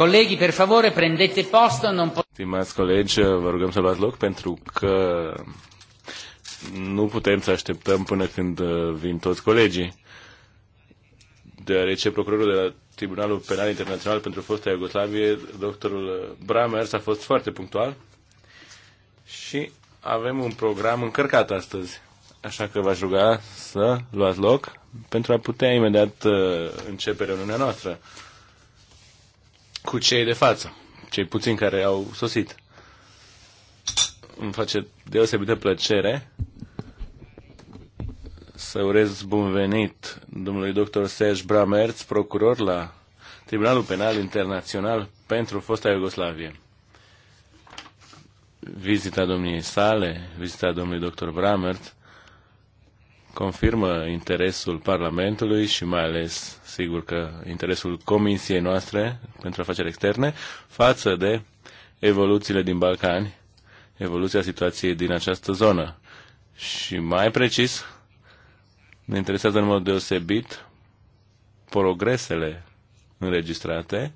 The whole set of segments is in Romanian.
Colegi, per favore, prendete posto, non po- Stimați colegi, vă rugăm să luați loc pentru că nu putem să așteptăm până când uh, vin toți colegii. Deoarece procurorul de la Tribunalul Penal Internațional pentru fosta Iugoslavie, doctorul Bramers, a fost foarte punctual și avem un program încărcat astăzi. Așa că v-aș ruga să luați loc pentru a putea imediat uh, începe reuniunea noastră cu cei de față, cei puțini care au sosit. Îmi face deosebită plăcere să urez bun venit domnului dr. Serge Bramerț, procuror la Tribunalul Penal Internațional pentru fosta Iugoslavie. Vizita domniei sale, vizita domnului dr. Bramertz confirmă interesul Parlamentului și mai ales, sigur că interesul Comisiei noastre pentru afaceri externe față de evoluțiile din Balcani, evoluția situației din această zonă. Și mai precis, ne interesează în mod deosebit progresele înregistrate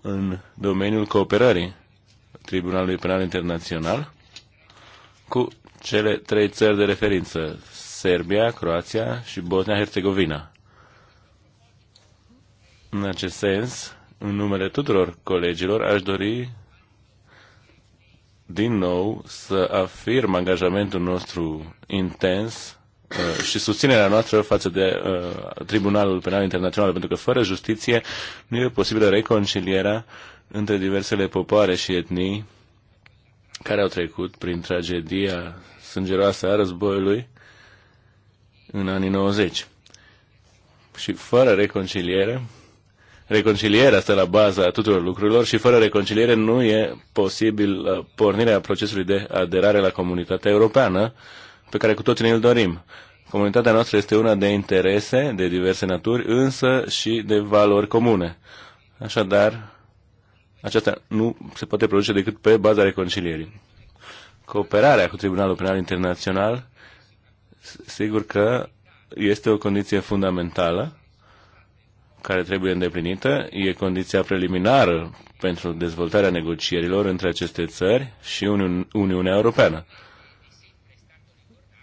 în domeniul cooperării Tribunalului Penal Internațional cu cele trei țări de referință, Serbia, Croația și Bosnia-Herzegovina. În acest sens, în numele tuturor colegilor, aș dori din nou să afirm angajamentul nostru intens uh, și susținerea noastră față de uh, Tribunalul Penal Internațional, pentru că fără justiție nu e posibilă reconcilierea între diversele popoare și etnii care au trecut prin tragedia sângeroasă a războiului în anii 90. Și fără reconciliere, reconcilierea stă la baza tuturor lucrurilor și fără reconciliere nu e posibil uh, pornirea procesului de aderare la comunitatea europeană pe care cu toții ne l dorim. Comunitatea noastră este una de interese de diverse naturi, însă și de valori comune. Așadar, aceasta nu se poate produce decât pe baza reconcilierii. Cooperarea cu Tribunalul Penal Internațional, sigur că este o condiție fundamentală care trebuie îndeplinită, e condiția preliminară pentru dezvoltarea negocierilor între aceste țări și Uni- Uniunea Europeană.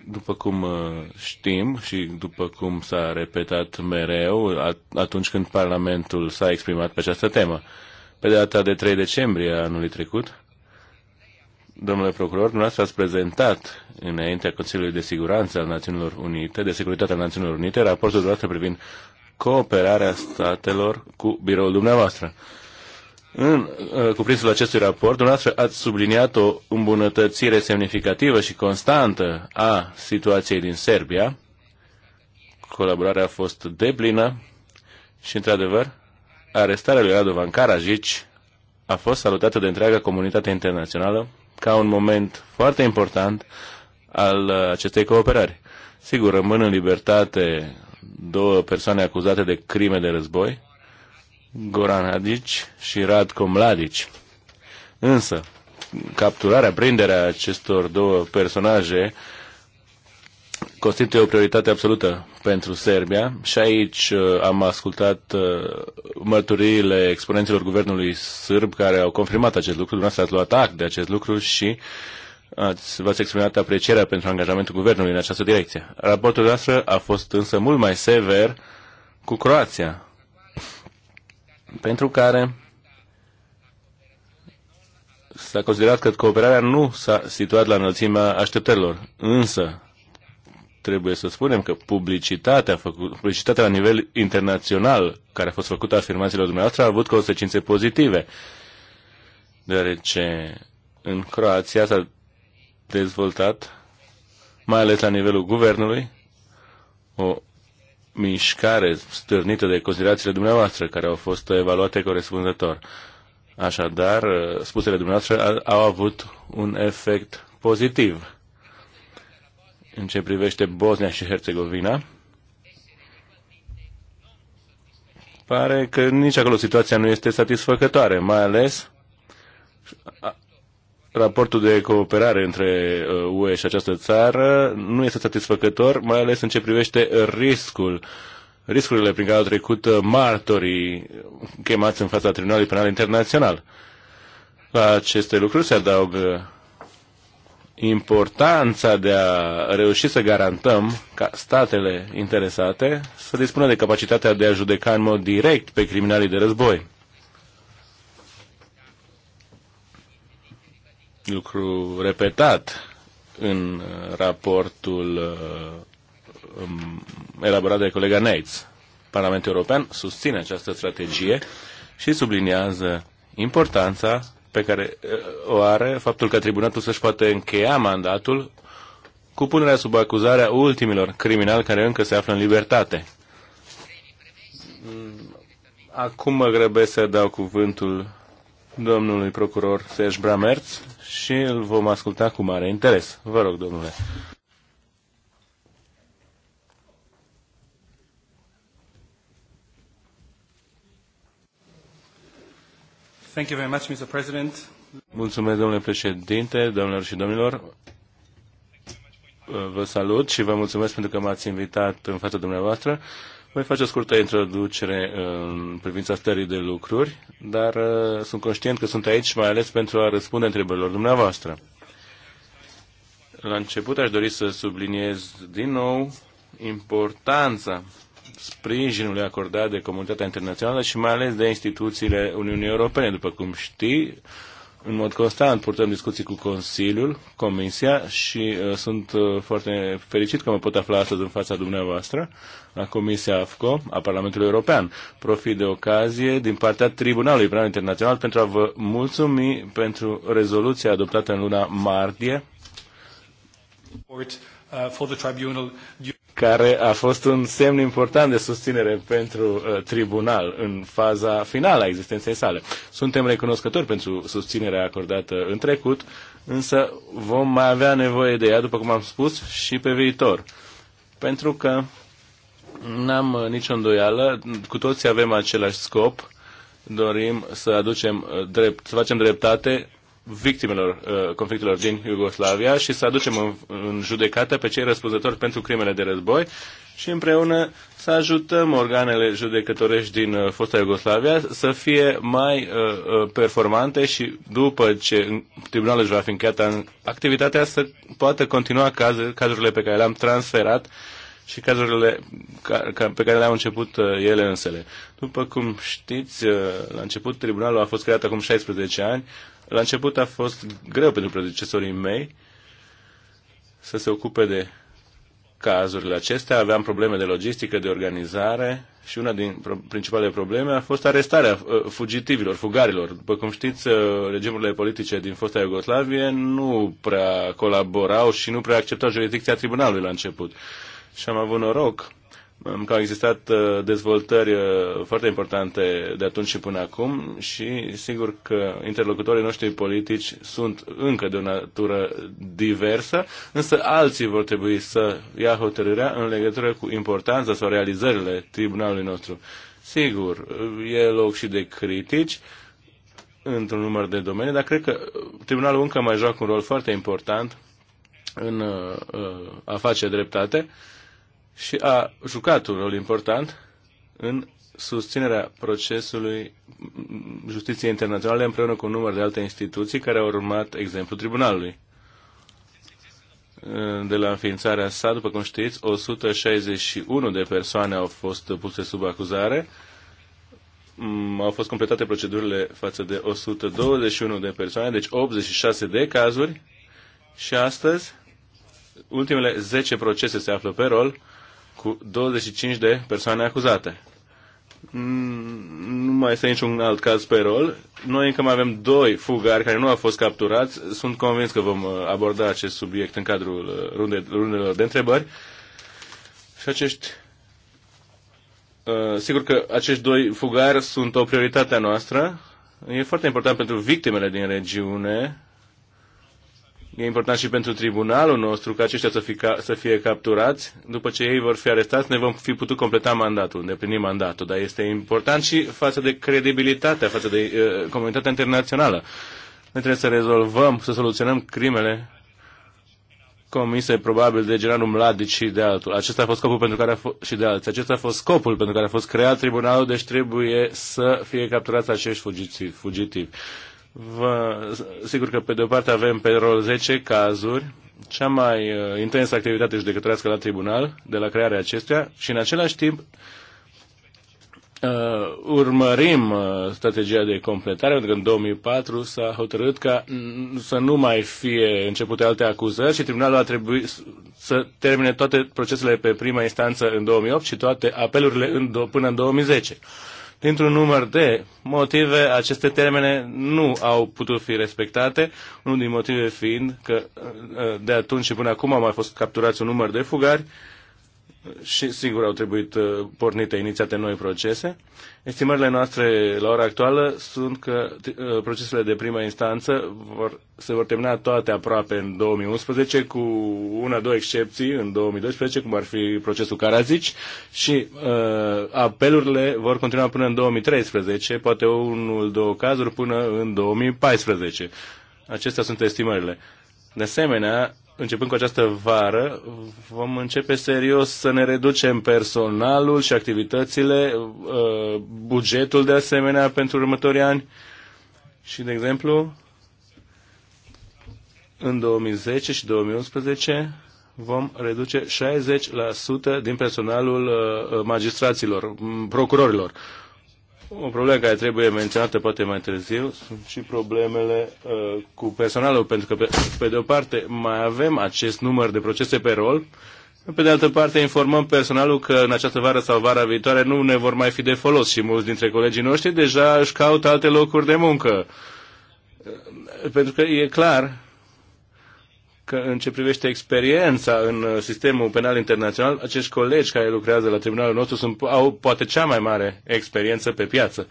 După cum uh, știm și după cum s-a repetat mereu atunci când Parlamentul s-a exprimat pe această temă. Pe data de 3 decembrie a anului trecut, domnule procuror, dumneavoastră ați prezentat înaintea Consiliului de Siguranță al Națiunilor Unite, de Securitate al Națiunilor Unite, raportul dumneavoastră privind cooperarea statelor cu biroul dumneavoastră. În uh, cuprinsul acestui raport, dumneavoastră ați subliniat o îmbunătățire semnificativă și constantă a situației din Serbia. Colaborarea a fost deplină și, într-adevăr, arestarea lui Radovan Karadzic a fost salutată de întreaga comunitate internațională ca un moment foarte important al uh, acestei cooperări. Sigur, rămân în libertate două persoane acuzate de crime de război, Goran Hadic și Radko Mladic. Însă, capturarea, prinderea acestor două personaje constituie o prioritate absolută pentru Serbia și aici uh, am ascultat uh, mărturiile exponenților guvernului sârb care au confirmat acest lucru, dumneavoastră ați luat act de acest lucru și ați, v-ați exprimat aprecierea pentru angajamentul guvernului în această direcție. Raportul noastră a fost însă mult mai sever cu Croația, pentru care s-a considerat că cooperarea nu s-a situat la înălțimea așteptărilor. Însă, trebuie să spunem că publicitatea, făcut, publicitatea la nivel internațional care a fost făcută afirmațiilor dumneavoastră a avut consecințe pozitive, deoarece în Croația s-a dezvoltat, mai ales la nivelul guvernului, o mișcare stârnită de considerațiile dumneavoastră care au fost evaluate corespunzător. Așadar, spusele dumneavoastră au avut un efect pozitiv în ce privește Bosnia și Herțegovina, pare că nici acolo situația nu este satisfăcătoare, mai ales raportul de cooperare între uh, UE și această țară nu este satisfăcător, mai ales în ce privește riscul, riscurile prin care au trecut martorii chemați în fața Tribunalului Penal Internațional. La aceste lucruri se adaugă importanța de a reuși să garantăm ca statele interesate să dispună de capacitatea de a judeca în mod direct pe criminalii de război. Lucru repetat în raportul uh, um, elaborat de colega Neitz. Parlamentul European susține această strategie și subliniază importanța pe care uh, o are faptul că tribunalul să-și poate încheia mandatul cu punerea sub acuzarea ultimilor criminali care încă se află în libertate. Mm, acum mă grăbesc să dau cuvântul domnului procuror Serge Bramerț și îl vom asculta cu mare interes. Vă rog, domnule. Mulțumesc, domnule președinte, domnilor și domnilor. Vă salut și vă mulțumesc pentru că m-ați invitat în fața dumneavoastră. Voi face o scurtă introducere în privința stării de lucruri, dar uh, sunt conștient că sunt aici mai ales pentru a răspunde întrebărilor dumneavoastră. La început aș dori să subliniez din nou importanța sprijinului acordat de comunitatea internațională și mai ales de instituțiile Uniunii Europene. După cum știi, în mod constant purtăm discuții cu Consiliul, Comisia și uh, sunt uh, foarte fericit că mă pot afla astăzi în fața dumneavoastră la Comisia AFCO a Parlamentului European. Profit de ocazie din partea Tribunalului Penal Internațional pentru a vă mulțumi pentru rezoluția adoptată în luna martie. Uh, for the tribunal care a fost un semn important de susținere pentru uh, tribunal în faza finală a existenței sale. Suntem recunoscători pentru susținerea acordată în trecut, însă vom mai avea nevoie de ea, după cum am spus, și pe viitor. Pentru că n-am uh, nicio îndoială, cu toții avem același scop, dorim să aducem uh, drept, să facem dreptate victimelor uh, conflictelor din Iugoslavia și să aducem în, în judecată pe cei răspunzători pentru crimele de război și împreună să ajutăm organele judecătorești din uh, fosta Iugoslavia să fie mai uh, uh performante și după ce tribunalul își va fi încheiat în activitatea să poată continua caz, cazurile pe care le-am transferat și cazurile ca, ca, pe care le-au început uh, ele însele. După cum știți, uh, la început tribunalul a fost creat acum 16 ani, la început a fost greu pentru predecesorii mei să se ocupe de cazurile acestea. Aveam probleme de logistică, de organizare și una din principalele probleme a fost arestarea uh, fugitivilor, fugarilor. După cum știți, uh, regimurile politice din fosta Iugoslavie nu prea colaborau și nu prea acceptau jurisdicția tribunalului la început. Și am avut noroc că au existat uh, dezvoltări uh, foarte importante de atunci și până acum și sigur că interlocutorii noștri politici sunt încă de o natură diversă, însă alții vor trebui să ia hotărârea în legătură cu importanța sau realizările tribunalului nostru. Sigur, e loc și de critici într-un număr de domenii, dar cred că tribunalul încă mai joacă un rol foarte important în uh, a face dreptate și a jucat un rol important în susținerea procesului justiției internaționale împreună cu un număr de alte instituții care au urmat exemplul tribunalului. De la înființarea sa, după cum știți, 161 de persoane au fost puse sub acuzare. Mm, au fost completate procedurile față de 121 de persoane, deci 86 de cazuri. Și astăzi, ultimele 10 procese se află pe rol cu 25 de persoane acuzate. Mm, nu mai este niciun alt caz pe rol. Noi încă mai avem doi fugari care nu au fost capturați. Sunt convins că vom uh, aborda acest subiect în cadrul uh, rundelor de întrebări. Și acești uh, sigur că acești doi fugari sunt o prioritate a noastră. E foarte important pentru victimele din regiune E important și pentru tribunalul nostru ca aceștia să, fi, să fie capturați. După ce ei vor fi arestați, ne vom fi putut completa mandatul, îndeplini mandatul. Dar este important și față de credibilitatea, față de uh, comunitatea internațională. Noi trebuie să rezolvăm, să soluționăm crimele comise probabil de generalul Mladic și de altul. Acesta a fost scopul pentru care a fost, și de alții. Acesta a fost scopul pentru care a fost creat tribunalul, deci trebuie să fie capturați acești fugitivi. fugitivi. Vă, sigur că pe de o parte avem pe rol 10 cazuri, cea mai uh, intensă activitate judecătorească la tribunal de la crearea acestuia și în același timp uh, urmărim uh, strategia de completare, pentru că în 2004 s-a hotărât ca să nu mai fie începute alte acuzări și tribunalul a trebuit să termine toate procesele pe prima instanță în 2008 și toate apelurile în până în 2010 dintr-un număr de motive, aceste termene nu au putut fi respectate, unul din motive fiind că uh, de atunci și până acum au mai fost capturați un număr de fugari și sigur au trebuit uh, pornite, inițiate noi procese. Estimările noastre la ora actuală sunt că uh, procesele de prima instanță vor, se vor termina toate aproape în 2011, cu una, două excepții în 2012, cum ar fi procesul Carazici, și uh, apelurile vor continua până în 2013, poate unul, două cazuri până în 2014. Acestea sunt estimările. De asemenea, începând cu această vară, vom începe serios să ne reducem personalul și activitățile, uh, bugetul de asemenea pentru următorii ani. Și, de exemplu, în 2010 și 2011 vom reduce 60% din personalul uh, magistraților, procurorilor. O problemă care trebuie menționată poate mai târziu sunt și problemele uh, cu personalul, pentru că, pe, pe de o parte, mai avem acest număr de procese pe rol, pe de altă parte, informăm personalul că în această vară sau vara viitoare nu ne vor mai fi de folos și mulți dintre colegii noștri deja își caută alte locuri de muncă. Uh, pentru că e clar că în ce privește experiența în uh, sistemul penal internațional, acești colegi care lucrează la tribunalul nostru sunt, au poate cea mai mare experiență pe piață.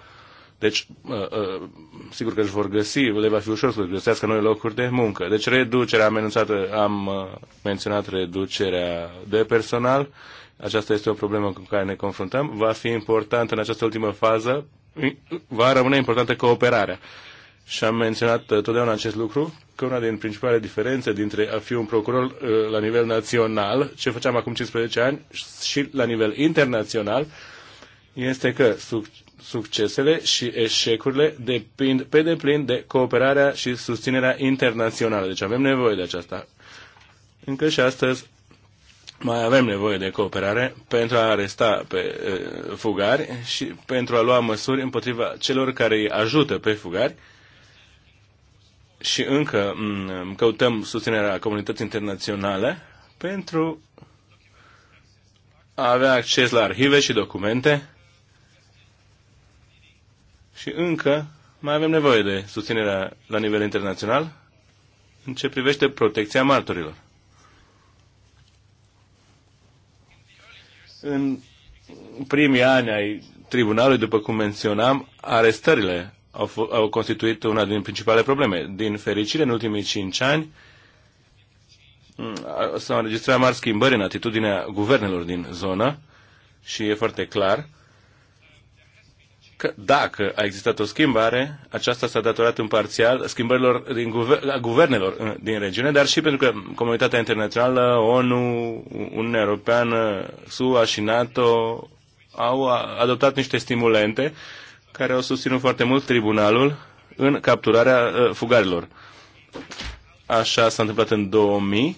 Deci, uh, uh, sigur că își vor găsi, le va fi ușor să găsească noi locuri de muncă. Deci, reducerea am menționat, am menționat reducerea de personal. Aceasta este o problemă cu care ne confruntăm. Va fi important în această ultimă fază, va rămâne importantă cooperarea și am menționat uh, totdeauna acest lucru, că una din principalele diferențe dintre a fi un procuror uh, la nivel național, ce făceam acum 15 ani, și la nivel internațional, este că succesele și eșecurile depind pe deplin de cooperarea și susținerea internațională. Deci avem nevoie de aceasta. Încă și astăzi mai avem nevoie de cooperare pentru a aresta pe uh, fugari și pentru a lua măsuri împotriva celor care îi ajută pe fugari și încă mm, căutăm susținerea comunității internaționale pentru a avea acces la arhive și documente și încă mai avem nevoie de susținerea la nivel internațional în ce privește protecția martorilor. În primii ani ai tribunalului, după cum menționam, arestările au, au constituit una din principale probleme. Din fericire, în ultimii cinci ani, mm, s-au înregistrat mari schimbări în atitudinea guvernelor din zonă și e foarte clar că dacă a existat o schimbare, aceasta s-a datorat în parțial schimbărilor din guver- guvernelor din regiune, dar și pentru că comunitatea internațională, ONU, Uniunea Europeană, SUA și NATO au adoptat niște stimulente care au susținut foarte mult tribunalul în capturarea uh, fugarilor. Așa s-a întâmplat în 2000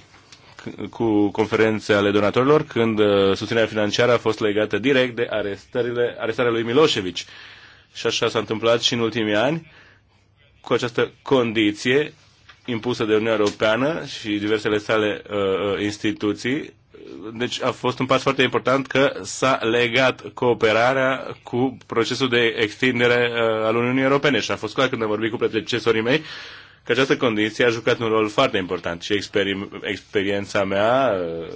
cu conferințe ale donatorilor, când uh, susținerea financiară a fost legată direct de arestările, arestarea lui Milosevic. Și așa s-a întâmplat și în ultimii ani, cu această condiție impusă de Uniunea Europeană și diversele sale uh, uh instituții, deci a fost un pas foarte important că s-a legat cooperarea cu procesul de extindere uh, al Uniunii Europene și a fost clar când am vorbit cu predecesorii mei că această condiție a jucat un rol foarte important și experim, experiența mea uh,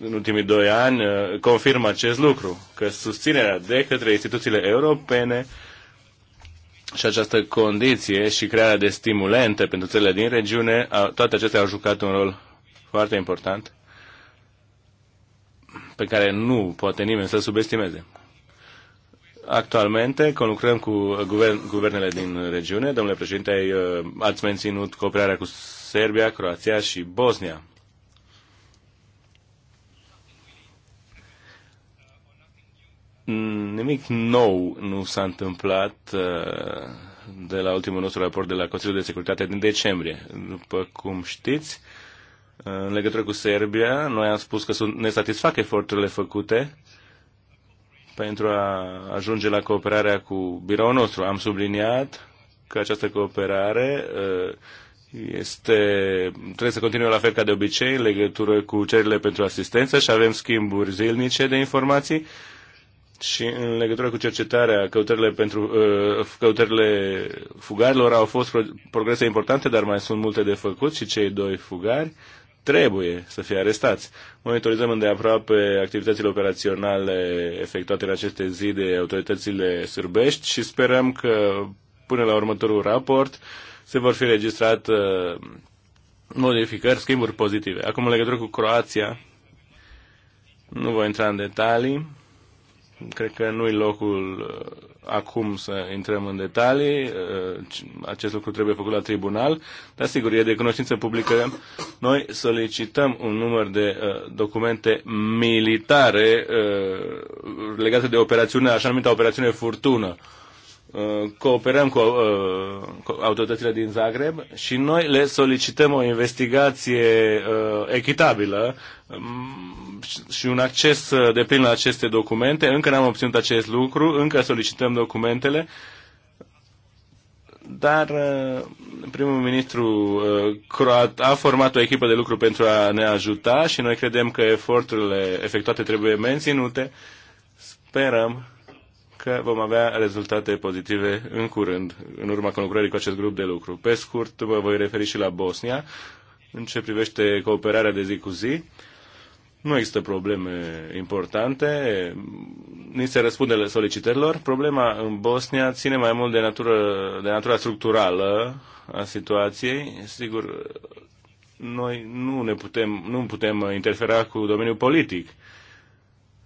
în ultimii doi ani uh, confirmă acest lucru, că susținerea de către instituțiile europene și această condiție și crearea de stimulente pentru țările din regiune, toate acestea au jucat un rol foarte important pe care nu poate nimeni să subestimeze. Actualmente conlucrăm cu guvern, guvernele din regiune. Domnule președinte, uh, ați menținut cooperarea cu Serbia, Croația și Bosnia. Nimic nou nu s-a întâmplat uh, de la ultimul nostru raport de la Consiliul de Securitate din decembrie. După cum știți, în legătură cu Serbia, noi am spus că sunt, ne satisfac eforturile făcute pentru a ajunge la cooperarea cu biroul nostru. Am subliniat că această cooperare uh, este, trebuie să continue la fel ca de obicei în legătură cu cererile pentru asistență și avem schimburi zilnice de informații și în legătură cu cercetarea, căutările, pentru, uh, căutările fugarilor au fost progrese importante, dar mai sunt multe de făcut și cei doi fugari trebuie să fie arestați. Monitorizăm îndeaproape activitățile operaționale efectuate în aceste zi de autoritățile sârbești și sperăm că până la următorul raport se vor fi registrat uh, modificări, schimburi pozitive. Acum, în legătură cu Croația, nu voi intra în detalii. Cred că nu e locul uh, acum să intrăm în detalii. Uh, acest lucru trebuie făcut la tribunal, dar sigur, e de cunoștință publică. Noi solicităm un număr de uh, documente militare legate de operațiunea, așa numită operațiune furtună. Uh, cooperăm uh, cu autoritățile din Zagreb și noi le solicităm o investigație uh, echitabilă um, și un acces de plin la aceste documente. Încă n-am obținut acest lucru, încă solicităm documentele dar primul ministru croat a format o echipă de lucru pentru a ne ajuta și noi credem că eforturile efectuate trebuie menținute. Sperăm că vom avea rezultate pozitive în curând, în urma conlucrării cu acest grup de lucru. Pe scurt, mă voi referi și la Bosnia, în ce privește cooperarea de zi cu zi. Nu există probleme importante, ni se răspunde solicitărilor. Problema în Bosnia ține mai mult de, natură, de natura structurală a situației. Sigur, noi nu ne putem, nu putem interfera cu domeniul politic.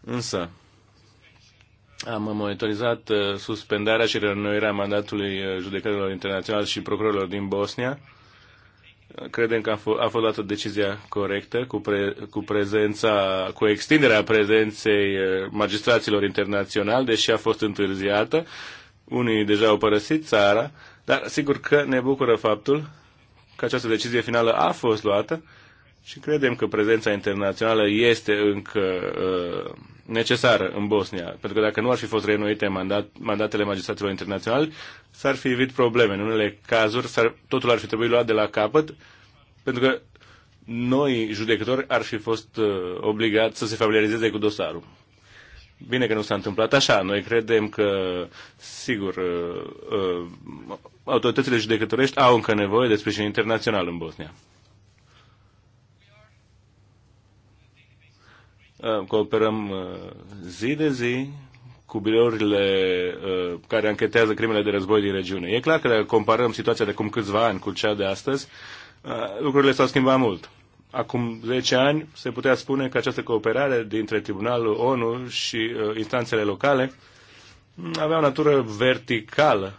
Însă, am monitorizat uh, suspendarea și reînnoirea mandatului uh, judecătorilor internaționali și procurorilor din Bosnia. Credem că a, a fost luată decizia corectă cu, pre, cu prezența, cu extinderea prezenței uh, magistraților internaționali, deși a fost întârziată. Unii deja au părăsit țara, dar sigur că ne bucură faptul că această decizie finală a fost luată și credem că prezența internațională este încă uh, necesară în Bosnia, pentru că dacă nu ar fi fost reînnoite mandat, mandatele magistraților internaționali, s-ar fi evit probleme. În unele cazuri, s-ar, totul ar fi trebuit luat de la capăt, pentru că noi judecători ar fi fost uh, obligați să se familiarizeze cu dosarul. Bine că nu s-a întâmplat așa. Noi credem că, sigur, uh, uh, autoritățile judecătorești au încă nevoie de sprijin internațional în Bosnia. Uh, cooperăm uh, zi de zi cu birourile uh, care anchetează crimele de război din regiune. E clar că dacă comparăm situația de acum câțiva ani cu cea de astăzi, lucrurile s-au schimbat mult. Acum 10 ani se putea spune că această cooperare dintre Tribunalul ONU și instanțele locale avea o natură verticală.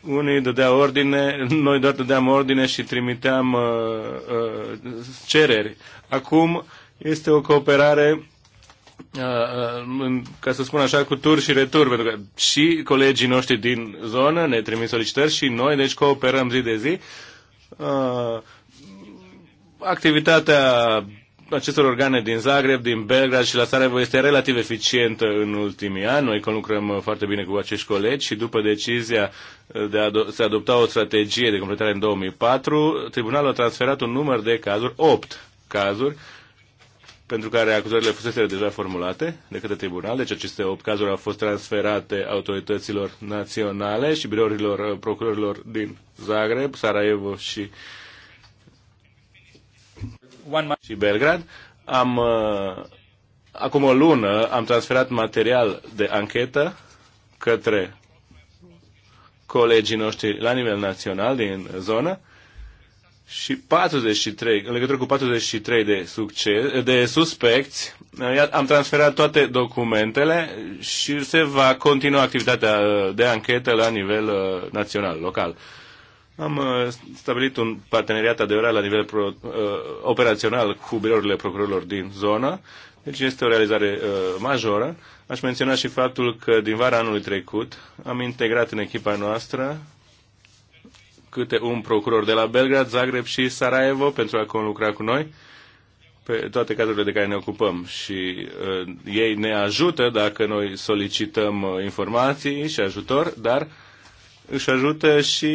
Unii dădeau ordine, noi doar dădeam ordine și trimiteam uh, uh, cereri. Acum este o cooperare uh, uh, ca să spun așa, cu tur și retur, pentru că și colegii noștri din zonă ne trimit solicitări și noi, deci cooperăm zi de zi. Uh, activitatea acestor organe din Zagreb, din Belgrad și la Sarajevo este relativ eficientă în ultimii ani. Noi lucrăm foarte bine cu acești colegi și după decizia de a se adopta o strategie de completare în 2004, tribunalul a transferat un număr de cazuri, 8 cazuri, pentru care acuzările fuseseră deja formulate de către tribunal, deci aceste 8 cazuri au fost transferate autorităților naționale și birourilor uh, procurorilor din Zagreb, Sarajevo și, și Belgrad. Am, uh, acum o lună am transferat material de anchetă către colegii noștri la nivel național din zonă și 43, în legătură cu 43 de, succes, de suspecți, uh, am transferat toate documentele și se va continua activitatea uh, de anchetă la nivel uh, național, local. Am stabilit un parteneriat adevărat la nivel pro, operațional cu birourile procurorilor din zonă, deci este o realizare majoră. Aș menționa și faptul că din vara anului trecut am integrat în echipa noastră câte un procuror de la Belgrad, Zagreb și Sarajevo pentru a conlucra cu noi pe toate cadrele de care ne ocupăm și uh, ei ne ajută dacă noi solicităm uh, informații și ajutor, dar își ajută și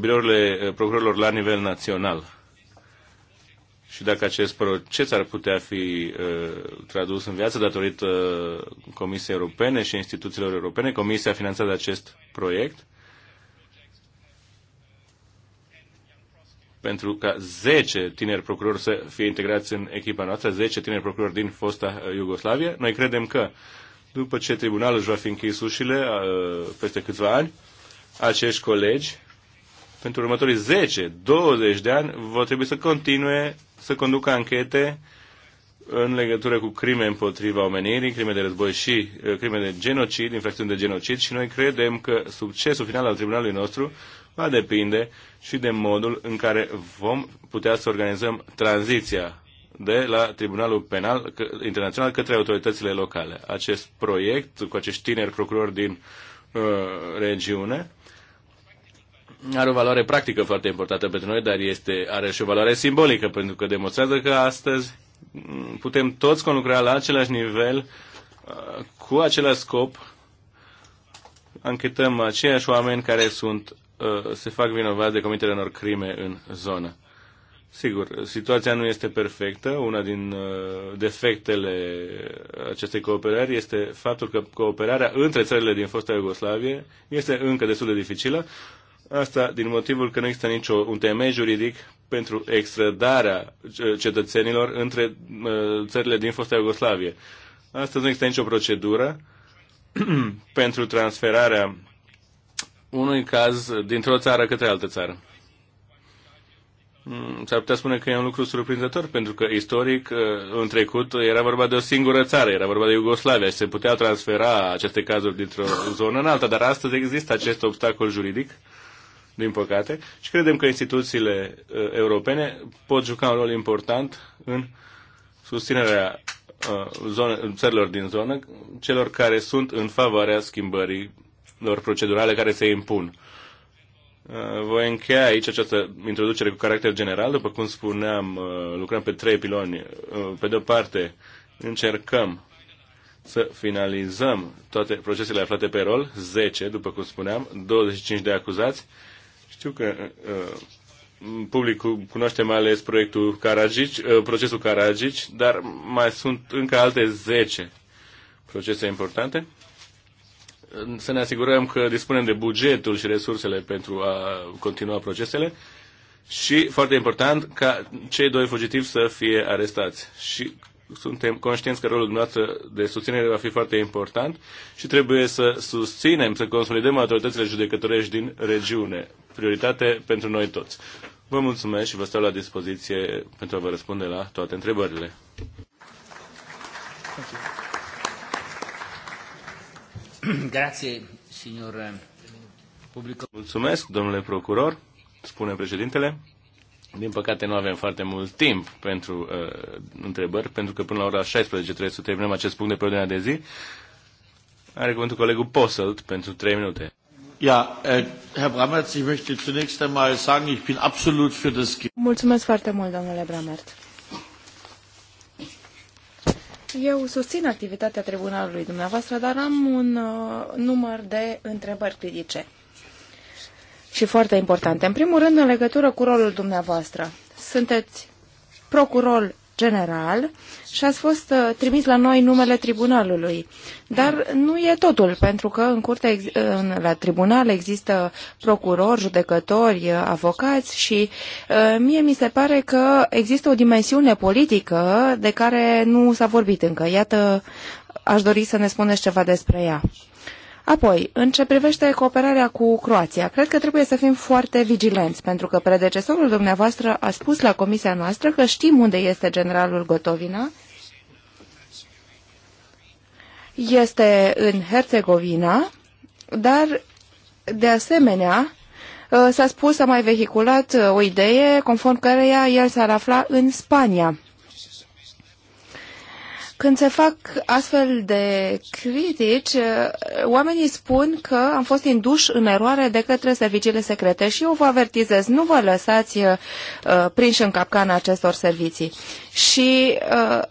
birourile uh, procurorilor la nivel național. Și dacă acest proces ar putea fi uh, tradus în viață datorită uh, Comisiei Europene și instituțiilor europene, Comisia a finanțat acest proiect pentru ca 10 tineri procurori să fie integrați în echipa noastră, 10 tineri procurori din fosta uh, Iugoslavie. Noi credem că după ce tribunalul își va fi închis ușile uh, peste câțiva ani, acești colegi, pentru următorii 10-20 de ani, vor trebui să continue să conducă anchete în legătură cu crime împotriva omenirii, crime de război și uh, crime de genocid, infracțiuni de genocid și noi credem că succesul final al tribunalului nostru va depinde și de modul în care vom putea să organizăm tranziția de la Tribunalul Penal Internațional către autoritățile locale. Acest proiect cu acești tineri procurori din uh, regiune are o valoare practică foarte importantă pentru noi, dar este, are și o valoare simbolică, pentru că demonstrează că astăzi putem toți conlucra la același nivel, uh, cu același scop, anchetăm aceiași oameni care sunt Uh, se fac vinovați de comiterea unor crime în zonă. Sigur, situația nu este perfectă. Una din uh, defectele acestei cooperări este faptul că cooperarea între țările din fosta Iugoslavie este încă destul de dificilă. Asta din motivul că nu există nicio un temei juridic pentru extradarea uh, cetățenilor între țările din fosta Iugoslavie. Astăzi nu există nicio procedură pentru transferarea unui caz dintr-o țară către altă țară. Mm, s-ar putea spune că e un lucru surprinzător, pentru că istoric, uh, în trecut, era vorba de o singură țară, era vorba de Iugoslavia și se putea transfera aceste cazuri dintr-o zonă în alta, dar astăzi există acest obstacol juridic, din păcate, și credem că instituțiile uh, europene pot juca un rol important în susținerea uh, zone, țărilor din zonă, celor care sunt în favoarea schimbării lor procedurale care se impun. Uh, voi încheia aici această introducere cu caracter general. După cum spuneam, uh, lucrăm pe trei piloni. Uh, pe de-o parte, încercăm să finalizăm toate procesele aflate pe rol, 10, după cum spuneam, 25 de acuzați. Știu că publicul cunoaște mai ales proiectul Caragici, procesul Caragici, dar mai sunt încă alte 10 procese importante să ne asigurăm că dispunem de bugetul și resursele pentru a continua procesele și, foarte important, ca cei doi fugitivi să fie arestați. Și suntem conștienți că rolul dumneavoastră de susținere va fi foarte important și trebuie să susținem, să consolidăm autoritățile judecătorești din regiune. Prioritate pentru noi toți. Vă mulțumesc și vă stau la dispoziție pentru a vă răspunde la toate întrebările. Thank you. Grazie, signor eh, Mulțumesc, domnule procuror, spune președintele. Din păcate nu avem foarte mult timp pentru uh, întrebări, pentru că până la ora 16 trebuie să terminăm acest punct de pe ordinea de zi. Are cuvântul colegul Posselt pentru 3 minute. Ja, yeah, Herr Brammert, ich möchte zunächst einmal sagen, ich bin absolut für das... Mulțumesc foarte mult, domnule Brammert. Eu susțin activitatea tribunalului dumneavoastră, dar am un uh, număr de întrebări critice și foarte importante. În primul rând, în legătură cu rolul dumneavoastră. Sunteți procuror general și ați fost uh, trimis la noi numele tribunalului. Dar nu e totul, pentru că în curte, în, la tribunal există procurori, judecători, uh, avocați și uh, mie mi se pare că există o dimensiune politică de care nu s-a vorbit încă. Iată, aș dori să ne spuneți ceva despre ea. Apoi, în ce privește cooperarea cu Croația, cred că trebuie să fim foarte vigilenți, pentru că predecesorul dumneavoastră a spus la comisia noastră că știm unde este generalul Gotovina. Este în Herțegovina, dar, de asemenea, s-a spus, s-a mai vehiculat uh, o idee conform căreia el s-ar afla în Spania. Când se fac astfel de critici, eh, oamenii spun că am fost induși în eroare de către serviciile secrete și eu vă avertizez, nu vă lăsați uh, prinși în capcana acestor servicii. Și uh,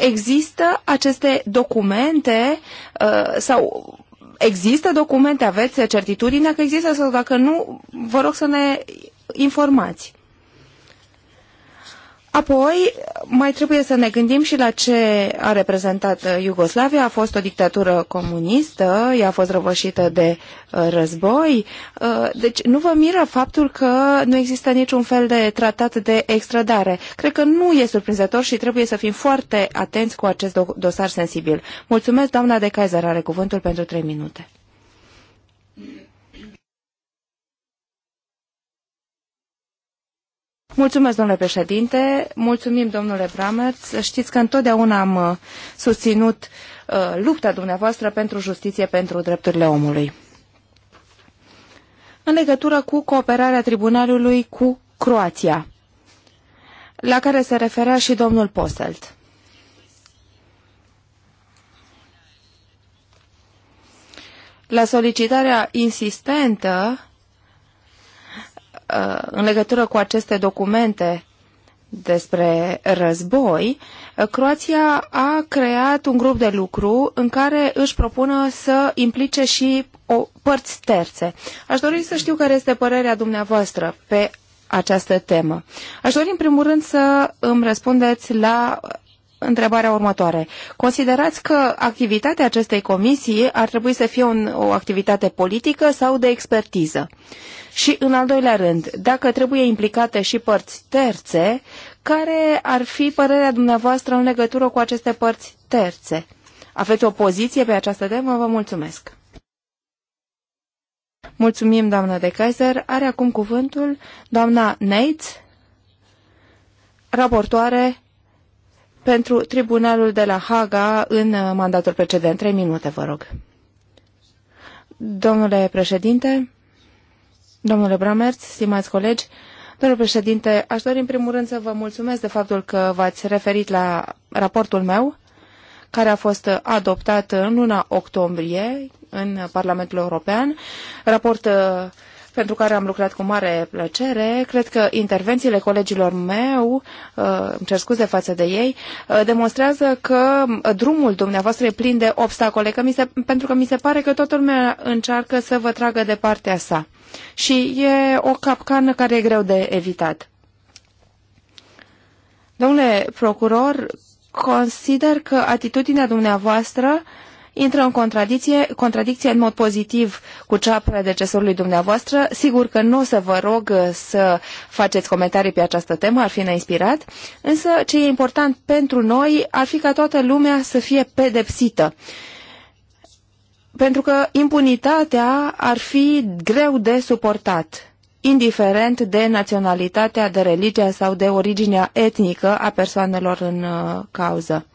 există aceste documente uh, sau există documente, aveți certitudine că există sau dacă nu, vă rog să ne informați. Apoi, mai trebuie să ne gândim și la ce a reprezentat uh, Iugoslavia. A fost o dictatură comunistă, ea a fost răvășită de uh, război. Uh, deci nu vă miră faptul că nu există niciun fel de tratat de extradare. Cred că nu e surprinzător și trebuie să fim foarte atenți cu acest dosar sensibil. Mulțumesc, doamna de Kaiser, are cuvântul pentru trei minute. Mulțumesc, domnule președinte, mulțumim, domnule Bramert. Știți că întotdeauna am uh, susținut uh, lupta dumneavoastră pentru justiție, pentru drepturile omului. În legătură cu cooperarea tribunalului cu Croația, la care se referea și domnul Poselt. La solicitarea insistentă Uh, în legătură cu aceste documente despre război, uh, Croația a creat un grup de lucru în care își propună să implice și o părți terțe. Aș dori să știu care este părerea dumneavoastră pe această temă. Aș dori în primul rând să îmi răspundeți la întrebarea următoare. Considerați că activitatea acestei comisii ar trebui să fie un, o activitate politică sau de expertiză? Și, în al doilea rând, dacă trebuie implicate și părți terțe, care ar fi părerea dumneavoastră în legătură cu aceste părți terțe? Aveți o poziție pe această temă? Vă mulțumesc! Mulțumim, doamna de Kaiser. Are acum cuvântul doamna Neitz, raportoare pentru Tribunalul de la Haga în uh, mandatul precedent. Trei minute, vă rog. Domnule președinte, domnule Bramerț, stimați colegi, Domnule președinte, aș dori în primul rând să vă mulțumesc de faptul că v-ați referit la raportul meu, care a fost adoptat în luna octombrie în Parlamentul European, raport uh, pentru care am lucrat cu mare plăcere. Cred că intervențiile colegilor meu, uh, îmi cer scuze față de ei, uh, demonstrează că uh, drumul dumneavoastră e plin de obstacole, că mi se, pentru că mi se pare că toată lumea încearcă să vă tragă de partea sa. Și e o capcană care e greu de evitat. Domnule procuror, consider că atitudinea dumneavoastră uh, intră în contradicție, contradicție în mod pozitiv cu cea predecesorului dumneavoastră. Sigur că nu o să vă rog uh, să faceți comentarii pe această temă, ar fi neinspirat, însă ce e important pentru noi ar fi ca toată lumea să fie pedepsită pentru că impunitatea ar fi greu de suportat, indiferent de naționalitatea, de religia sau de originea etnică a persoanelor în uh, cauză.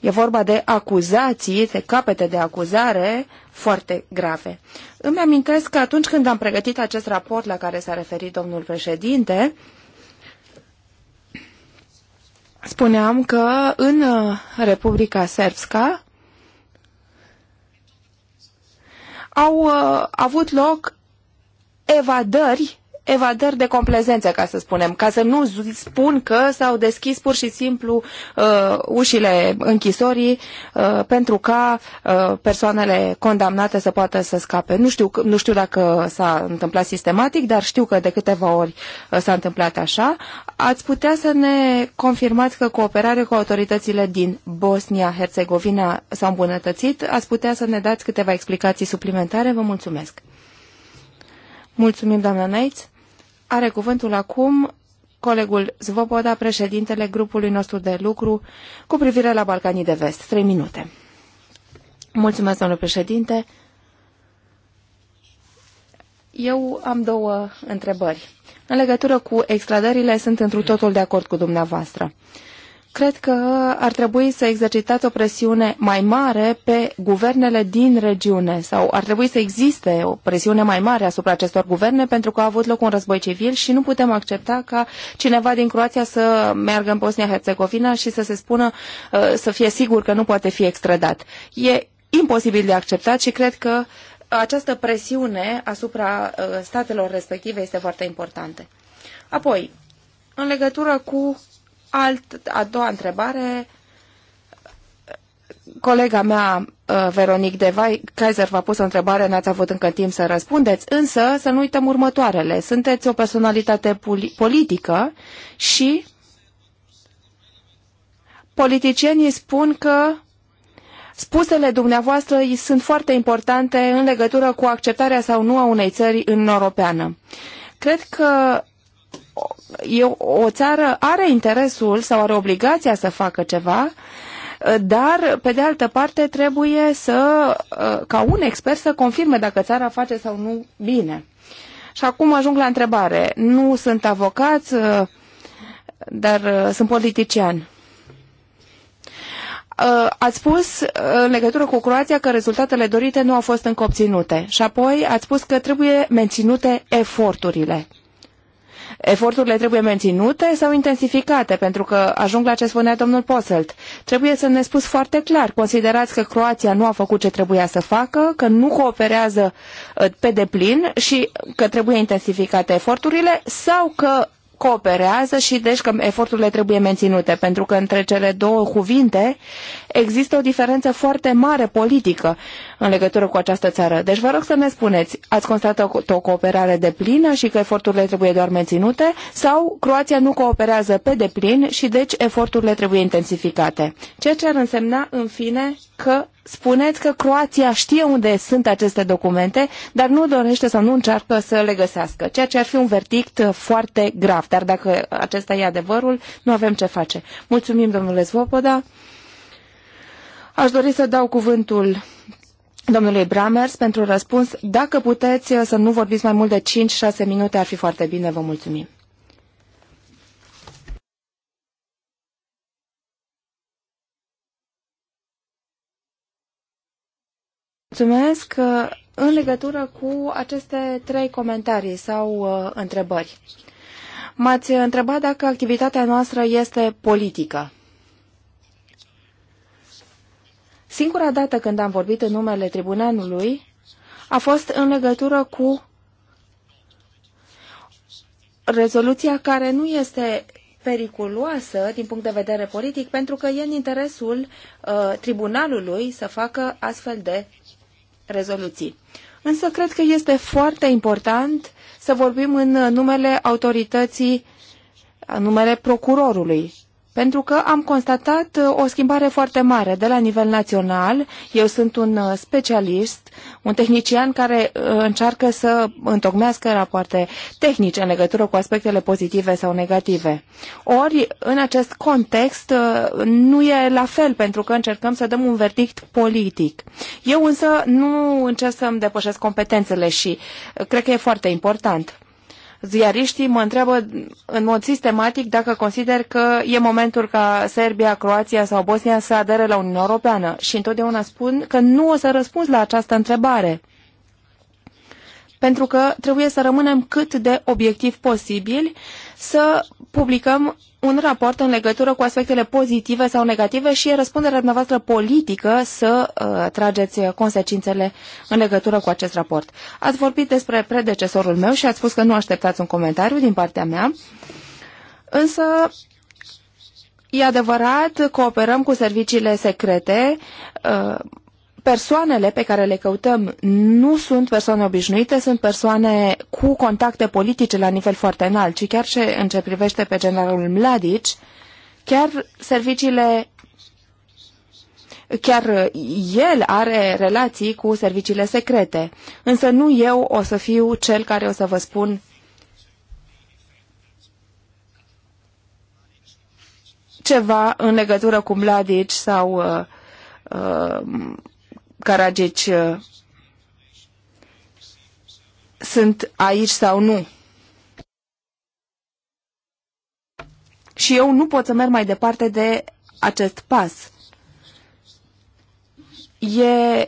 E vorba de acuzații, de capete de acuzare foarte grave. Îmi amintesc că atunci când am pregătit acest raport la care s-a referit domnul președinte, spuneam că în uh, Republica Serbska au uh, avut loc evadări evadări de complezență, ca să spunem, ca să nu spun că s-au deschis pur și simplu uh, ușile închisorii uh, pentru ca uh, persoanele condamnate să poată să scape. Nu știu, nu știu dacă s-a întâmplat sistematic, dar știu că de câteva ori uh, s-a întâmplat așa. Ați putea să ne confirmați că cooperarea cu autoritățile din Bosnia-Herzegovina s-a îmbunătățit? Ați putea să ne dați câteva explicații suplimentare? Vă mulțumesc! Mulțumim, doamna Neitz. Are cuvântul acum colegul Zvoboda, președintele grupului nostru de lucru cu privire la Balcanii de Vest. Trei minute. Mulțumesc, domnule președinte. Eu am două întrebări. În legătură cu extradările, sunt întru totul de acord cu dumneavoastră cred că ar trebui să exercitați o presiune mai mare pe guvernele din regiune sau ar trebui să existe o presiune mai mare asupra acestor guverne pentru că a avut loc un război civil și nu putem accepta ca cineva din Croația să meargă în Bosnia-Herzegovina și să se spună uh, să fie sigur că nu poate fi extradat. E imposibil de acceptat și cred că această presiune asupra uh, statelor respective este foarte importantă. Apoi, în legătură cu Alt, a doua întrebare, colega mea, uh, Veronic Devai, Kaiser v-a pus o întrebare, n-ați avut încă timp să răspundeți, însă să nu uităm următoarele. Sunteți o personalitate politică și politicienii spun că spusele dumneavoastră sunt foarte importante în legătură cu acceptarea sau nu a unei țări în Europeană. Cred că o țară are interesul sau are obligația să facă ceva, dar, pe de altă parte, trebuie să, ca un expert să confirme dacă țara face sau nu bine. Și acum ajung la întrebare. Nu sunt avocat, dar sunt politician. Ați spus în legătură cu Croația că rezultatele dorite nu au fost încă obținute și apoi ați spus că trebuie menținute eforturile Eforturile trebuie menținute sau intensificate, pentru că ajung la ce spunea domnul Poselt. Trebuie să ne spus foarte clar, considerați că Croația nu a făcut ce trebuia să facă, că nu cooperează ă, pe deplin și că trebuie intensificate eforturile sau că cooperează și deci că eforturile trebuie menținute, pentru că între cele două cuvinte există o diferență foarte mare politică în legătură cu această țară. Deci vă rog să ne spuneți, ați constatat o cooperare de plină și că eforturile trebuie doar menținute sau Croația nu cooperează pe deplin și deci eforturile trebuie intensificate. Ceea ce ar însemna, în fine, că spuneți că Croația știe unde sunt aceste documente, dar nu dorește sau nu încearcă să le găsească, ceea ce ar fi un verdict uh, foarte grav. Dar dacă acesta e adevărul, nu avem ce face. Mulțumim, domnule Zvopoda. Aș dori să dau cuvântul domnului Bramers pentru răspuns. Dacă puteți eh, să nu vorbiți mai mult de 5-6 minute, ar fi foarte bine. Vă mulțumim. Mulțumesc. Eh, în legătură cu aceste trei comentarii sau eh, întrebări, m-ați întrebat dacă activitatea noastră este politică. Singura dată când am vorbit în numele tribunalului a fost în legătură cu rezoluția care nu este periculoasă din punct de vedere politic, pentru că e în interesul uh, tribunalului să facă astfel de rezoluții. Însă cred că este foarte important să vorbim în numele autorității, în numele procurorului. Pentru că am constatat uh, o schimbare foarte mare de la nivel național. Eu sunt un uh, specialist, un tehnician care uh, încearcă să întocmească rapoarte tehnice în legătură cu aspectele pozitive sau negative. Ori, în acest context, nu e la fel, pentru că încercăm să dăm un verdict politic. Eu însă nu încerc să îmi depășesc competențele și cred că e foarte important ziariștii mă întreabă în mod sistematic dacă consider că e momentul ca Serbia, Croația sau Bosnia să adere la Uniunea Europeană și întotdeauna spun că nu o să răspund la această întrebare pentru că trebuie să rămânem cât de obiectiv posibil să publicăm un raport în legătură cu aspectele pozitive sau negative și e răspunderea dumneavoastră politică să uh, trageți consecințele în legătură cu acest raport. Ați vorbit despre predecesorul meu și ați spus că nu așteptați un comentariu din partea mea, însă e adevărat, cooperăm cu serviciile secrete, uh, persoanele pe care le căutăm nu sunt persoane obișnuite, sunt persoane cu contacte politice la nivel foarte înalt, ci chiar ce, în ce privește pe generalul Mladic, chiar serviciile Chiar el are relații cu serviciile secrete, însă nu eu o să fiu cel care o să vă spun ceva în legătură cu Mladic sau uh, uh Caragici uh, sunt aici sau nu. Și eu nu pot să merg mai departe de acest pas. E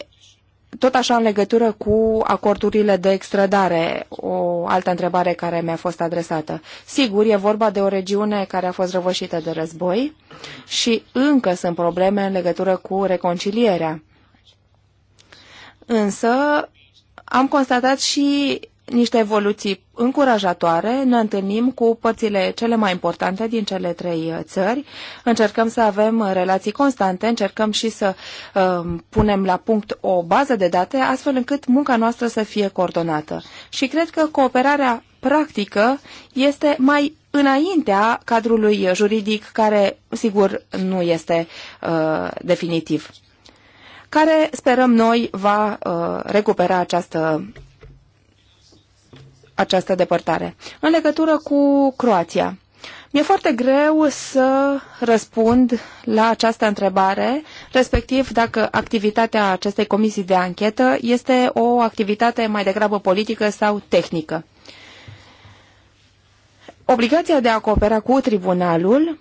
tot așa în legătură cu acordurile de extradare, o altă întrebare care mi-a fost adresată. Sigur, e vorba de o regiune care a fost răvășită de război și încă sunt probleme în legătură cu reconcilierea. Însă am constatat și niște evoluții încurajatoare. Ne întâlnim cu părțile cele mai importante din cele trei uh, țări. Încercăm să avem relații constante, încercăm și să um, punem la punct o bază de date, astfel încât munca noastră să fie coordonată. Și cred că cooperarea practică este mai înaintea cadrului juridic, care, sigur, nu este uh, definitiv care sperăm noi va uh, recupera această această depărtare. În legătură cu Croația, mi-e foarte greu să răspund la această întrebare, respectiv dacă activitatea acestei comisii de anchetă este o activitate mai degrabă politică sau tehnică. Obligația de a coopera cu tribunalul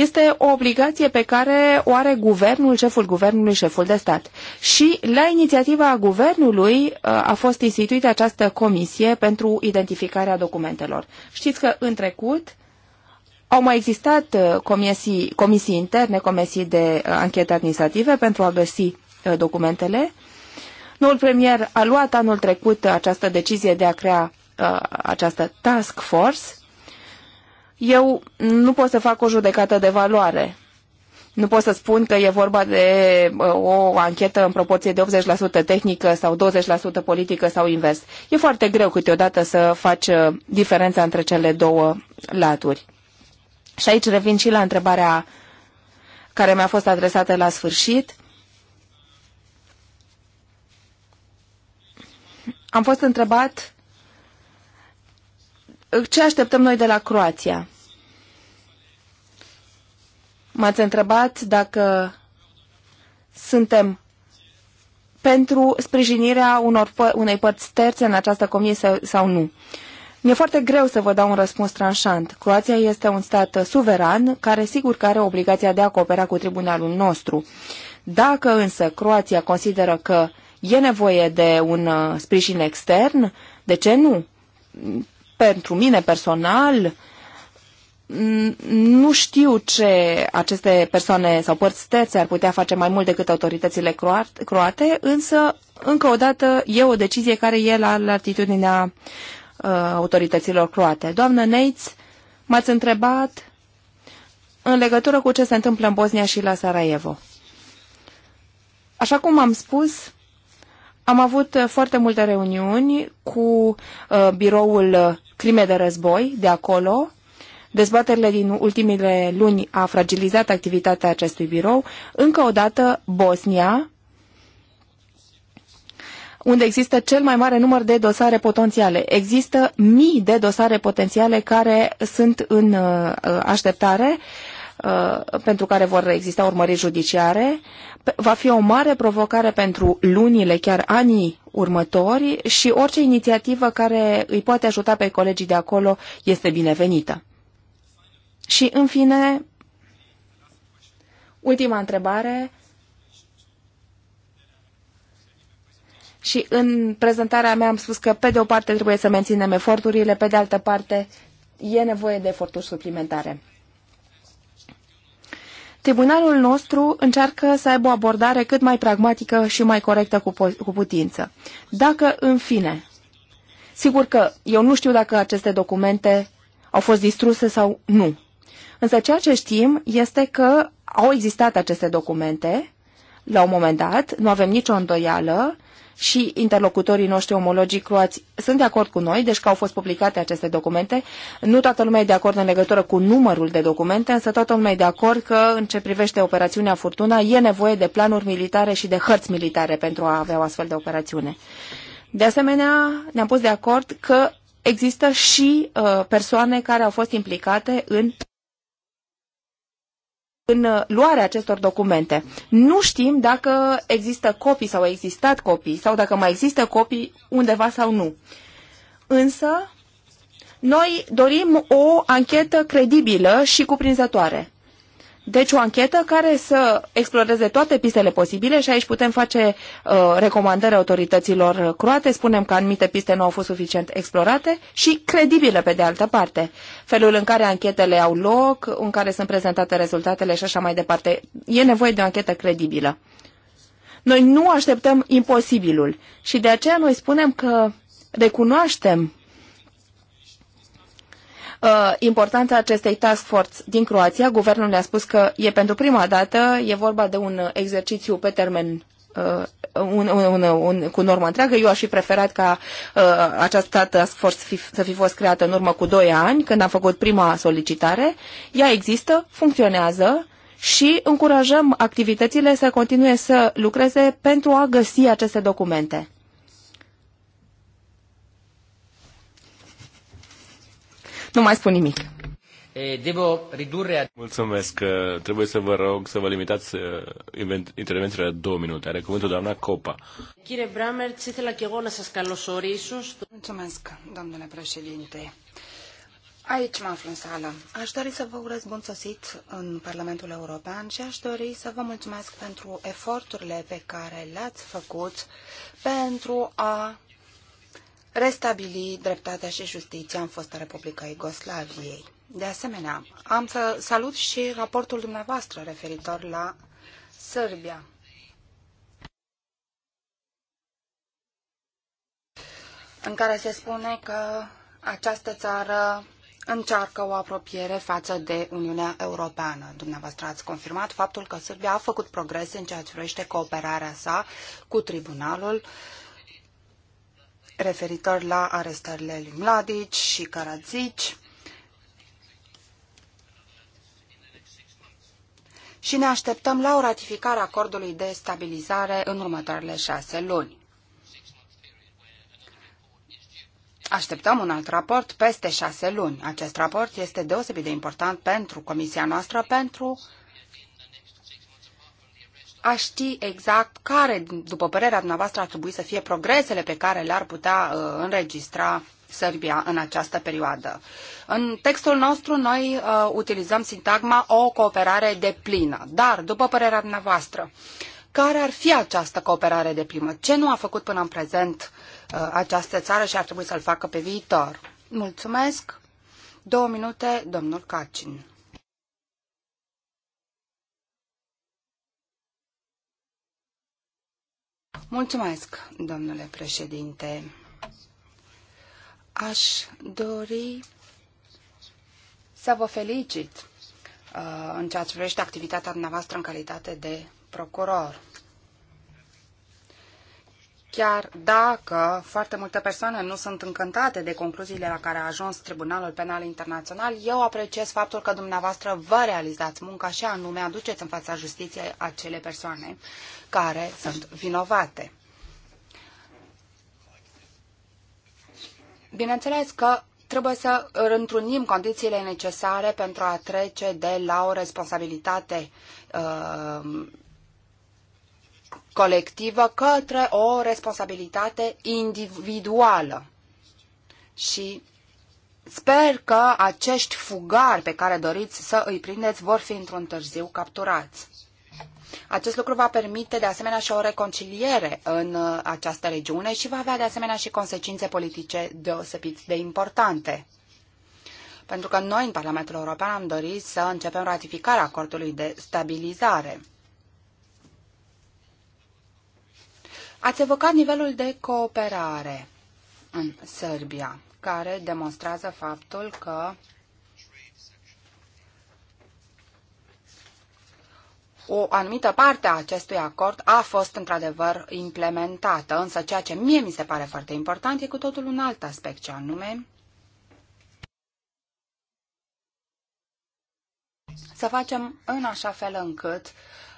este o obligație pe care o are guvernul, șeful guvernului, șeful de stat. Și la inițiativa guvernului uh, a fost instituită această comisie pentru identificarea documentelor. Știți că în trecut au mai existat uh, comisii, comisii interne, comisii de uh, anchete administrative pentru a găsi documentele. Noul premier a luat anul trecut această decizie de a crea această task force eu nu pot să fac o judecată de valoare. Nu pot să spun că e vorba de uh, o anchetă în proporție de 80% tehnică sau 20% politică sau invers. E foarte greu câteodată să faci uh, diferența între cele două laturi. Și aici revin și la întrebarea care mi-a fost adresată la sfârșit. Am fost întrebat ce așteptăm noi de la Croația? M-ați întrebat dacă suntem pentru sprijinirea unor, unei părți terțe în această comisie sau nu. Mi-e foarte greu să vă dau un răspuns tranșant. Croația este un stat suveran care sigur că are obligația de a coopera cu tribunalul nostru. Dacă însă Croația consideră că e nevoie de un uh, sprijin extern, de ce nu? pentru mine personal, nu știu ce aceste persoane sau părți terțe ar putea face mai mult decât autoritățile croate, însă, încă o dată, e o decizie care e la latitudinea uh, autorităților croate. Doamnă Neitz, m-ați întrebat în legătură cu ce se întâmplă în Bosnia și la Sarajevo. Așa cum am spus, am avut uh, foarte multe reuniuni cu uh, biroul crime de război de acolo. Dezbaterile din ultimile luni a fragilizat activitatea acestui birou. Încă o dată, Bosnia, unde există cel mai mare număr de dosare potențiale. Există mii de dosare potențiale care sunt în uh, așteptare Uh, pentru care vor exista urmăriri judiciare. Va fi o mare provocare pentru lunile, chiar anii următori și orice inițiativă care îi poate ajuta pe colegii de acolo este binevenită. Și, în fine, ultima întrebare. Și în prezentarea mea am spus că, pe de o parte, trebuie să menținem eforturile, pe de altă parte, e nevoie de eforturi suplimentare. Tribunalul nostru încearcă să aibă o abordare cât mai pragmatică și mai corectă cu, cu putință. Dacă, în fine, sigur că eu nu știu dacă aceste documente au fost distruse sau nu, însă ceea ce știm este că au existat aceste documente la un moment dat, nu avem nicio îndoială, și interlocutorii noștri omologii croați sunt de acord cu noi, deci că au fost publicate aceste documente. Nu toată lumea e de acord în legătură cu numărul de documente, însă toată lumea e de acord că în ce privește operațiunea Furtuna e nevoie de planuri militare și de hărți militare pentru a avea o astfel de operațiune. De asemenea, ne-am pus de acord că există și uh, persoane care au fost implicate în în uh, luarea acestor documente. Nu știm dacă există copii sau au existat copii sau dacă mai există copii undeva sau nu. Însă, noi dorim o anchetă credibilă și cuprinzătoare. Deci o anchetă care să exploreze toate pistele posibile și aici putem face uh, recomandări autorităților croate, spunem că anumite piste nu au fost suficient explorate și credibile pe de altă parte. Felul în care anchetele au loc, în care sunt prezentate rezultatele și așa mai departe. E nevoie de o anchetă credibilă. Noi nu așteptăm imposibilul și de aceea noi spunem că recunoaștem uh, importanța acestei task force din Croația. Guvernul ne-a spus că e pentru prima dată, e vorba de un exercițiu pe termen uh, un, un, un, un, cu normă întreagă. Eu aș fi preferat ca uh, această task force fi, să fi fost creată în urmă cu 2 ani, când am făcut prima solicitare. Ea există, funcționează și încurajăm activitățile să continue să lucreze pentru a găsi aceste documente. Nu mai spun nimic. Mulțumesc. Trebuie să vă rog să vă limitați uh, intervențiile la două minute. Are cuvântul doamna Copa. Mulțumesc, domnule președinte. Aici mă aflu în sală. Aș dori să vă urez bun sosit în Parlamentul European și aș dori să vă mulțumesc pentru eforturile pe care le-ați făcut pentru a restabili dreptatea și justiția în fosta Republica Iugoslaviei. De asemenea, am să salut și raportul dumneavoastră referitor la Sârbia. în care se spune că această țară încearcă o apropiere față de Uniunea Europeană. Dumneavoastră ați confirmat faptul că Serbia a făcut progrese în ceea ce privește cooperarea sa cu tribunalul uh, referitor la arestările lui Mladic și Caradzici. Și ne așteptăm la o ratificare a acordului de stabilizare în următoarele șase luni. Așteptăm un alt raport peste șase luni. Acest raport este deosebit de important pentru comisia noastră pentru a ști exact care, după părerea dumneavoastră, ar trebui să fie progresele pe care le-ar putea uh, înregistra Serbia în această perioadă. În textul nostru noi uh, utilizăm sintagma o cooperare de plină, dar, după părerea dumneavoastră, care ar fi această cooperare de plină? Ce nu a făcut până în prezent uh, această țară și ar trebui să-l facă pe viitor? Mulțumesc! Două minute, domnul Cacin. Mulțumesc, domnule președinte. Aș dori să vă felicit uh, în ceea ce privește activitatea dumneavoastră în calitate de procuror chiar dacă foarte multe persoane nu sunt încântate de concluziile la care a ajuns Tribunalul Penal Internațional, eu apreciez faptul că dumneavoastră vă realizați munca și anume aduceți în fața justiției acele persoane care sunt vinovate. Bineînțeles că trebuie să întrunim condițiile necesare pentru a trece de la o responsabilitate uh, colectivă către o responsabilitate individuală. Și sper că acești fugari pe care doriți să îi prindeți vor fi într-un târziu capturați. Acest lucru va permite de asemenea și o reconciliere în uh, această regiune și va avea de asemenea și consecințe politice deosebit de importante. Pentru că noi în Parlamentul European am dorit să începem ratificarea acordului de stabilizare. Ați evocat nivelul de cooperare în Serbia, care demonstrează faptul că o anumită parte a acestui acord a fost într-adevăr implementată, însă ceea ce mie mi se pare foarte important e cu totul un alt aspect, ce anume să facem în așa fel încât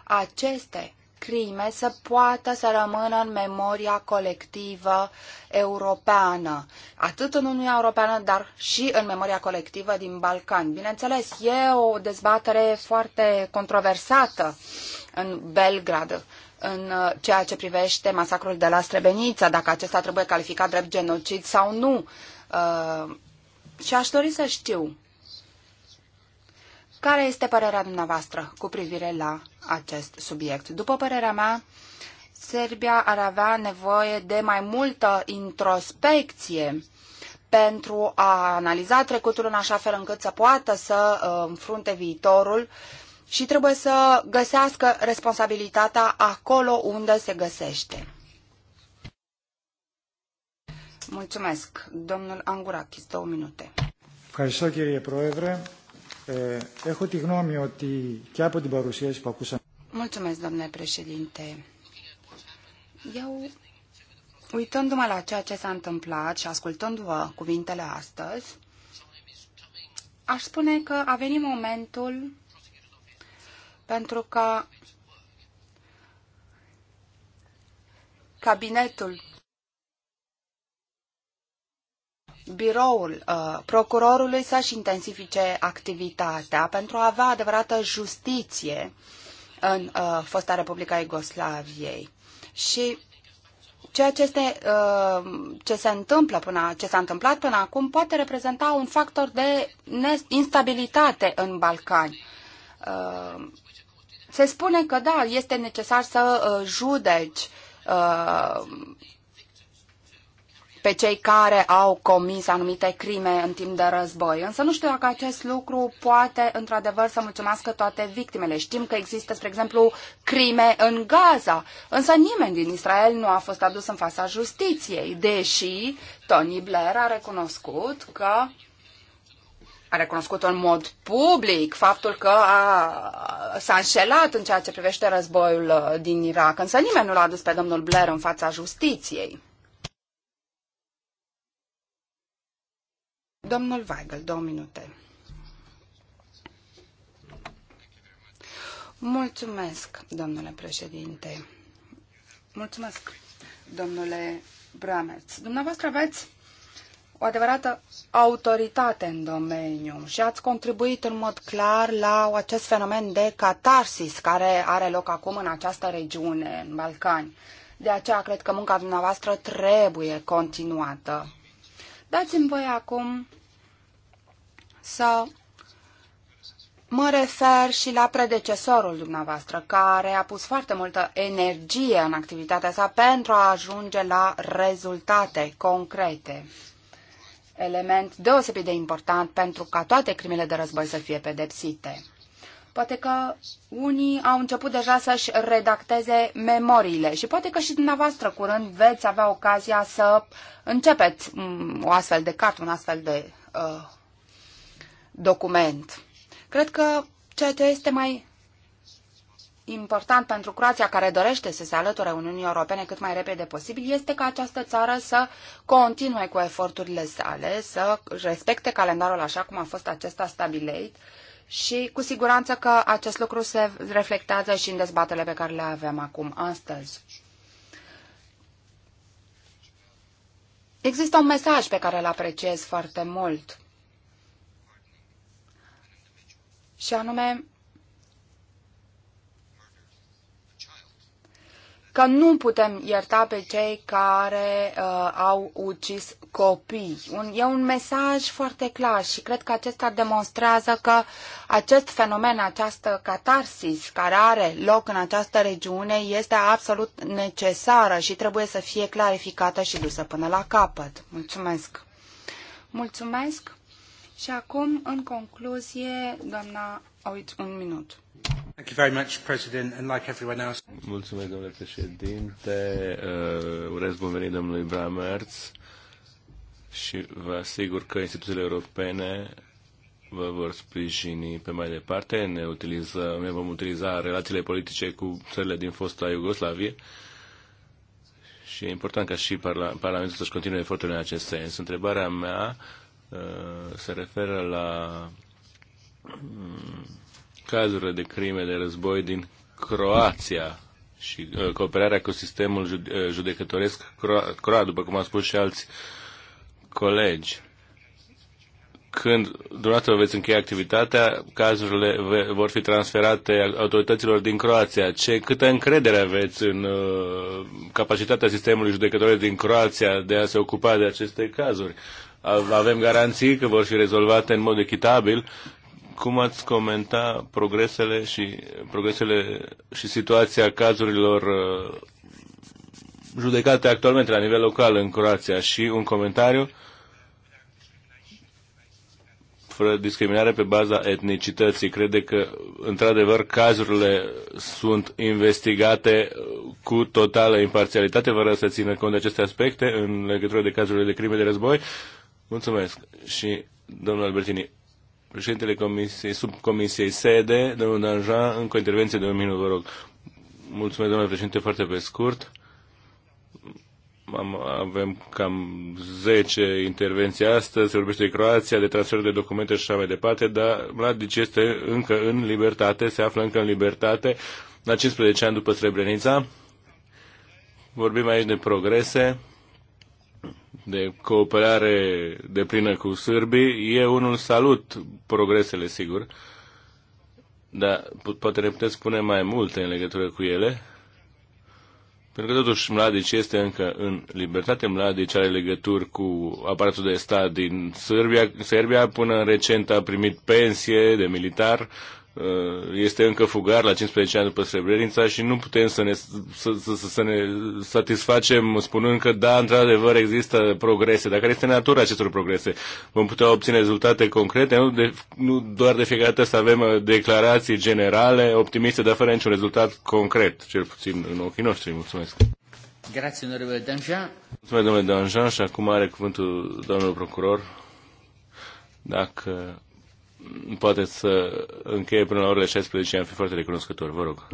aceste crime să poată să rămână în memoria colectivă europeană, atât în Uniunea Europeană, dar și în memoria colectivă din Balcani. Bineînțeles, e o dezbatere foarte controversată în Belgrad în uh, ceea ce privește masacrul de la Strebenița, dacă acesta trebuie calificat drept genocid sau nu. Uh, și aș dori să știu care este părerea dumneavoastră cu privire la acest subiect? După părerea mea, Serbia ar avea nevoie de mai multă introspecție pentru a analiza trecutul în așa fel încât să poată să uh, înfrunte viitorul și trebuie să găsească responsabilitatea acolo unde se găsește. Mulțumesc. Domnul Angurakis, două minute. Ευχαριστώ κύριε Πρόεδρε. Eh, έχω τη γνώμη ότι και από την παρουσίαση που ακούσαμε... Mulțumesc, domnule președinte. Eu, uitându-mă la ceea ce s-a întâmplat și ascultându-vă cuvintele astăzi, aș spune că a venit momentul pentru că cabinetul biroul uh, procurorului să-și intensifice activitatea pentru a avea adevărată justiție în uh, fosta Republica Iugoslaviei. Și ceea ce, este, uh, ce se întâmplă până, ce s-a întâmplat până acum poate reprezenta un factor de instabilitate în Balcani. Uh, se spune că da, este necesar să uh, judeci pe cei care au comis anumite crime în timp de război. Însă nu știu dacă acest lucru poate într-adevăr să mulțumească toate victimele. Știm că există, spre exemplu, crime în Gaza, însă nimeni din Israel nu a fost adus în fața justiției, deși Tony Blair a recunoscut că a recunoscut în mod public faptul că a, s-a înșelat în ceea ce privește războiul uh, din Irak, însă nimeni nu l-a adus pe domnul Blair în fața justiției. Domnul Weigel, două minute. Mulțumesc, domnule președinte. Mulțumesc, domnule Bramerț. Dumneavoastră aveți o adevărată autoritate în domeniu și ați contribuit în mod clar la acest fenomen de catarsis care are loc acum în această regiune, în Balcani. De aceea cred că munca dumneavoastră trebuie continuată. Dați-mi voi acum să mă refer și la predecesorul dumneavoastră, care a pus foarte multă energie în activitatea sa pentru a ajunge la rezultate concrete. Element deosebit de important pentru ca toate crimele de război să fie pedepsite. Poate că unii au început deja să-și redacteze memoriile și poate că și dumneavoastră curând veți avea ocazia să începeți mm, o astfel de carte, un astfel de uh, document. Cred că ceea ce este mai important pentru Croația, care dorește să se alăture Uniunii Europene cât mai repede posibil, este ca această țară să continue cu eforturile sale, să respecte calendarul așa cum a fost acesta stabilit și cu siguranță că acest lucru se reflectează și în dezbatele pe care le avem acum astăzi. Există un mesaj pe care îl apreciez foarte mult și anume că nu putem ierta pe cei care uh, au ucis copii. Un, e un mesaj foarte clar și cred că acesta demonstrează că acest fenomen, această catarsis care are loc în această regiune este absolut necesară și trebuie să fie clarificată și dusă până la capăt. Mulțumesc! Mulțumesc! Și acum, în concluzie, doamna Oit, un minut. Thank you very much, President, and like everyone else. Mulțumesc, domnule președinte. Uh, urez bun venit domnului Bramertz și vă asigur că instituțiile europene vă vor sprijini pe mai departe. Ne, utiliză, ne vom utiliza relațiile politice cu țările din fosta Iugoslavie și e important ca și Parlamentul să-și continue eforturile în acest sens. Întrebarea mea Uh, se referă la mm, cazurile de crime de război din Croația și uh, cooperarea cu sistemul uh, judecătoresc croat, după cum au spus și alți colegi când dumneavoastră veți încheia activitatea, cazurile vor fi transferate autorităților din Croația. Ce, câtă încredere aveți în uh, capacitatea sistemului judecătoresc din Croația de a se ocupa de aceste cazuri? avem garanții că vor fi rezolvate în mod echitabil. Cum ați comenta progresele și, progresele și situația cazurilor uh, judecate actualmente la nivel local în Croația? Și un comentariu fără discriminare pe baza etnicității. Crede că, într-adevăr, cazurile sunt investigate cu totală imparțialitate, fără să țină cont de aceste aspecte în legătură de cazurile de crime de război. Mulțumesc. Și domnul Albertini, președintele comisiei, subcomisiei sede, domnul Danja, încă o intervenție de un minut, vă rog. Mulțumesc, domnule președinte, foarte pe scurt. Am, avem cam 10 intervenții astăzi, se vorbește de Croația, de transfer de documente și așa mai departe, dar Mladic este încă în libertate, se află încă în libertate, la 15 ani după Srebrenica. Vorbim aici de progrese de cooperare de plină cu sârbii. E unul salut progresele, sigur, dar poate ne puteți spune mai multe în legătură cu ele. Pentru că totuși Mladic este încă în libertate. Mladic are legături cu aparatul de stat din Serbia. Serbia până recent a primit pensie de militar Uh, este încă fugar la 15 ani după Srebrenica și nu putem să ne, să, să, să ne satisfacem spunând că da, într-adevăr există progrese, dar care este natura acestor progrese? Vom putea obține rezultate concrete, nu, de, nu doar de fiecare dată să avem uh, declarații generale, optimiste, dar fără niciun rezultat concret, cel puțin în ochii noștri. Mulțumesc! Grazie, onorevole Danjean. Mulțumesc, domnule Danjean, și acum are cuvântul domnul procuror. Dacă poate să încheie până la orele 16, am fi foarte recunoscător. Vă rog.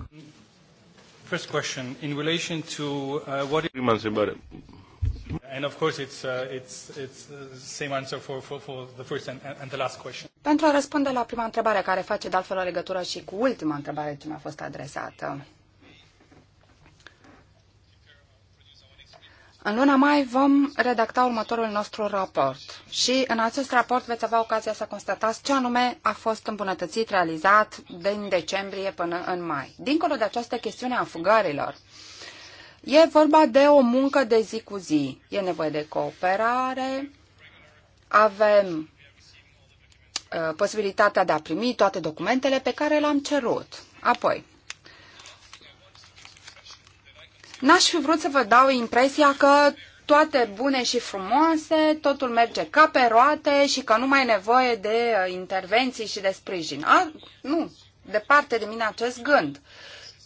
First question, in relation to uh, what is... Prima întrebare. And of course it's, uh, it's, it's the uh, same answer for, for, for the first and, and the last question. Pentru a răspunde la prima întrebare care face de altfel o legătură și cu ultima întrebare ce mi-a fost adresată. În luna mai vom redacta următorul nostru raport și în acest raport veți avea ocazia să constatați ce anume a fost îmbunătățit, realizat din decembrie până în mai. Dincolo de această chestiune a fugărilor, e vorba de o muncă de zi cu zi. E nevoie de cooperare, avem uh, posibilitatea de a primi toate documentele pe care le-am cerut. Apoi, N-aș fi vrut să vă dau impresia că toate bune și frumoase, totul merge ca pe roate și că nu mai e nevoie de uh, intervenții și de sprijin. A, nu, departe de mine acest gând.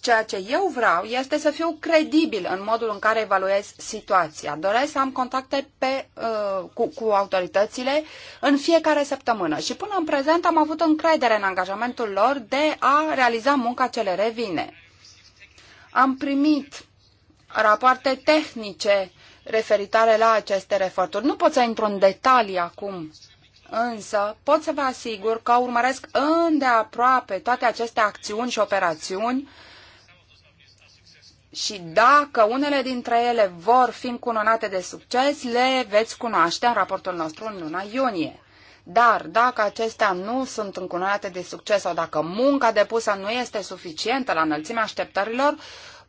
Ceea ce eu vreau este să fiu credibil în modul în care evaluez situația. Doresc să am contacte pe, uh, cu, cu autoritățile în fiecare săptămână și până în prezent am avut încredere în angajamentul lor de a realiza munca ce le revine. Am primit rapoarte tehnice referitoare la aceste eforturi. Nu pot să intru în detalii acum, însă pot să vă asigur că urmăresc îndeaproape toate aceste acțiuni și operațiuni și dacă unele dintre ele vor fi încununate de succes, le veți cunoaște în raportul nostru în luna iunie. Dar dacă acestea nu sunt încununate de succes sau dacă munca depusă nu este suficientă la înălțimea așteptărilor,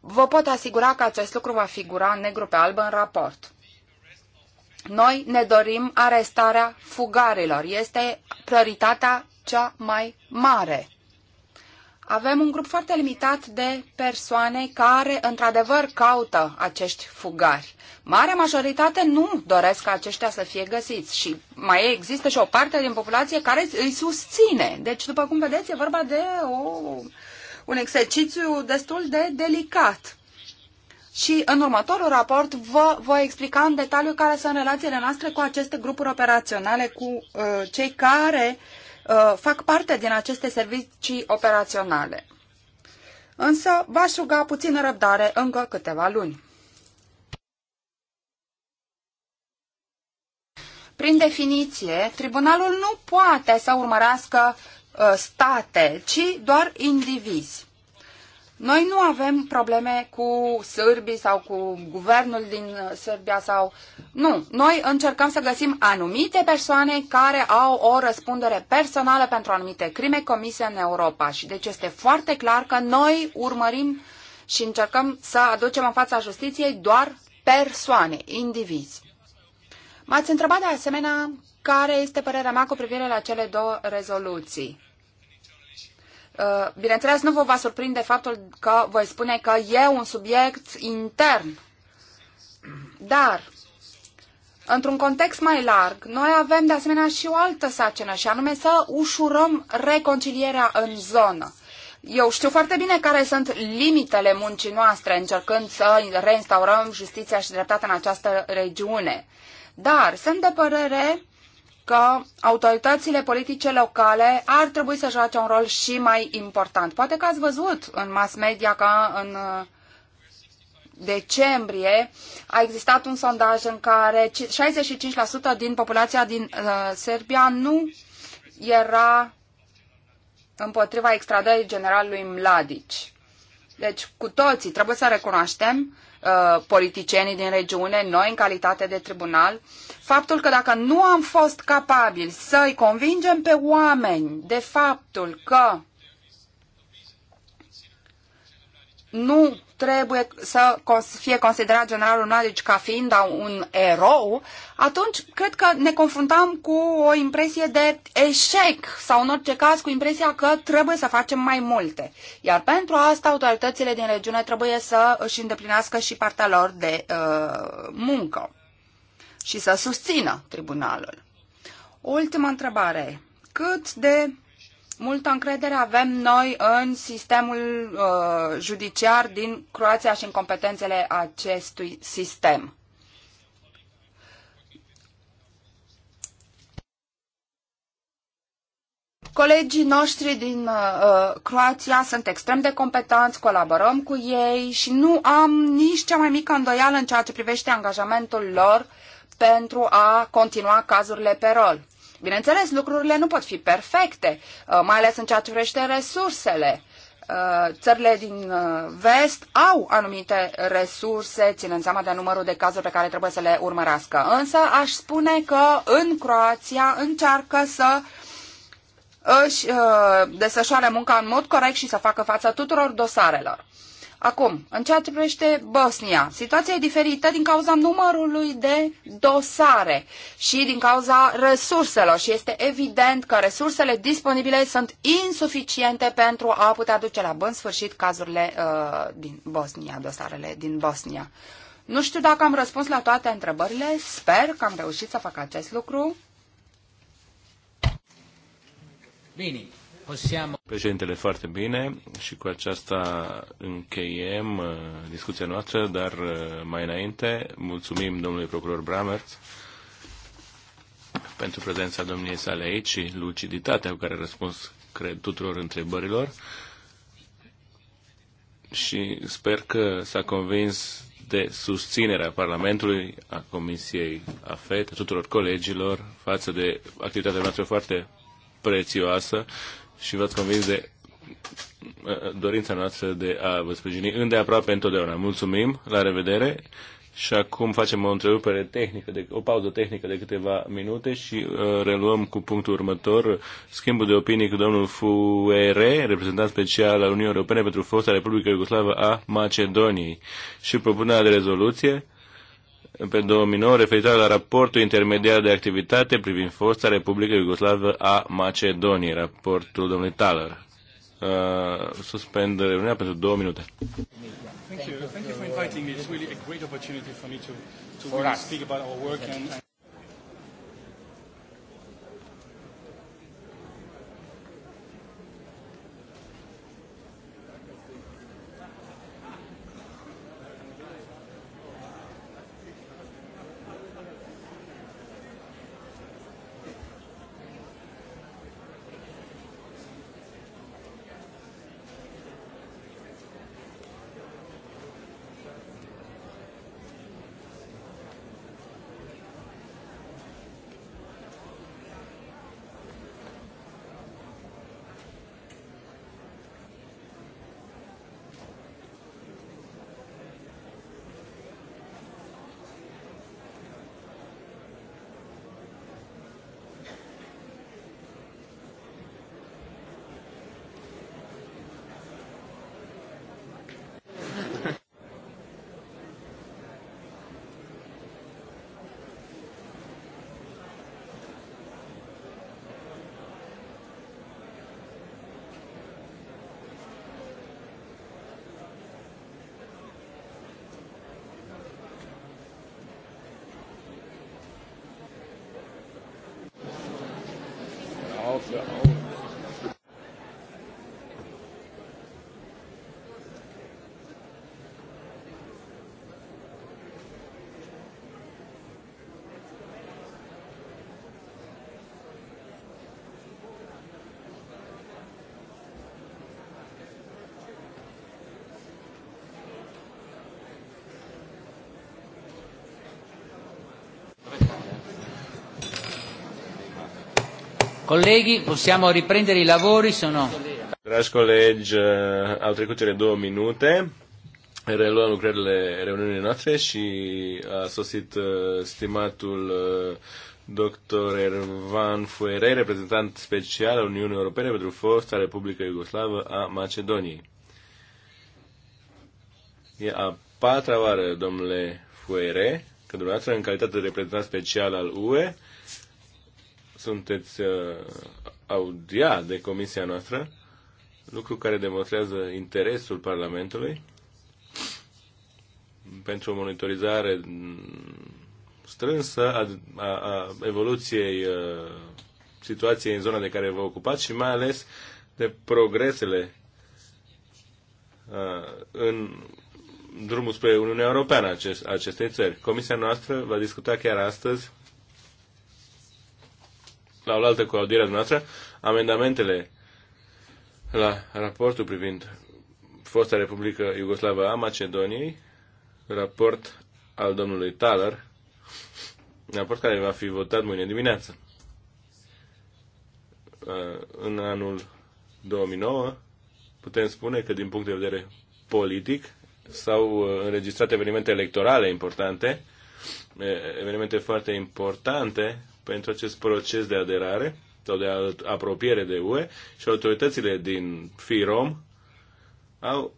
Vă pot asigura că acest lucru va figura negru pe alb în raport. Noi ne dorim arestarea fugarilor. Este prioritatea cea mai mare. Avem un grup foarte limitat de persoane care, într-adevăr, caută acești fugari. Marea majoritate nu doresc ca aceștia să fie găsiți și mai există și o parte din populație care îi susține. Deci, după cum vedeți, e vorba de o un exercițiu destul de delicat. Și în următorul raport vă voi explica în detaliu care sunt relațiile noastre cu aceste grupuri operaționale, cu uh, cei care uh, fac parte din aceste servicii operaționale. Însă v-aș ruga puțină răbdare încă câteva luni. Prin definiție, tribunalul nu poate să urmărească Uh, state, ci doar indivizi. Noi nu avem probleme cu sârbii sau cu guvernul din uh, Serbia sau... Nu, noi încercăm să găsim anumite persoane care au o răspundere personală pentru anumite crime comise în Europa. Și deci este foarte clar că noi urmărim și încercăm să aducem în fața justiției doar persoane, indivizi. M-ați întrebat de asemenea care este părerea mea cu privire la cele două rezoluții. Uh, bineînțeles, nu vă va surprinde faptul că voi spune că e un subiect intern, dar Într-un context mai larg, noi avem de asemenea și o altă sacină, și anume să ușurăm reconcilierea în zonă. Eu știu foarte bine care sunt limitele muncii noastre încercând să reinstaurăm justiția și dreptatea în această regiune. Dar sunt de părere că autoritățile politice locale ar trebui să joace un rol și mai important. Poate că ați văzut în mass media că în uh, decembrie a existat un sondaj în care 65% din populația din uh, Serbia nu era împotriva extradării generalului Mladic. Deci, cu toții trebuie să recunoaștem, uh, politicienii din regiune, noi în calitate de tribunal, faptul că dacă nu am fost capabili să-i convingem pe oameni de faptul că nu trebuie să fie considerat generalul Mladic ca fiind da, un erou, atunci cred că ne confruntam cu o impresie de eșec sau în orice caz cu impresia că trebuie să facem mai multe. Iar pentru asta autoritățile din regiune trebuie să își îndeplinească și partea lor de uh, muncă și să susțină tribunalul. Ultima întrebare. Cât de multă încredere avem noi în sistemul uh, judiciar din Croația și în competențele acestui sistem? Colegii noștri din uh, Croația sunt extrem de competenți, colaborăm cu ei și nu am nici cea mai mică îndoială în ceea ce privește angajamentul lor uh, pentru a continua cazurile pe rol. Bineînțeles, lucrurile nu pot fi perfecte, uh, mai ales în ceea ce privește resursele. Uh, țările din uh, vest au anumite resurse, ținând seama de numărul de cazuri pe care trebuie să le urmărească. Însă aș spune că în Croația încearcă să își desfășoare munca în mod corect și să facă față tuturor dosarelor. Acum, în ceea ce privește Bosnia, situația e diferită din cauza numărului de dosare și din cauza resurselor și este evident că resursele disponibile sunt insuficiente pentru a putea duce la bun sfârșit cazurile uh, din Bosnia, dosarele din Bosnia. Nu știu dacă am răspuns la toate întrebările, sper că am reușit să fac acest lucru. Bine. Președintele, foarte bine și cu aceasta încheiem uh, discuția noastră, dar uh, mai înainte mulțumim domnului procuror Bramert pentru prezența domniei sale aici și luciditatea cu care a răspuns, cred, tuturor întrebărilor și sper că s-a convins de susținerea Parlamentului, a Comisiei AFET, a tuturor colegilor față de activitatea noastră foarte prețioasă și v-ați convins de uh, dorința noastră de a vă sprijini îndeaproape întotdeauna. Mulțumim, la revedere și acum facem o întrerupere tehnică, de, o pauză tehnică de câteva minute și uh, reluăm cu punctul următor schimbul de opinii cu domnul Fuere, reprezentant special al Uniunii Europene pentru fosta Republică Iugoslavă a Macedoniei și propunerea de rezoluție pe 2009 referitoare la raportul intermediar de activitate privind fosta Republică Iugoslavă a Macedoniei, raportul domnului Thaler. Uh, suspend reuniunea pentru două minute. Thank you. Thank you for inviting me. It's really a great opportunity for me to, to really speak about our work and, and aufhören. Colleghi, possiamo riprendere i lavori, sono... Dragi colegi, eh, au trecut cele două minute, reluăm lucrările reuniunii noastre și a sosit eh, stimatul eh, dr. Ervan Fuere, reprezentant special al Uniunii Europene pentru forța Republică Iugoslavă a Macedoniei. E a patra oară, domnule Fuere, că dumneavoastră, în calitate de reprezentant special al UE, sunteți uh, audiat de comisia noastră, lucru care demonstrează interesul Parlamentului pentru o monitorizare strânsă a, a, a evoluției a, uh, situației în zona de care vă ocupați și mai ales de progresele a, uh, în drumul spre Uniunea Europeană acest, acestei țări. Comisia noastră va discuta chiar astăzi la oaltă cu audierea noastră amendamentele la raportul privind fosta Republică Iugoslavă a Macedoniei, raport al domnului Thaler, raport care va fi votat mâine dimineață. Uh, în anul 2009 putem spune că din punct de vedere politic s-au uh, înregistrat evenimente electorale importante, uh, evenimente foarte importante pentru acest proces de aderare sau de apropiere de UE și autoritățile din FIROM au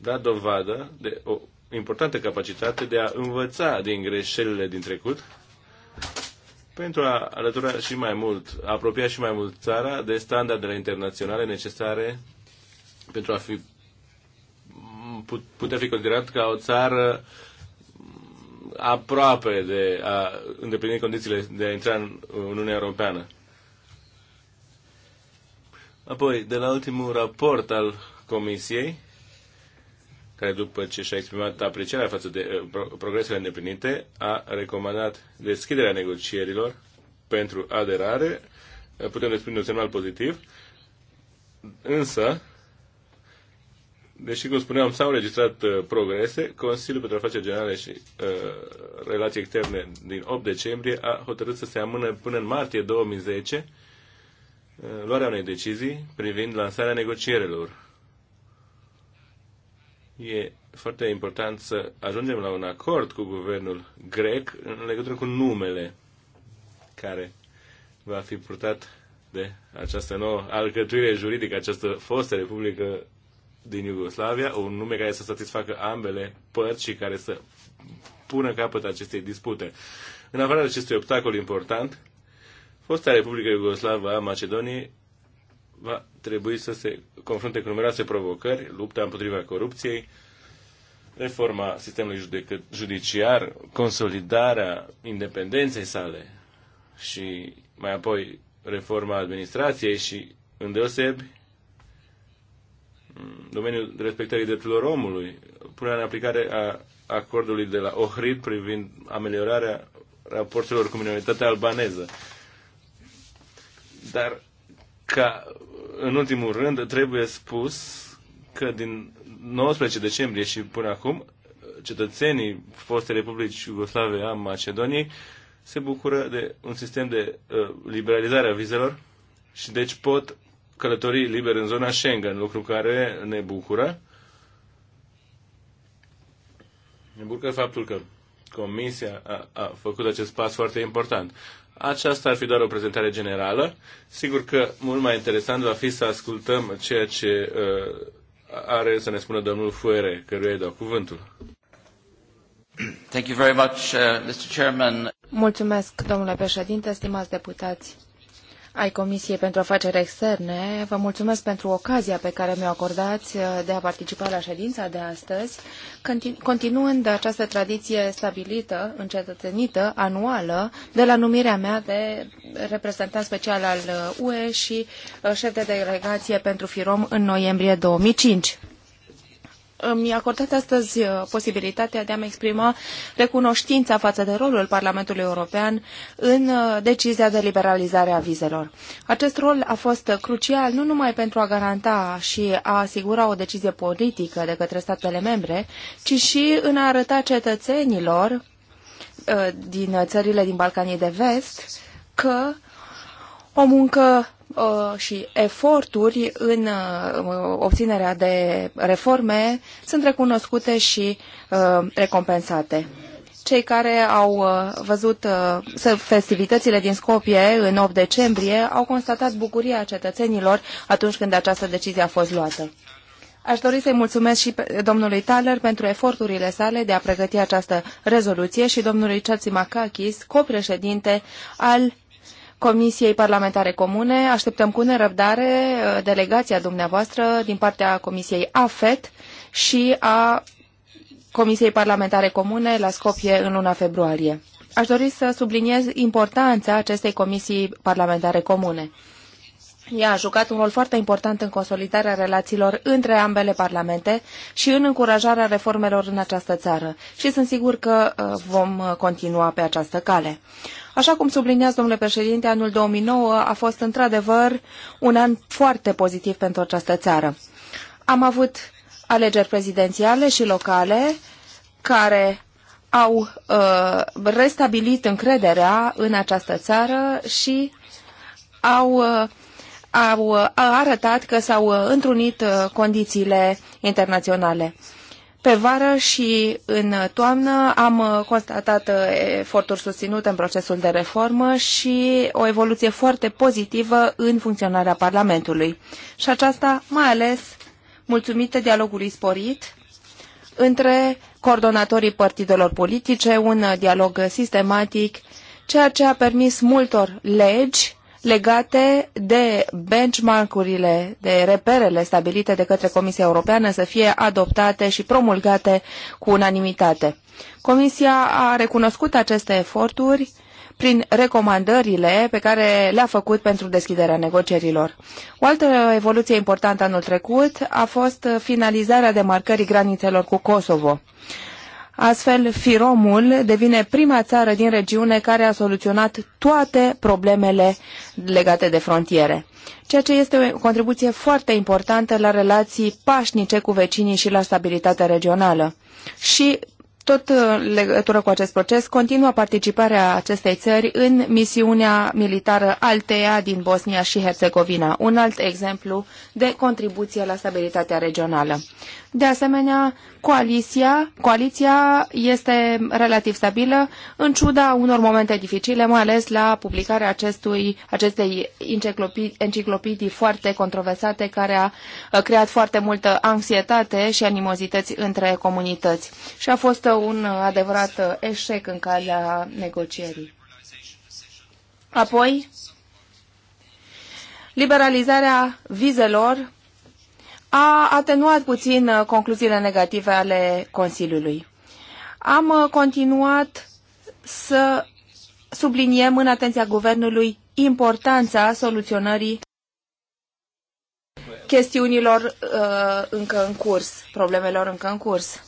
dat dovadă de o importantă capacitate de a învăța din greșelile din trecut pentru a alătura și mai mult, a apropia și mai mult țara de standardele internaționale necesare pentru a fi putea fi considerat ca o țară aproape de a îndeplini condițiile de a intra în Uniunea Europeană. Apoi, de la ultimul raport al Comisiei, care după ce și-a exprimat aprecierea față de eh, progresele îndeplinite, a recomandat deschiderea negocierilor pentru aderare, putem răspunde un semnal pozitiv, însă deși, cum spuneam, s-au înregistrat uh, progrese, Consiliul pentru Afaceri Generale și uh, Relații Externe din 8 decembrie a hotărât să se amână până în martie 2010 uh, luarea unei decizii privind lansarea negocierilor. E foarte important să ajungem la un acord cu guvernul grec în legătură cu numele care va fi purtat de această nouă alcătuire juridică, această fostă Republică din Iugoslavia, un nume care să satisfacă ambele părți și care să pună capăt acestei dispute. În de acestui obstacol important, fosta Republică Iugoslavă a Macedoniei va trebui să se confrunte cu numeroase provocări, lupta împotriva corupției, reforma sistemului judiciar, consolidarea independenței sale și mai apoi reforma administrației și, îndeosebi, domeniul respectării drepturilor omului, punerea în aplicare a acordului de la Ohrid privind ameliorarea raporturilor cu minoritatea albaneză. Dar ca în ultimul rând trebuie spus că din 19 decembrie și până acum cetățenii fostei Republici Iugoslave a Macedoniei se bucură de un sistem de uh, liberalizare a vizelor și deci pot călătorii libere în zona Schengen, lucru care ne bucură. Ne bucură faptul că Comisia a, a făcut acest pas foarte important. Aceasta ar fi doar o prezentare generală. Sigur că mult mai interesant va fi să ascultăm ceea ce uh, are să ne spună domnul Fuere, căruia îi dau cuvântul. Thank you very much, uh, Mr. Chairman. Mulțumesc, domnule președinte, stimați deputați ai Comisiei pentru Afaceri Externe. Vă mulțumesc pentru ocazia pe care mi-o acordați uh, de a participa la ședința de astăzi, continuând această tradiție stabilită, încetățenită, anuală, de la numirea mea de reprezentant special al UE uh, și uh, șef de delegație pentru FIROM în noiembrie 2005 mi acordat astăzi uh, posibilitatea de a-mi exprima recunoștința față de rolul Parlamentului European în uh, decizia de liberalizare a vizelor. Acest rol a fost crucial nu numai pentru a garanta și a asigura o decizie politică de către statele membre, ci și în a arăta cetățenilor uh, din țările din Balcanii de Vest că o muncă Uh, și eforturi în uh, obținerea de reforme sunt recunoscute și uh, recompensate. Cei care au văzut festivitățile din Scopie în 8 decembrie au constatat bucuria cetățenilor atunci când această decizie a fost luată. Aș dori să-i mulțumesc și domnului Thaler pentru eforturile sale de a pregăti această rezoluție și domnului Chatzimakakis, copreședinte al Comisiei Parlamentare Comune. Așteptăm cu nerăbdare uh, delegația dumneavoastră din partea Comisiei AFET și a Comisiei Parlamentare Comune la Scopie în luna februarie. Aș dori să subliniez importanța acestei Comisii Parlamentare Comune. Ea a jucat un rol foarte important în consolidarea relațiilor între ambele parlamente și în încurajarea reformelor în această țară și sunt sigur că uh, vom uh, continua pe această cale. Așa cum subliniați, domnule președinte, anul 2009 a fost într-adevăr un an foarte pozitiv pentru această țară. Am avut alegeri prezidențiale și locale care au uh, restabilit încrederea în această țară și au uh, au arătat că s-au uh, întrunit uh, condițiile internaționale. Pe vară și în toamnă am uh, constatat eforturi susținute în procesul de reformă și o evoluție foarte pozitivă în funcționarea Parlamentului. Și aceasta mai ales mulțumită dialogului sporit între coordonatorii partidelor politice, un dialog sistematic, ceea ce a permis multor legi legate de benchmarkurile, de reperele stabilite de către Comisia Europeană să fie adoptate și promulgate cu unanimitate. Comisia a recunoscut aceste eforturi prin recomandările pe care le-a făcut pentru deschiderea negocierilor. O altă evoluție importantă anul trecut a fost finalizarea demarcării granițelor cu Kosovo. Astfel, Firomul devine prima țară din regiune care a soluționat toate problemele legate de frontiere, ceea ce este o contribuție foarte importantă la relații pașnice cu vecinii și la stabilitatea regională. Și tot în uh, legătură cu acest proces, continuă participarea acestei țări în misiunea militară Altea din Bosnia și Herțegovina, un alt exemplu de contribuție la stabilitatea regională. De asemenea, coaliția, coaliția este relativ stabilă, în ciuda unor momente dificile, mai ales la publicarea acestui, acestei enciclopedii, foarte controversate, care a creat foarte multă anxietate și animozități între comunități. Și a fost un adevărat eșec în calea negocierii. Apoi, liberalizarea vizelor a atenuat puțin uh, concluziile negative ale Consiliului. Am uh, continuat să subliniem în atenția Guvernului importanța soluționării chestiunilor uh, încă în curs, problemelor încă în curs.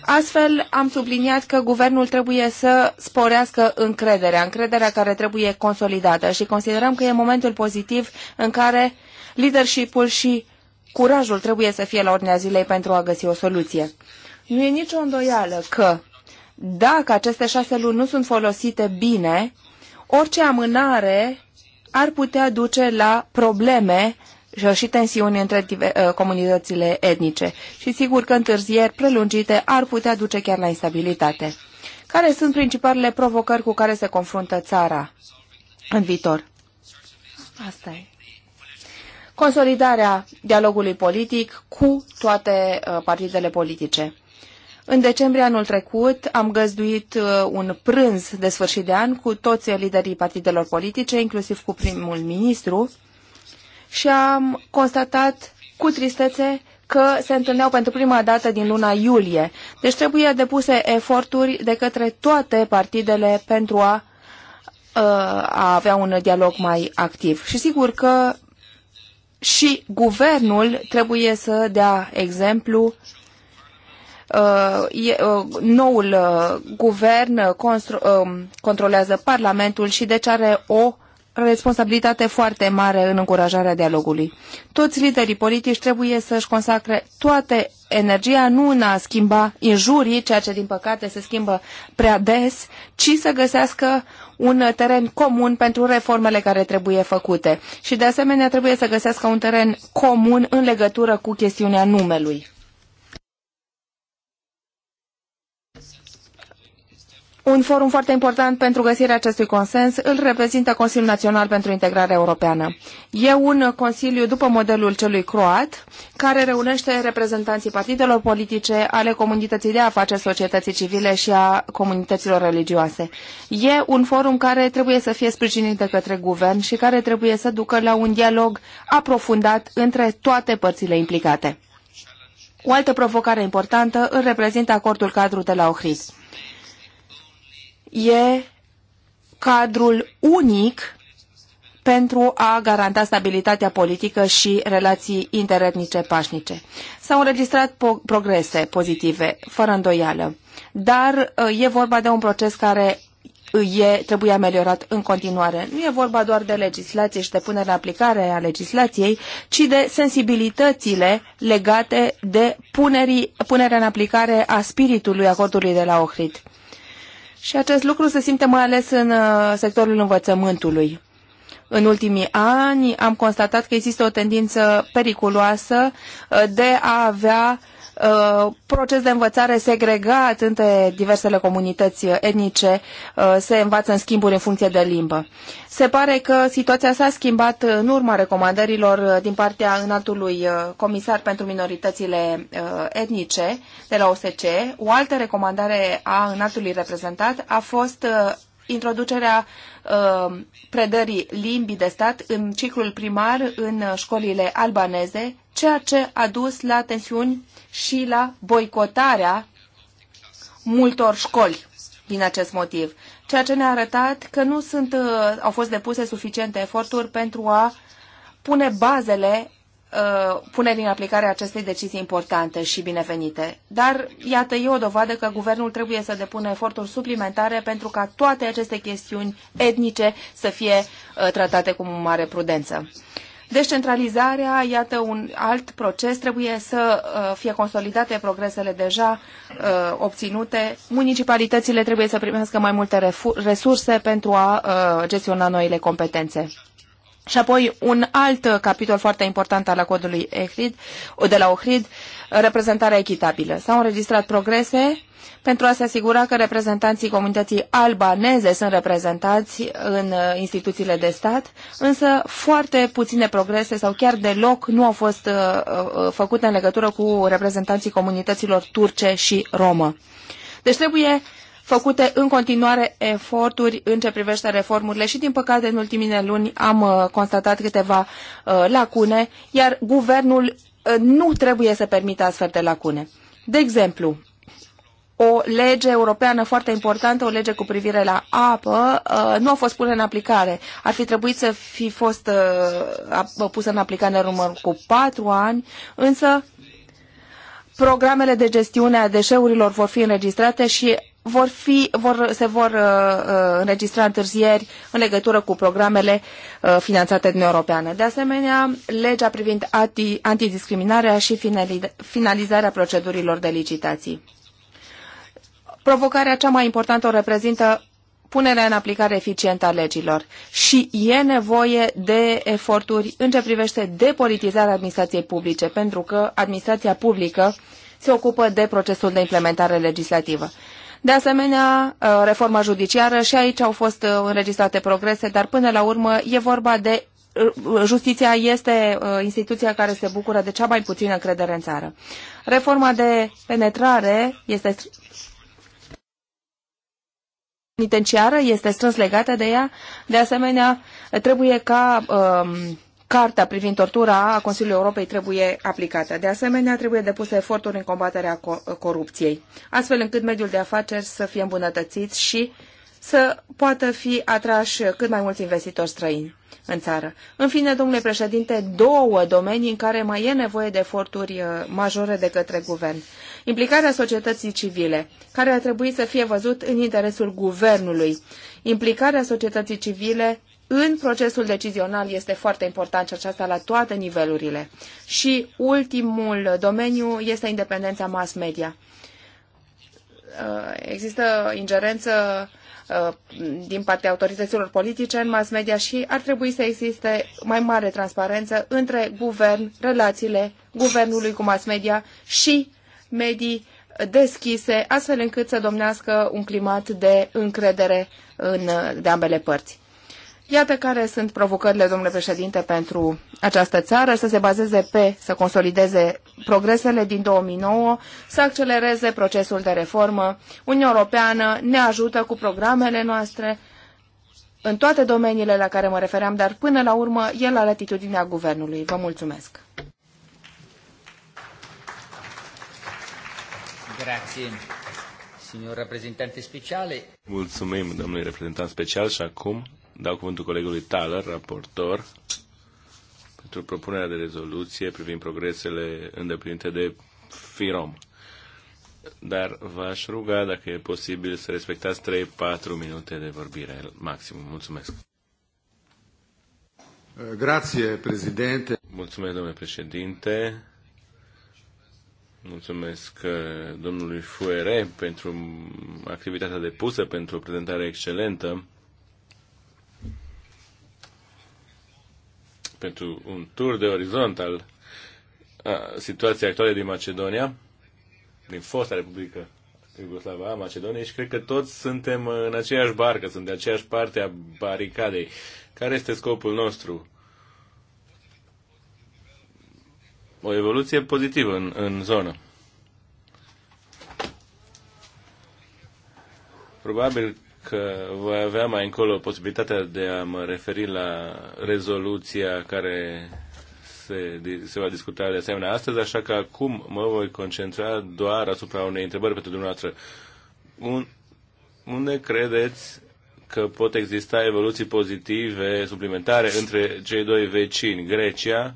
Astfel, am subliniat că guvernul trebuie să sporească încrederea, încrederea care trebuie consolidată și considerăm că e momentul pozitiv în care leadership-ul și curajul trebuie să fie la ordinea zilei pentru a găsi o soluție. Nu e nicio îndoială că dacă aceste șase luni nu sunt folosite bine, orice amânare ar putea duce la probleme și tensiuni între ă, comunitățile etnice. Și sigur că întârzieri prelungite ar putea duce chiar la instabilitate. Care sunt principalele provocări cu care se confruntă țara în viitor? Asta e consolidarea dialogului politic cu toate uh, partidele politice. În decembrie anul trecut am găzduit uh, un prânz de sfârșit de an cu toți liderii partidelor politice, inclusiv cu primul ministru, și am constatat cu tristețe că se întâlneau pentru prima dată din luna iulie. Deci trebuie depuse eforturi de către toate partidele pentru a, uh, a avea un dialog mai activ. Și sigur că și guvernul trebuie să dea exemplu uh, uh, noul uh, guvern controlează Parlamentul și deci are o responsabilitate foarte mare în încurajarea dialogului. Toți liderii politici trebuie să-și consacre toate energia, nu în a schimba injurii, ceea ce din păcate se schimbă prea des, ci să găsească un teren comun pentru reformele care trebuie făcute. Și de asemenea trebuie să găsească un teren comun în legătură cu chestiunea numelui. Un forum foarte important pentru găsirea acestui consens îl reprezintă Consiliul Național pentru Integrare Europeană. E un consiliu după modelul celui croat, care reunește reprezentanții partidelor politice, ale comunității de afaceri, societății civile și a comunităților religioase. E un forum care trebuie să fie sprijinit de către guvern și care trebuie să ducă la un dialog aprofundat între toate părțile implicate. O altă provocare importantă îl reprezintă acordul cadru de la Ohrid e cadrul unic pentru a garanta stabilitatea politică și relații interetnice pașnice. S-au înregistrat po- progrese pozitive, fără îndoială, dar uh, e vorba de un proces care e, trebuie ameliorat în continuare. Nu e vorba doar de legislație și de punerea aplicare a legislației, ci de sensibilitățile legate de punerii, punerea în aplicare a spiritului acordului de la Ohrid. Și acest lucru se simte mai ales în uh, sectorul învățământului. În ultimii ani am constatat că există o tendință periculoasă uh, de a avea uh, Uh, proces de învățare segregat între diversele comunități etnice, uh, se învață în schimburi în funcție de limbă. Se pare că situația s-a schimbat în urma recomandărilor uh, din partea înaltului comisar pentru minoritățile etnice de la OSCE. O altă recomandare a înaltului reprezentat a fost introducerea predării limbii de stat în ciclul primar în școlile albaneze, ceea ce a dus la tensiuni și la boicotarea multor școli din acest motiv, ceea ce ne-a arătat că nu sunt, uh, au fost depuse suficiente eforturi pentru a pune bazele uh, pune din aplicare acestei decizii importante și binevenite. Dar, iată, e o dovadă că guvernul trebuie să depună eforturi suplimentare pentru ca toate aceste chestiuni etnice să fie uh, tratate cu mare prudență. Decentralizarea, iată un alt proces, trebuie să uh, fie consolidate progresele deja uh, obținute. Municipalitățile trebuie să primească mai multe resurse pentru a uh, gestiona noile competențe. Și apoi un alt capitol foarte important al acordului EHRID, de la OHRID, reprezentarea echitabilă. S-au înregistrat progrese pentru a se asigura că reprezentanții comunității albaneze sunt reprezentați în uh, instituțiile de stat, însă foarte puține progrese sau chiar deloc nu au fost uh, uh, făcute în legătură cu reprezentanții comunităților turce și romă. Deci trebuie făcute în continuare eforturi în ce privește reformurile și, din păcate, în ultimile luni am constatat câteva lacune, iar guvernul nu trebuie să permită astfel de lacune. De exemplu, o lege europeană foarte importantă, o lege cu privire la apă, uh, nu a fost pusă în aplicare. Ar fi trebuit să fi fost uh, pusă în aplicare în urmă cu patru ani, însă programele de gestiune a deșeurilor vor fi înregistrate și vor fi, vor, se vor uh, înregistra întârzieri în legătură cu programele finanțate din Europeană. De asemenea, legea privind anti, antidiscriminarea și finalizarea procedurilor de licitații provocarea cea mai importantă o reprezintă punerea în aplicare eficientă a legilor și e nevoie de eforturi în ce privește depolitizarea administrației publice, pentru că administrația publică se ocupă de procesul de implementare legislativă. De asemenea, uh, reforma judiciară și aici au fost uh, înregistrate progrese, dar până la urmă e vorba de uh, justiția este instituția care se bucură de cea mai puțină încredere în țară. Reforma de penetrare este penitenciară este strâns legată de ea. De asemenea, trebuie ca um, Carta privind tortura a Consiliului Europei trebuie aplicată. De asemenea, trebuie depuse eforturi în combaterea corupției, astfel încât mediul de afaceri să fie îmbunătățit și uh, să poată fi atrași cât mai mulți investitori străini în țară. În fine, domnule președinte, două domenii în care mai e nevoie de eforturi uh, majore de către guvern. Implicarea societății civile, care ar trebui să fie văzut în interesul guvernului. Implicarea societății civile în procesul decizional este foarte important și aceasta la toate nivelurile. Și ultimul domeniu este independența mass media. Uh, există ingerență Uh, din partea autorităților politice în mass media și ar trebui să existe mai mare transparență între guvern, relațiile guvernului cu mass media și medii deschise, astfel încât să domnească un climat de încredere în, de ambele părți. Iată care sunt provocările, domnule președinte, pentru această țară, să se bazeze pe, să consolideze progresele din 2009, să accelereze procesul de reformă. Uniunea Europeană ne ajută cu programele noastre în toate domeniile la care mă refeream, dar până la urmă e la latitudinea guvernului. Vă mulțumesc! Grazie. Signor rappresentante speciale. Mulțumim, domnule reprezentant special, și acum dau cuvântul colegului Thaler, raportor, pentru propunerea de rezoluție privind progresele îndeplinite de FIROM. Dar v-aș ruga, dacă e posibil, să respectați 3-4 minute de vorbire maximum. Mulțumesc. Grație, președinte. Mulțumesc, domnule președinte. Mulțumesc uh, domnului Fuere pentru activitatea depusă, pentru o prezentare excelentă pentru un tur de orizont al situației actuale din Macedonia, din fosta Republică Iugoslava a Macedoniei și cred că toți suntem în aceeași barcă, sunt de aceeași parte a baricadei. Care este scopul nostru? O evoluție pozitivă în, în zonă. Probabil că voi avea mai încolo posibilitatea de a mă referi la rezoluția care se, se va discuta de asemenea astăzi, așa că acum mă voi concentra doar asupra unei întrebări pentru dumneavoastră. Un, unde credeți că pot exista evoluții pozitive suplimentare între cei doi vecini, Grecia,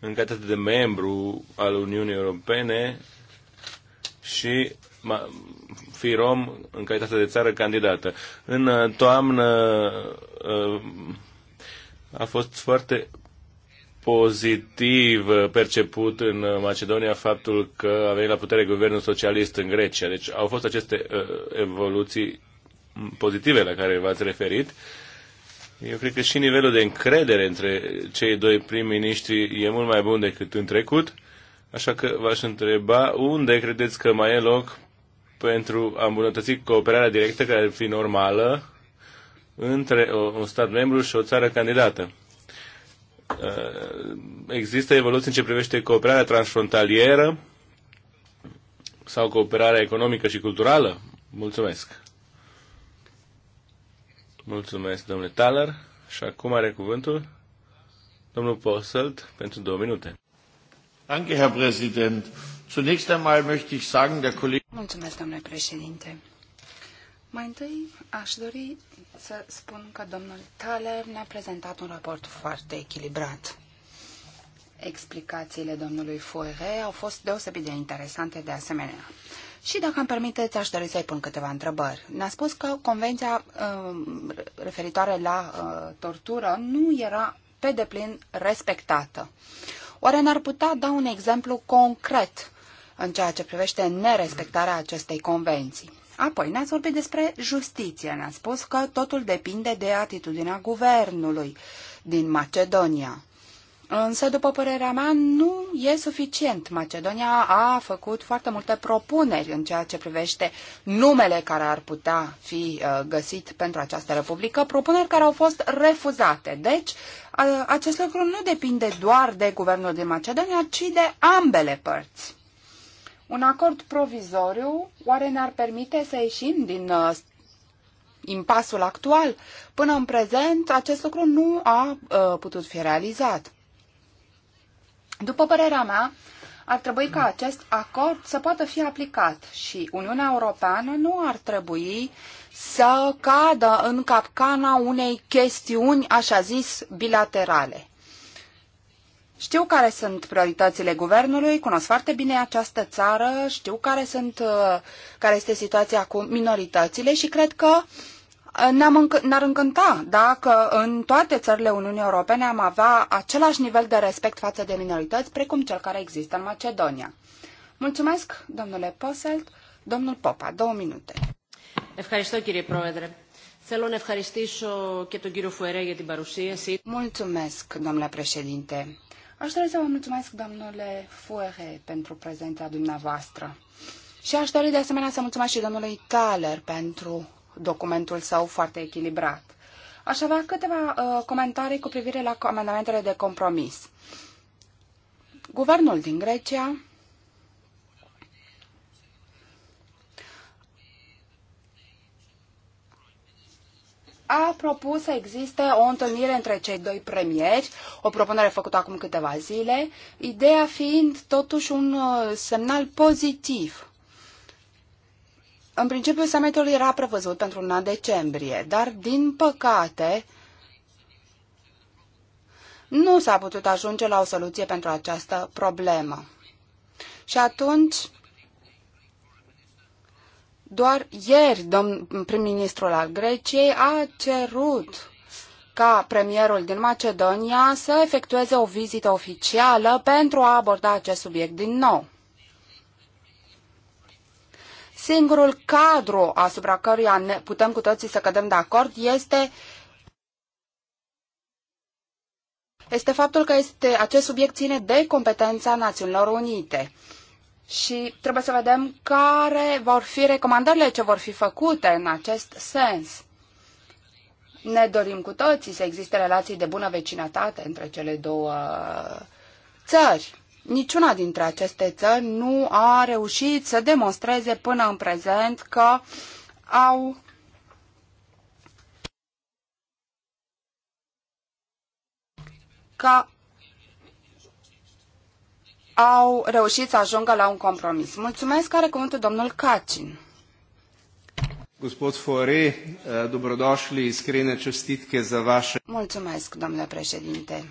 în calitate de membru al Uniunii Europene, și fi rom în calitate de țară candidată. În uh, toamnă uh, a fost foarte pozitiv uh, perceput în Macedonia faptul că a venit la putere guvernul socialist în Grecia. Deci au fost aceste evoluții pozitive la care v-ați referit. Eu cred că și nivelul de încredere între cei doi prim-ministri e mult mai bun decât în trecut, așa că v-aș întreba unde credeți că mai e loc pentru a îmbunătăți cooperarea directă, care ar fi normală, între un stat membru și o țară candidată. Uh, există evoluții în ce privește cooperarea transfrontalieră sau cooperarea economică și culturală? Mulțumesc! Mulțumesc, domnule Thaler. Și acum are cuvântul domnul Posselt pentru două minute. Danke, Herr Präsident. Zunächst einmal möchte ich sagen, der Kollege Mulțumesc, domnule președinte. Mai întâi aș dori să spun că domnul Thaler ne-a prezentat un raport foarte echilibrat. Explicațiile domnului Foire au fost deosebit de interesante de asemenea. Și dacă îmi permiteți, aș dori să-i pun câteva întrebări. Ne-a spus că convenția uh, referitoare la uh, tortură nu era pe deplin respectată. Oare n-ar putea da un exemplu concret în ceea ce privește nerespectarea acestei convenții. Apoi ne-ați vorbit despre justiție. Ne-a spus că totul depinde de atitudinea guvernului din Macedonia. Însă, după părerea mea, nu e suficient. Macedonia a făcut foarte multe propuneri în ceea ce privește numele care ar putea fi uh, găsit pentru această republică, propuneri care au fost refuzate. Deci, uh, acest lucru nu depinde doar de guvernul din Macedonia, ci de ambele părți. Un acord provizoriu oare ne-ar permite să ieșim din uh, impasul actual? Până în prezent, acest lucru nu a uh, putut fi realizat. După părerea mea, ar trebui ca acest acord să poată fi aplicat și Uniunea Europeană nu ar trebui să cadă în capcana unei chestiuni, așa zis, bilaterale. Știu care sunt prioritățile guvernului, cunosc foarte bine această țară, știu care, sunt, uh, care este situația cu minoritățile și cred că uh, ne-ar încânta dacă în toate țările Uniunii Europene am avea același nivel de respect față de minorități precum cel care există în Macedonia. Mulțumesc, domnule Poselt. Domnul Popa, două minute. Mulțumesc, domnule președinte. Aș dori să vă mulțumesc, domnule Fuere, pentru prezența dumneavoastră. Și aș dori de asemenea să mulțumesc și domnului Thaler pentru documentul său foarte echilibrat. Aș avea câteva uh, comentarii cu privire la amendamentele de compromis. Guvernul din Grecia a propus să existe o întâlnire între cei doi premieri, o propunere făcută acum câteva zile, ideea fiind totuși un uh, semnal pozitiv. În principiu, summitul era prevăzut pentru luna decembrie, dar, din păcate, nu s-a putut ajunge la o soluție pentru această problemă. Și atunci, doar ieri, prim-ministrul al Greciei a cerut ca premierul din Macedonia să efectueze o vizită oficială pentru a aborda acest subiect din nou. Singurul cadru asupra căruia ne putem cu toții să cădem de acord este este faptul că este, acest subiect ține de competența Națiunilor Unite și trebuie să vedem care vor fi recomandările ce vor fi făcute în acest sens. Ne dorim cu toții să existe relații de bună vecinătate între cele două țări. Niciuna dintre aceste țări nu a reușit să demonstreze până în prezent că au că au reușit să ajungă la un compromis. Mulțumesc, care cuvântul domnul Cacin. Eh, Mulțumesc, domnule președinte.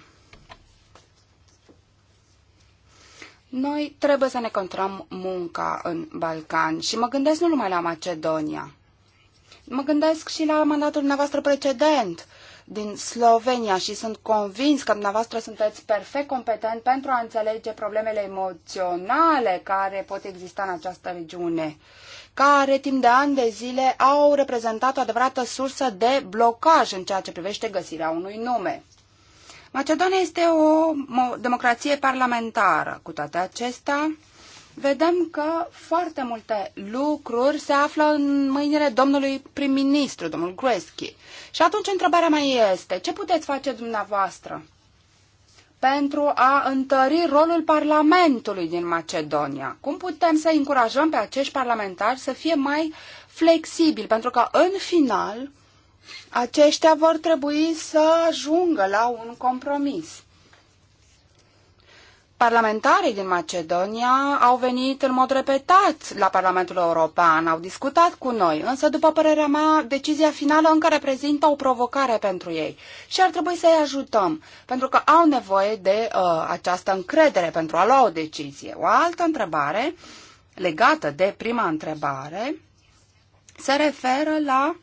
Noi trebuie să ne contrăm munca în Balcan și mă gândesc nu numai la Macedonia. Mă gândesc și la mandatul dumneavoastră precedent, din Slovenia și sunt convins că dumneavoastră sunteți perfect competent pentru a înțelege problemele emoționale care pot exista în această regiune, care timp de ani de zile au reprezentat o adevărată sursă de blocaj în ceea ce privește găsirea unui nume. Macedonia este o democrație parlamentară. Cu toate acestea, vedem că foarte multe lucruri se află în mâinile domnului prim-ministru, domnul Greschi. Și atunci întrebarea mea este, ce puteți face dumneavoastră pentru a întări rolul Parlamentului din Macedonia? Cum putem să încurajăm pe acești parlamentari să fie mai flexibili? Pentru că, în final, aceștia vor trebui să ajungă la un compromis. Parlamentarii din Macedonia au venit în mod repetat la Parlamentul European, au discutat cu noi, însă, după părerea mea, decizia finală încă reprezintă o provocare pentru ei și ar trebui să-i ajutăm, pentru că au nevoie de uh, această încredere pentru a lua o decizie. O altă întrebare legată de prima întrebare se referă la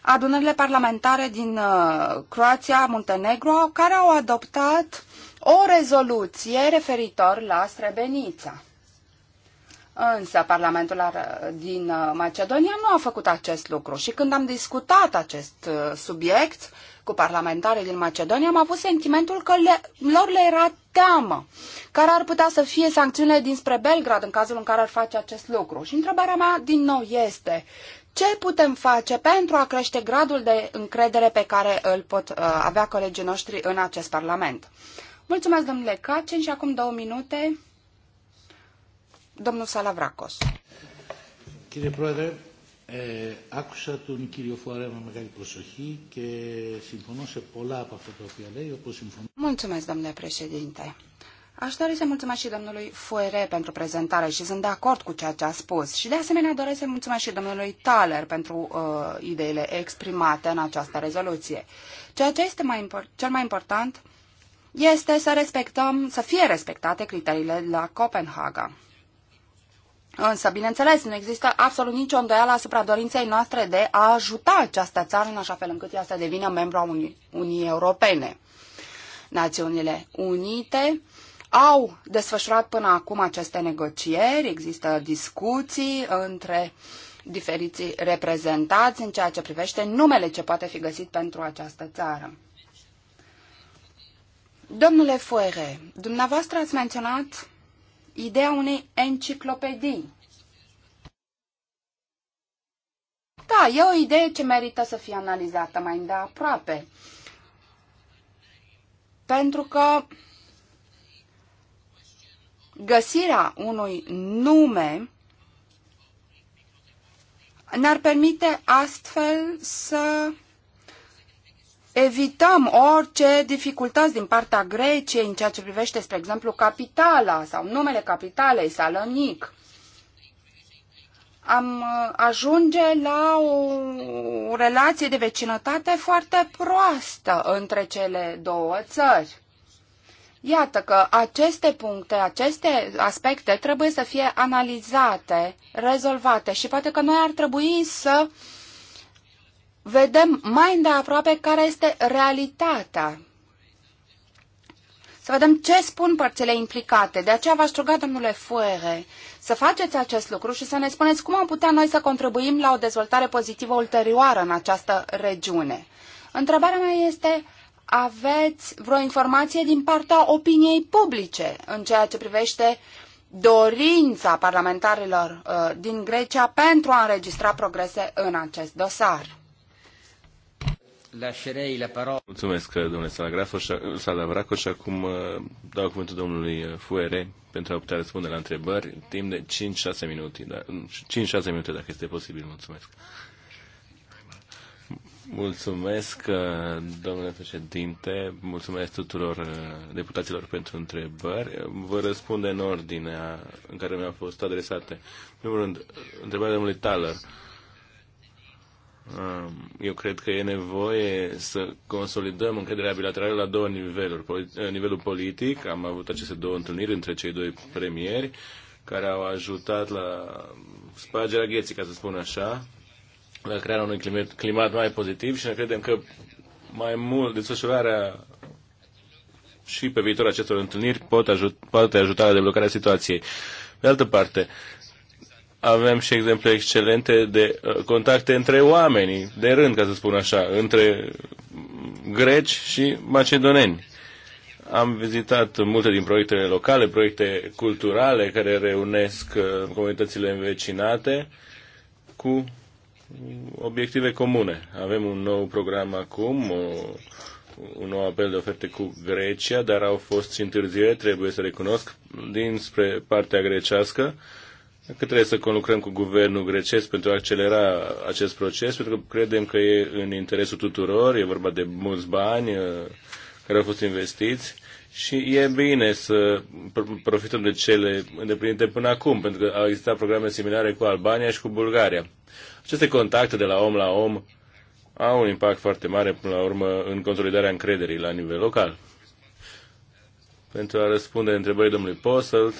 adunările parlamentare din uh, Croația, Muntenegro, care au adoptat o rezoluție referitor la Srebrenica. Însă Parlamentul din uh, Macedonia nu a făcut acest lucru și când am discutat acest uh, subiect cu parlamentarii din Macedonia, am avut sentimentul că le, lor le era teamă care ar putea să fie sancțiunile dinspre Belgrad în cazul în care ar face acest lucru. Și întrebarea mea din nou este ce putem face pentru a crește gradul de încredere pe care îl pot uh, avea colegii noștri în acest Parlament. Mulțumesc, domnule Cacin, și acum două minute, domnul Salavracos. Κύριε Πρόεδρε, ε, άκουσα τον κύριο Φουαρέ με μεγάλη προσοχή και συμφωνώ σε πολλά από αυτά τα οποία λέει, όπως συμφωνώ... Mulțumesc, domnule președinte. Aș dori să mulțumesc și domnului Fuere pentru prezentare și sunt de acord cu ceea ce a spus. Și de asemenea doresc să mulțumesc și domnului Thaler pentru uh, ideile exprimate în această rezoluție. Ceea ce este mai cel mai important este să respectăm, să fie respectate criteriile la Copenhaga. Însă, bineînțeles, nu există absolut nicio îndoială asupra dorinței noastre de a ajuta această țară în așa fel încât ea să devină membru a Unii, Unii Europene. Națiunile Unite au desfășurat până acum aceste negocieri, există discuții între diferiții reprezentați în ceea ce privește numele ce poate fi găsit pentru această țară. Domnule Foere, dumneavoastră ați menționat ideea unei enciclopedii. Da, e o idee ce merită să fie analizată mai îndeaproape. Pentru că găsirea unui nume ne-ar permite astfel să evităm orice dificultăți din partea Greciei în ceea ce privește, spre exemplu, capitala sau numele capitalei, Salonic. Am uh, ajunge la o, relație de vecinătate foarte proastă între cele două țări. Iată că aceste puncte, aceste aspecte trebuie să fie analizate, rezolvate și poate că noi ar trebui să uh, vedem mai îndeaproape care este realitatea. Să vedem ce spun părțile implicate. De aceea v-aș ruga, domnule Fuere, să faceți acest lucru și să ne spuneți cum am putea noi să contribuim la o dezvoltare pozitivă ulterioară în această regiune. Întrebarea mea este, aveți vreo informație din partea opiniei publice în ceea ce privește dorința parlamentarilor uh, din Grecia pentru a înregistra progrese în acest dosar? Lașerei la parola. Mulțumesc, domnule Salavracos, și acum uh, dau cuvântul domnului uh, Fuere pentru a putea răspunde la întrebări timp de 5-6 minute, da, cinci 5-6 minute dacă este posibil. Mulțumesc. Mulțumesc, uh, domnule președinte, mulțumesc tuturor deputaților pentru întrebări. Vă răspunde în ordinea în care mi-au fost adresate. În primul rând, întrebarea domnului Taler Um, eu cred că e nevoie să consolidăm încrederea bilaterală la două niveluri. Eh, nivelul politic, am avut aceste două întâlniri între cei doi premieri, care au ajutat la spargerea gheții, ca să spun așa, la crearea unui climat, climat mai pozitiv și ne credem că mai mult desfășurarea și pe viitor acestor întâlniri pot ajut, poate ajuta la deblocarea situației. Pe de altă parte, avem și exemple excelente de uh, contacte între oamenii, de rând, ca să spun așa, între greci și macedoneni. Am vizitat multe din proiectele locale, proiecte culturale care reunesc uh, comunitățile învecinate cu obiective comune. Avem un nou program acum, o, un nou apel de oferte cu Grecia, dar au fost și întârzieri, trebuie să recunosc, dinspre partea grecească. Uh, că trebuie să conlucrăm cu guvernul grecesc pentru a accelera acest proces, pentru că credem că e în interesul tuturor, e vorba de mulți bani uh, care au fost investiți și e bine să profităm de cele îndeplinite până acum, pentru că au existat programe similare cu Albania și cu Bulgaria. Aceste contacte de la om la om au un impact foarte mare, până la urmă, în consolidarea încrederii la nivel local. Pentru a răspunde întrebării domnului Posselt,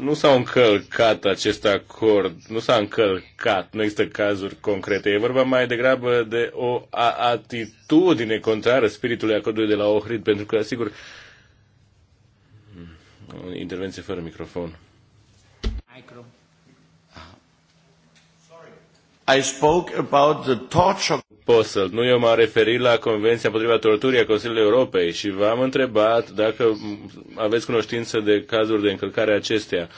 nu s-a încălcat acest acord, nu s-a încălcat, nu există cazuri concrete. E vorba mai degrabă de o atitudine contrară spiritului acordului de la Ohrid, pentru că, sigur, intervenție fără microfon. Micro. I spoke about the torture. Postel, nu eu m-am referit la Convenția împotriva torturii a Consiliului Europei și v-am întrebat dacă aveți cunoștință de cazuri de încălcare acestea.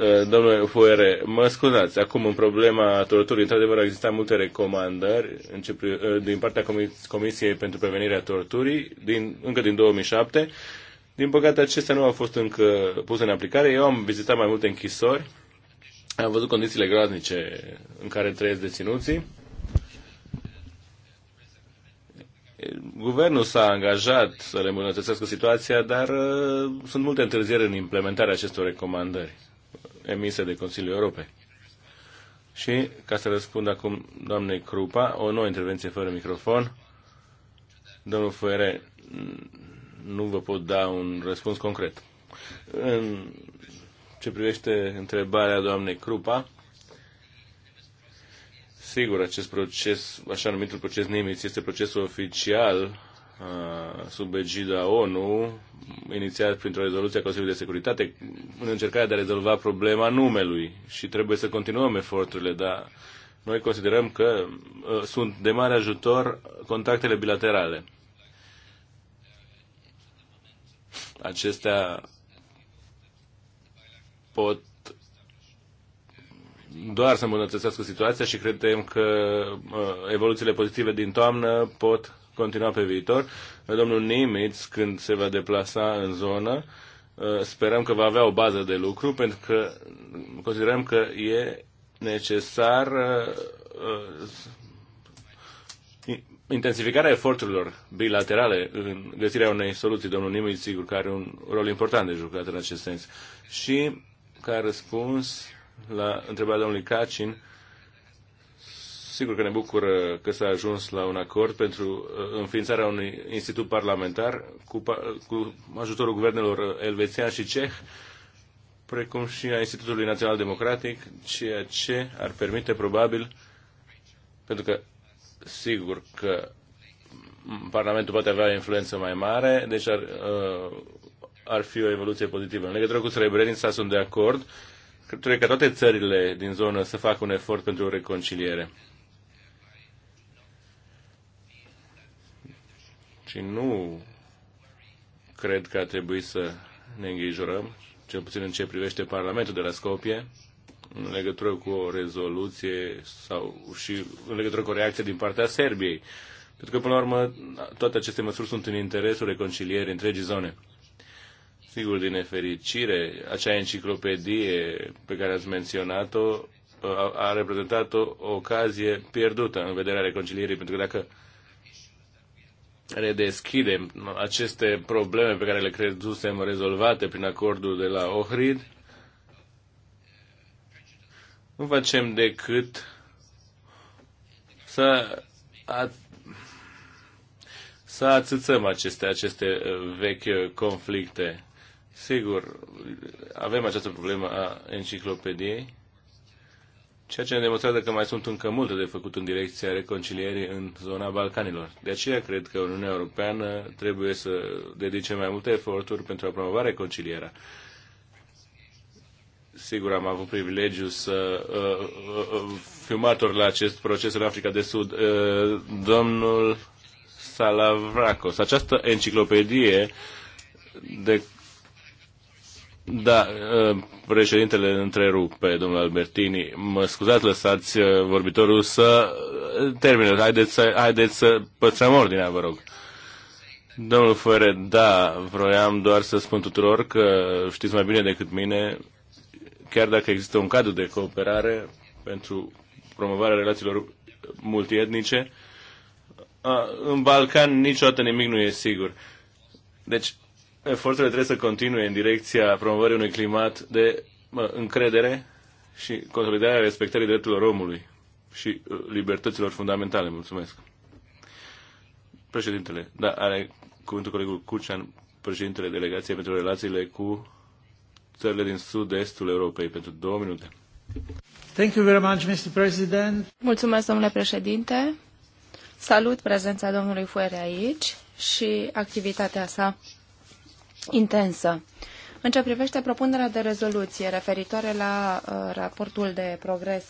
Uh, domnule Fuere, mă scuzați, acum în problema torturii, într-adevăr, au existat multe recomandări uh, din partea Comisiei pentru Prevenirea Torturii, din, încă din 2007. Din păcate, acestea nu au fost încă puse în aplicare. Eu am vizitat mai multe închisori am văzut condițiile groaznice în care trăiesc deținuții. Guvernul s-a angajat să le îmbunătățească situația, dar uh, sunt multe întârzieri în implementarea acestor recomandări emise de Consiliul Europei. Și, ca să răspund acum doamnei Crupa, o nouă intervenție fără microfon. Domnul Fuere, nu vă pot da un răspuns concret. În ce privește întrebarea doamnei Krupa, sigur, acest proces, așa numitul proces nimic, este procesul oficial uh, sub egida ONU, inițiat printr-o rezoluție a Consiliului de Securitate, în încercarea de a rezolva problema numelui și trebuie să continuăm eforturile, dar noi considerăm că uh, sunt de mare ajutor contactele bilaterale. Acestea pot doar să îmbunătățească situația și credem că uh, evoluțiile pozitive din toamnă pot continua pe viitor. Domnul Nimitz, când se va deplasa în zonă, uh, sperăm că va avea o bază de lucru, pentru că considerăm că e necesar uh, intensificarea eforturilor bilaterale în găsirea unei soluții. Domnul Nimitz, sigur că are un rol important de jucat în acest sens. Și ca răspuns la întrebarea domnului Cacin, sigur că ne bucură că s-a ajuns la un acord pentru uh, înființarea unui institut parlamentar cu, cu ajutorul guvernelor elvețian și ceh, precum și a Institutului Național Democratic, ceea ce ar permite probabil, pentru că sigur că Parlamentul poate avea influență mai mare, deci ar, uh, ar fi o evoluție pozitivă. În legătură cu Srebrenica sunt de acord. Trebuie ca toate țările din zonă să facă un efort pentru o reconciliere. Și nu cred că ar trebui să ne îngrijorăm, cel puțin în ce privește Parlamentul de la Scopie, în legătură cu o rezoluție sau și în legătură cu o reacție din partea Serbiei. Pentru că, până la urmă, toate aceste măsuri sunt în interesul reconcilierii întregii zone. Sigur, din nefericire, acea enciclopedie pe care ați menționat-o a reprezentat o ocazie pierdută în vederea reconcilierii, pentru că dacă redeschidem aceste probleme pe care le credusem rezolvate prin acordul de la Ohrid, nu facem decât să, a, să atâțăm aceste, aceste uh, vechi uh, conflicte. Sigur, avem această problemă a enciclopediei, ceea ce ne demonstrează că mai sunt încă multe de făcut în direcția reconcilierii în zona Balcanilor. De aceea cred că Uniunea Europeană trebuie să dedice mai multe eforturi pentru a promova reconcilierea. Sigur, am avut privilegiu să uh, uh, uh fiu martor la acest proces în Africa de Sud. Uh, domnul Salavracos, această enciclopedie de da, uh, președintele întrerupe, domnul Albertini. Mă scuzați, lăsați uh, vorbitorul să uh, termine. Haideți să, haideți să păstrăm ordinea, vă rog. Domnul Fără, da, vroiam doar să spun tuturor că știți mai bine decât mine, chiar dacă există un cadru de cooperare pentru promovarea relațiilor multietnice, în Balcan niciodată nimic nu e sigur. Deci, eforturile trebuie să continue în direcția promovării unui climat de mă, încredere și consolidarea respectării drepturilor omului și uh, libertăților fundamentale. Mulțumesc. Președintele, da, are cuvântul colegul Cucean, președintele delegației pentru relațiile cu țările din sud-estul Europei, pentru două minute. Thank you very much, Mr. President. Mulțumesc, domnule președinte. Salut prezența domnului Fuere aici și activitatea sa intensă. În ce privește propunerea de rezoluție referitoare la uh, raportul de progres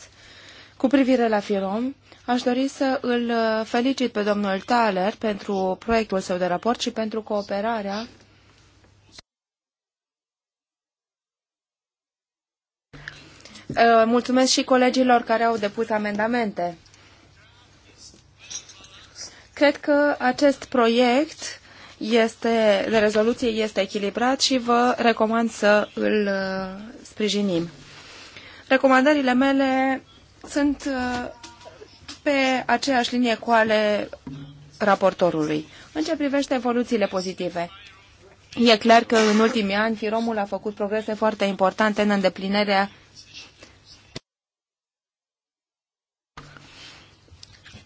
cu privire la FIROM, aș dori să îl uh, felicit pe domnul Thaler pentru proiectul său de raport și pentru cooperarea uh, Mulțumesc și colegilor care au depus amendamente. Cred că acest proiect este, de rezoluție este echilibrat și vă recomand să îl uh, sprijinim. Recomandările mele sunt uh, pe aceeași linie cu ale raportorului. În ce privește evoluțiile pozitive, e clar că în ultimii ani Firomul a făcut progrese foarte importante în îndeplinirea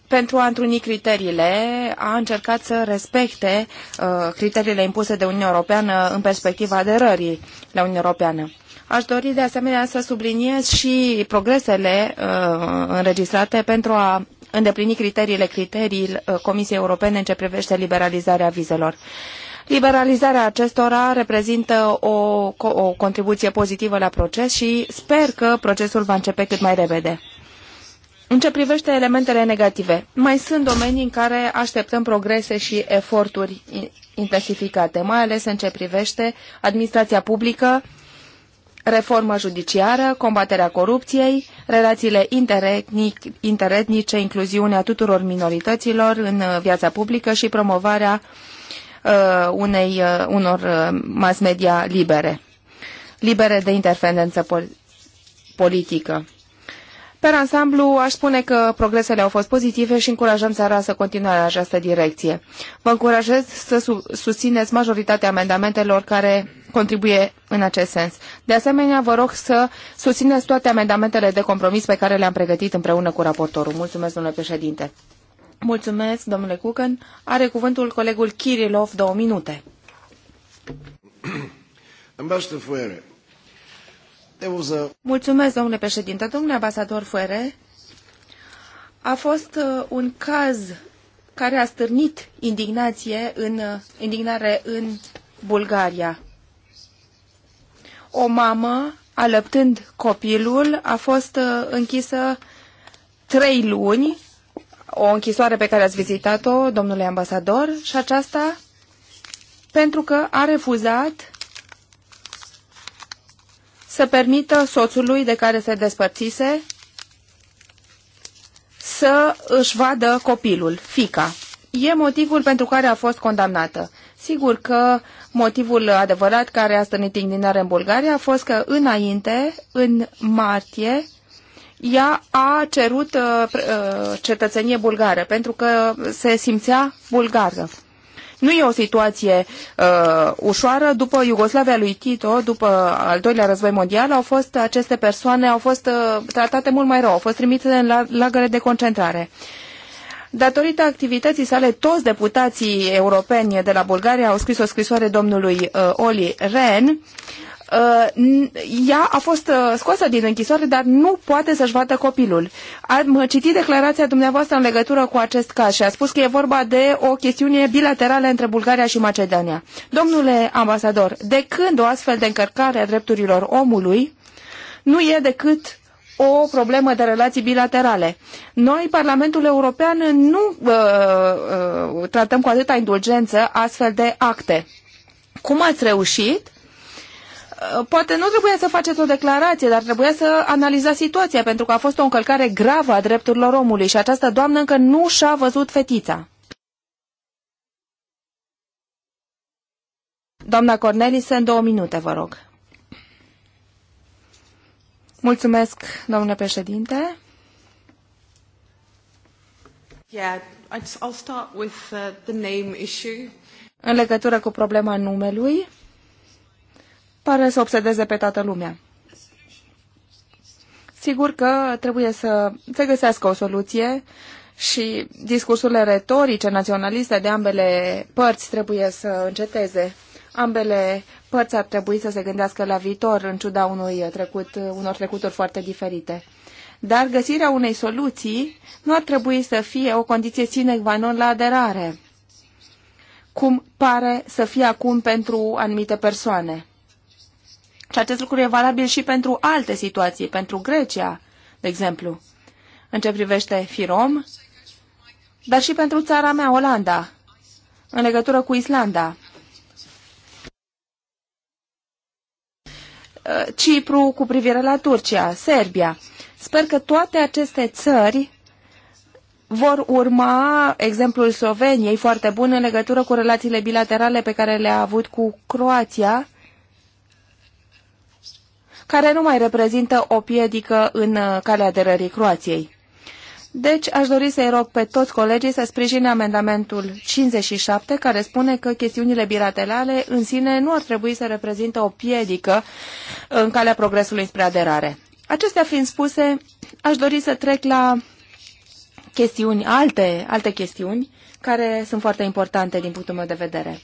pentru a întruni criteriile, a încercat să respecte uh, criteriile impuse de Uniunea Europeană în perspectiva aderării la Uniunea Europeană. Aș dori de asemenea să subliniez și progresele uh, înregistrate pentru a îndeplini criteriile criterii uh, Comisiei Europene în ce privește liberalizarea vizelor. Liberalizarea acestora reprezintă o, o contribuție pozitivă la proces și sper că procesul va începe cât mai repede. În ce privește elementele negative, mai sunt domenii în care așteptăm progrese și eforturi intensificate, mai ales în ce privește administrația publică, reforma judiciară, combaterea corupției, relațiile interetnic, interetnice, incluziunea tuturor minorităților în uh, viața publică și promovarea uh, unei, uh, unor uh, mass media libere, libere de interferență pol politică. Per ansamblu, aș spune că progresele au fost pozitive și încurajăm țara să continue în această direcție. Vă încurajez să su susțineți majoritatea amendamentelor care contribuie în acest sens. De asemenea, vă rog să susțineți toate amendamentele de compromis pe care le-am pregătit împreună cu raportorul. Mulțumesc, domnule președinte. Mulțumesc, domnule Cucan. Are cuvântul colegul Kirilov două minute. Mulțumesc, domnule președinte. Domnule ambasador Fuere, a fost uh, un caz care a stârnit indignație în, uh, indignare în Bulgaria. O mamă, alăptând copilul, a fost uh, închisă trei luni, o închisoare pe care ați vizitat-o, domnule ambasador, și aceasta pentru că a refuzat să permită soțului de care se despărțise să își vadă copilul, fica. E motivul pentru care a fost condamnată. Sigur că motivul adevărat care a stănit indignare în Bulgaria a fost că înainte, în martie, ea a cerut uh, uh cetățenie bulgară pentru că se simțea bulgară. Nu e o situație uh, ușoară. După Iugoslavia lui Tito, după al doilea război mondial, au fost aceste persoane au fost uh, tratate mult mai rău, au fost trimise în la, lagăre de concentrare. Datorită activității sale, toți deputații europeni de la Bulgaria au scris o scrisoare domnului uh, Oli Ren, Uh, ea a fost uh, scoasă din închisoare, dar nu poate să-și vadă copilul. Am citit declarația dumneavoastră în legătură cu acest caz și a spus că e vorba de o chestiune bilaterală între Bulgaria și Macedonia. Domnule ambasador, de când o astfel de încărcare a drepturilor omului nu e decât o problemă de relații bilaterale. Noi, Parlamentul European, nu uh, uh, tratăm cu atâta indulgență astfel de acte. Cum ați reușit poate nu trebuia să faceți o declarație, dar trebuia să analizați situația, pentru că a fost o încălcare gravă a drepturilor omului și această doamnă încă nu și-a văzut fetița. Doamna Cornelis, în două minute, vă rog. Mulțumesc, domnule președinte. Yeah, I'll start with uh, the name issue. În legătură cu problema numelui, pare să obsedeze pe toată lumea. Sigur că trebuie să se găsească o soluție și discursurile retorice naționaliste de ambele părți trebuie să înceteze. Ambele părți ar trebui să se gândească la viitor în ciuda unui trecut, unor trecuturi foarte diferite. Dar găsirea unei soluții nu ar trebui să fie o condiție sine qua non la aderare, cum pare să fie acum pentru anumite persoane. Și acest lucru e valabil și pentru alte situații, pentru Grecia, de exemplu, în ce privește Firom, dar și pentru țara mea, Olanda, în legătură cu Islanda. Uh, Cipru cu privire la Turcia, Serbia. Sper că toate aceste țări vor urma exemplul Sloveniei foarte bun în legătură cu relațiile bilaterale pe care le-a avut cu Croația care nu mai reprezintă o piedică în uh, calea aderării Croației. Deci, aș dori să-i rog pe toți colegii să sprijine amendamentul 57, care spune că chestiunile bilaterale în sine nu ar trebui să reprezintă o piedică în calea progresului spre aderare. Acestea fiind spuse, aș dori să trec la chestiuni, alte, alte chestiuni, care sunt foarte importante din punctul meu de vedere.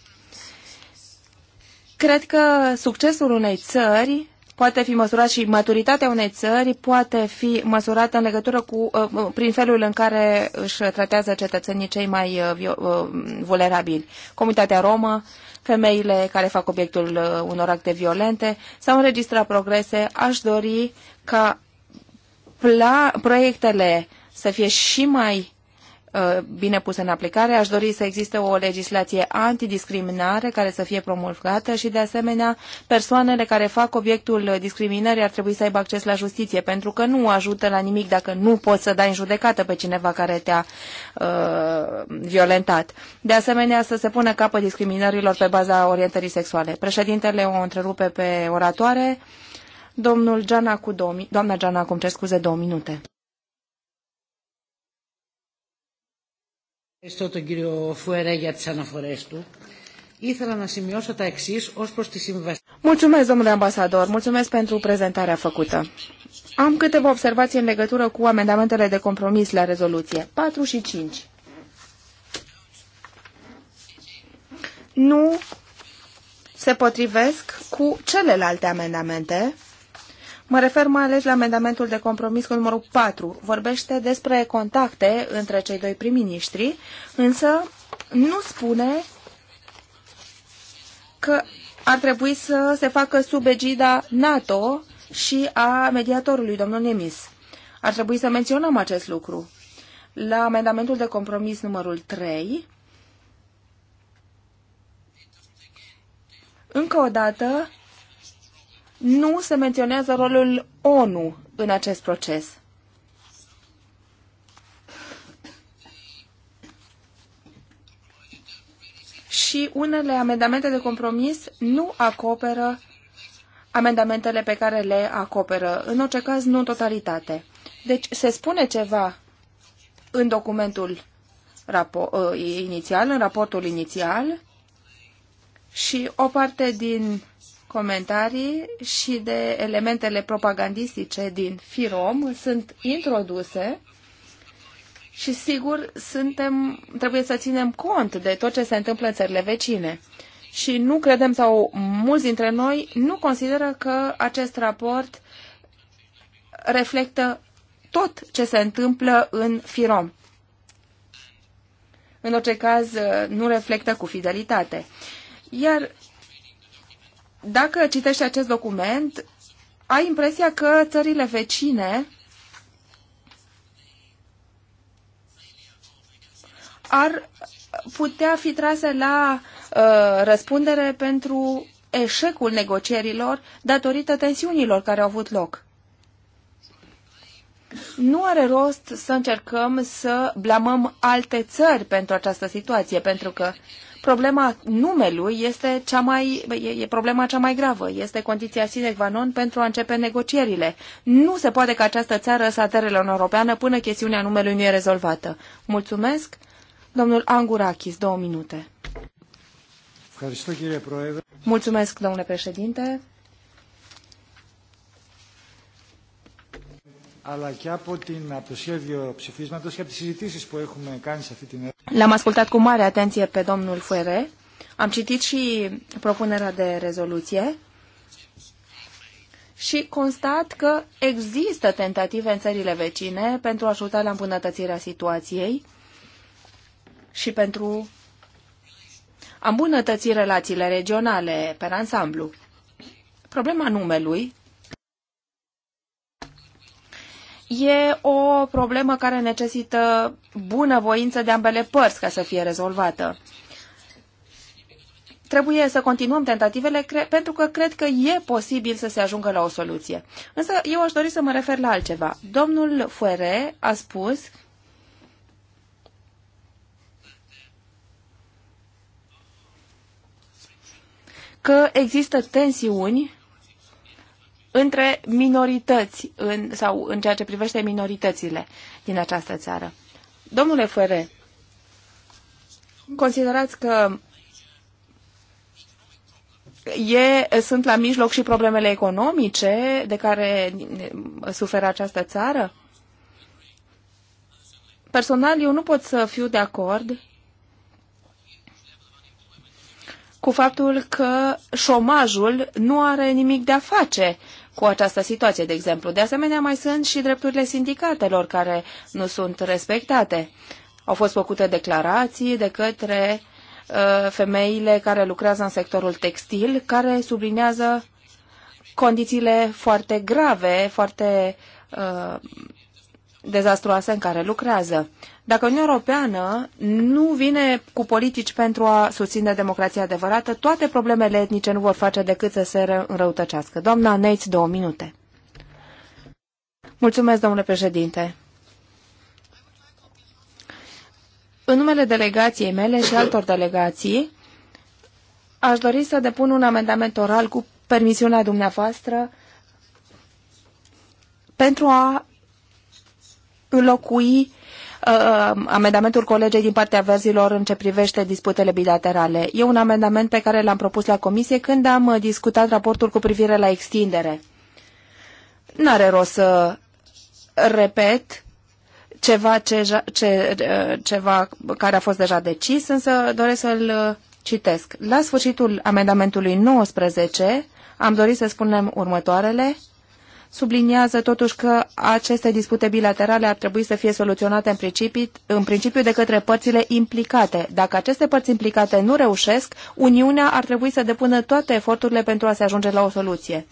Cred că succesul unei țări poate fi măsurat și maturitatea unei țări poate fi măsurată în legătură cu, uh, uh, prin felul în care își tratează cetățenii cei mai uh, vulnerabili. Comunitatea romă, femeile care fac obiectul unor acte violente, s-au înregistrat progrese. Aș dori ca proiectele să fie și mai Uh, bine puse în aplicare. Aș dori să existe o legislație antidiscriminare care să fie promulgată și, de asemenea, persoanele care fac obiectul discriminării ar trebui să aibă acces la justiție, pentru că nu ajută la nimic dacă nu poți să dai în judecată pe cineva care te-a uh, violentat. De asemenea, să se pună capăt discriminărilor pe baza orientării sexuale. Președintele o întrerupe pe oratoare. Domnul Giana cu două, doamna Giana, acum cer scuze două minute. Ευχαριστώ τον κύριο Φουερέ για τις αναφορές του. Ήθελα να σημειώσω τα εξής ως προς τη συμβασία. Mulțumesc, domnule ambasador, mulțumesc pentru prezentarea făcută. Am câteva observații în legătură cu amendamentele de compromis la rezoluție 4 și 5. Nu se potrivesc cu celelalte amendamente Mă refer mai ales la amendamentul de compromis cu numărul 4. Vorbește despre contacte între cei doi prim-ministri, însă nu spune că ar trebui să se facă sub egida NATO și a mediatorului, domnul Nemis. Ar trebui să menționăm acest lucru. La amendamentul de compromis numărul 3, încă o dată, nu se menționează rolul ONU în acest proces. Și unele amendamente de compromis nu acoperă amendamentele pe care le acoperă, în orice caz nu în totalitate. Deci se spune ceva în documentul ă, inițial, în raportul inițial și o parte din comentarii și de elementele propagandistice din FIROM sunt introduse și sigur suntem, trebuie să ținem cont de tot ce se întâmplă în țările vecine. Și nu credem sau mulți dintre noi nu consideră că acest raport reflectă tot ce se întâmplă în FIROM. În orice caz, nu reflectă cu fidelitate. Iar dacă citești acest document, ai impresia că țările vecine ar putea fi trase la uh, răspundere pentru eșecul negocierilor datorită tensiunilor care au avut loc. Nu are rost să încercăm să blamăm alte țări pentru această situație, pentru că problema numelui este cea mai, e, problema cea mai gravă, este condiția sine qua non pentru a începe negocierile. Nu se poate ca această țară să la în europeană până chestiunea numelui nu e rezolvată. Mulțumesc. Domnul Angurakis, două minute. Mulțumesc, domnule președinte. αλλά και από, την, από το σχέδιο ψηφίσματος και από τις συζητήσεις που έχουμε κάνει σε αυτή την έρευνα. L-am ascultat cu mare atenție pe domnul Fuere. Am citit și propunerea de rezoluție și constat că există tentative în țările vecine pentru a ajuta la îmbunătățirea situației și pentru a îmbunătăți relațiile regionale pe ansamblu. Problema numelui e o problemă care necesită bună voință de ambele părți ca să fie rezolvată. Trebuie să continuăm tentativele pentru că cred că e posibil să se ajungă la o soluție. Însă eu aș dori să mă refer la altceva. Domnul Fuere a spus că există tensiuni între minorități în, sau în ceea ce privește minoritățile din această țară. Domnule Fere, considerați că e, sunt la mijloc și problemele economice de care suferă această țară? Personal, eu nu pot să fiu de acord cu faptul că șomajul nu are nimic de a face cu această situație, de exemplu. De asemenea, mai sunt și drepturile sindicatelor care nu sunt respectate. Au fost făcute declarații de către uh, femeile care lucrează în sectorul textil, care sublinează condițiile foarte grave, foarte uh, dezastruoase în care lucrează. Dacă Uniunea Europeană nu vine cu politici pentru a susține democrația adevărată, toate problemele etnice nu vor face decât să se înrăutăcească. Doamna Neitz, două minute. Mulțumesc, domnule președinte. În numele delegației mele și altor delegații, aș dori să depun un amendament oral cu permisiunea dumneavoastră pentru a înlocui uh, uh, amendamentul colegei din partea verzilor în ce privește disputele bilaterale. E un amendament pe care l-am propus la comisie când am uh, discutat raportul cu privire la extindere. N-are rost să repet ceva, ce, ce, uh, ceva care a fost deja decis, însă doresc să-l citesc. La sfârșitul amendamentului 19 am dorit să spunem următoarele subliniază totuși că aceste dispute bilaterale ar trebui să fie soluționate în principiu, în principiu de către părțile implicate. Dacă aceste părți implicate nu reușesc, Uniunea ar trebui să depună toate eforturile pentru a se ajunge la o soluție.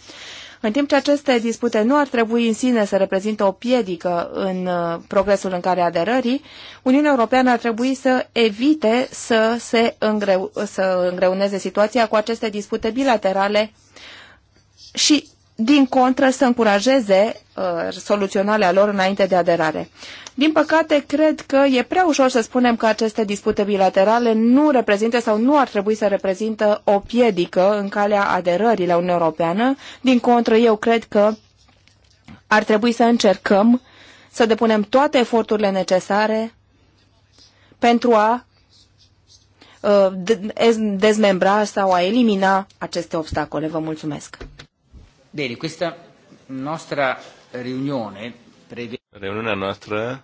În timp ce aceste dispute nu ar trebui în sine să reprezintă o piedică în uh, progresul în care aderării, Uniunea Europeană ar trebui să evite să se îngreu, să îngreuneze situația cu aceste dispute bilaterale și din contră, să încurajeze uh, soluționarea lor înainte de aderare. Din păcate, cred că e prea ușor să spunem că aceste dispute bilaterale nu reprezintă sau nu ar trebui să reprezintă o piedică în calea aderării la Uniunea Europeană. Din contră, eu cred că ar trebui să încercăm să depunem toate eforturile necesare pentru a uh, dezmembra sau a elimina aceste obstacole. Vă mulțumesc! Bine, questa nostra riunione prevede... Reuniunea noastră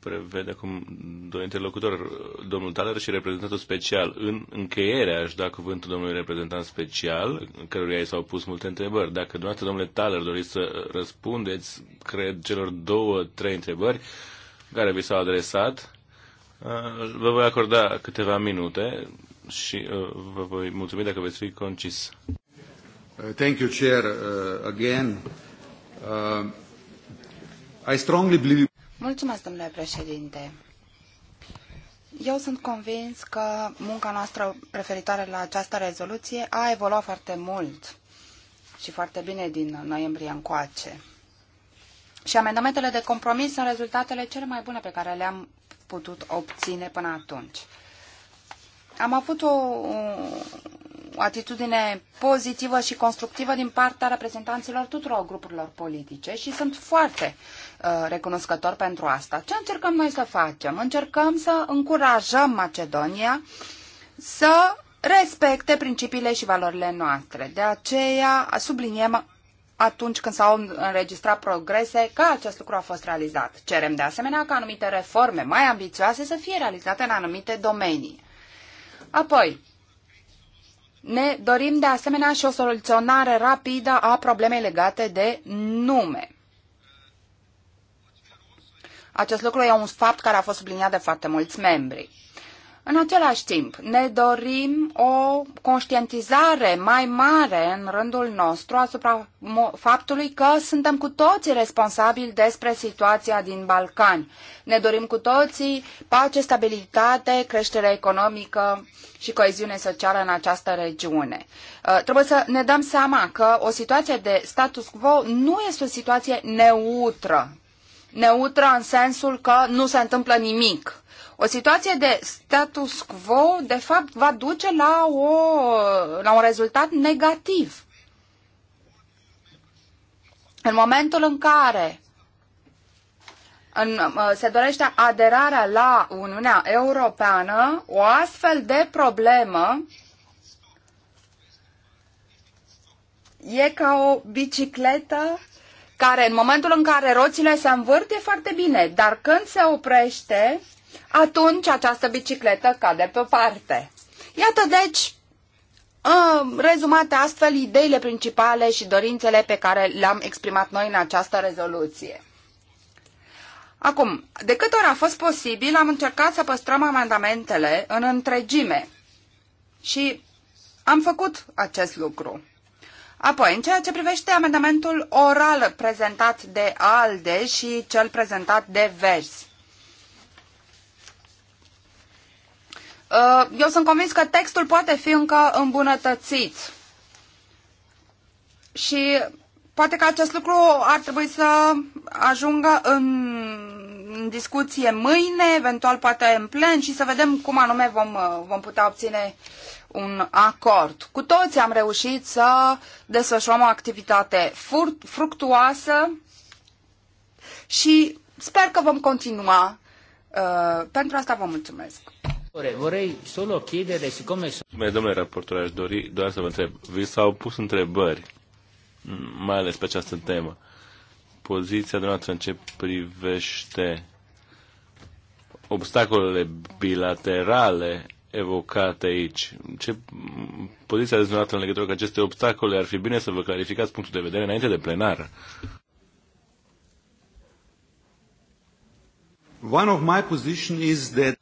prevede cum doi interlocutori, domnul Taler și reprezentantul special. În încheiere aș da cuvântul domnului reprezentant special, în căruia i s-au pus multe întrebări. Dacă dumneavoastră, domnule Taler, doriți să răspundeți, cred, celor două, trei întrebări care vi s-au adresat, vă voi acorda câteva minute și uh, vă voi mulțumi dacă veți fi concis. Uh, thank you, Chair, uh, again. Uh, I strongly believe... Mulțumesc, domnule președinte. Eu sunt convins că munca noastră referitoare la această rezoluție a evoluat foarte mult și foarte bine din noiembrie încoace. Și amendamentele de compromis sunt rezultatele cele mai bune pe care le-am putut obține până atunci am avut o, o atitudine pozitivă și constructivă din partea reprezentanților tuturor grupurilor politice și sunt foarte uh, recunoscător pentru asta. Ce încercăm noi să facem? Încercăm să încurajăm Macedonia să respecte principiile și valorile noastre. De aceea subliniem atunci când s-au înregistrat progrese că acest lucru a fost realizat. Cerem de asemenea ca anumite reforme mai ambițioase să fie realizate în anumite domenii. Apoi, ne dorim de asemenea și o soluționare rapidă a problemei legate de nume. Acest lucru e un fapt care a fost subliniat de foarte mulți membri. În același timp, ne dorim o conștientizare mai mare în rândul nostru asupra faptului că suntem cu toții responsabili despre situația din Balcani. Ne dorim cu toții pace, stabilitate, creștere economică și coeziune socială în această regiune. Uh, trebuie să ne dăm seama că o situație de status quo nu este o situație neutră. Neutră în sensul că nu se întâmplă nimic o situație de status quo, de fapt, va duce la, o, la un rezultat negativ. În momentul în care în, se dorește aderarea la Uniunea Europeană, o astfel de problemă e ca o bicicletă care în momentul în care roțile se învârte e foarte bine, dar când se oprește, atunci această bicicletă cade pe parte. Iată deci, rezumate astfel, ideile principale și dorințele pe care le-am exprimat noi în această rezoluție. Acum, de câte ori a fost posibil, am încercat să păstrăm amendamentele în întregime și am făcut acest lucru. Apoi, în ceea ce privește amendamentul oral prezentat de ALDE și cel prezentat de Vers, Uh, eu sunt convins că textul poate fi încă îmbunătățit. Și poate că acest lucru ar trebui să ajungă în discuție mâine, eventual poate în plen și să vedem cum anume vom, uh, vom putea obține un acord. Cu toți am reușit să desfășurăm o activitate fructuoasă și sper că vom continua. Uh, pentru asta vă mulțumesc. Vorrei solo chiedere, siccome... Domnule raportor, aș dori doar să vă întreb. Vi s-au pus întrebări, mai ales pe această temă. Poziția dumneavoastră în ce privește obstacolele bilaterale evocate aici. Ce poziția dumneavoastră în legătură cu aceste obstacole ar fi bine să vă clarificați punctul de vedere înainte de plenar? One of my position is that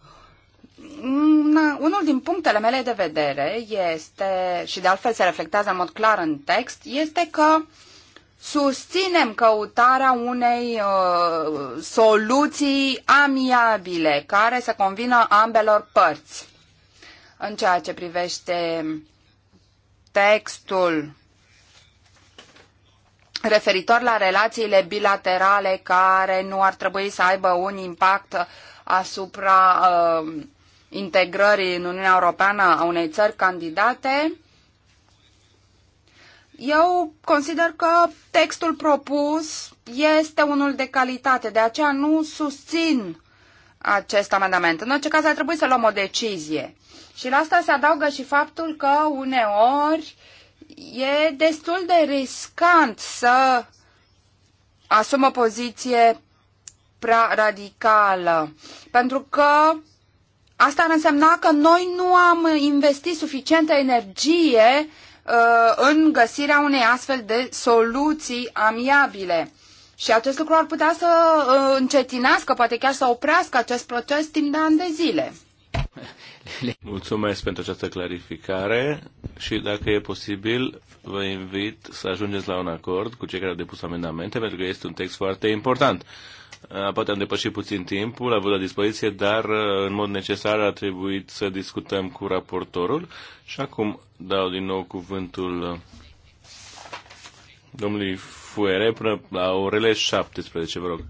Mm, unul din punctele mele de vedere este, și de altfel se reflectează în mod clar în text, este că susținem căutarea unei uh, soluții amiabile care să convină ambelor părți în ceea ce privește textul referitor la relațiile bilaterale care nu ar trebui să aibă un impact asupra uh, integrării în Uniunea Europeană a unei țări candidate, eu consider că textul propus este unul de calitate, de aceea nu susțin acest amendament. În orice caz, ar trebui să luăm o decizie. Și la asta se adaugă și faptul că uneori e destul de riscant să asumă o poziție prea radicală, pentru că Asta ar însemna că noi nu am investit suficientă energie uh, în găsirea unei astfel de soluții amiabile. Și acest lucru ar putea să uh, încetinească, poate chiar să oprească acest proces timp de ani de zile. Mulțumesc pentru această clarificare și dacă e posibil, vă invit să ajungeți la un acord cu cei care au depus amendamente, pentru că este un text foarte important. Eh, poate am depășit puțin timpul avut la dispoziție, dar eh, în mod necesar a trebuit să discutăm cu raportorul. Și acum dau din nou cuvântul eh, domnului Fuere până la orele 17, vă rog.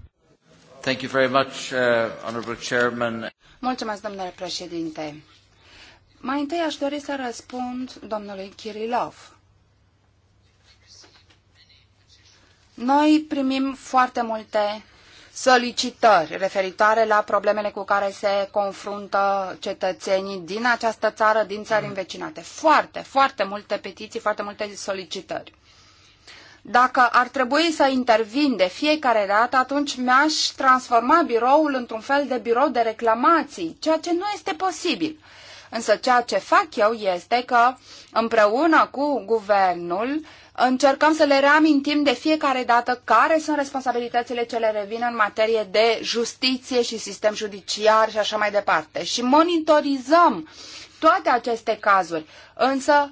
Thank you very much, uh, Honorable Chairman. Mulțumesc, domnule președinte. Mai întâi aș dori să răspund domnului Kirilov. Noi primim foarte multe solicitări referitoare la problemele cu care se confruntă cetățenii din această țară, din țări învecinate. Foarte, foarte multe petiții, foarte multe solicitări. Dacă ar trebui să intervin de fiecare dată, atunci mi-aș transforma biroul într-un fel de birou de reclamații, ceea ce nu este posibil. Însă ceea ce fac eu este că, împreună cu guvernul, încercăm să le reamintim de fiecare dată care sunt responsabilitățile ce le revin în materie de justiție și sistem judiciar și așa mai departe. Și monitorizăm toate aceste cazuri. Însă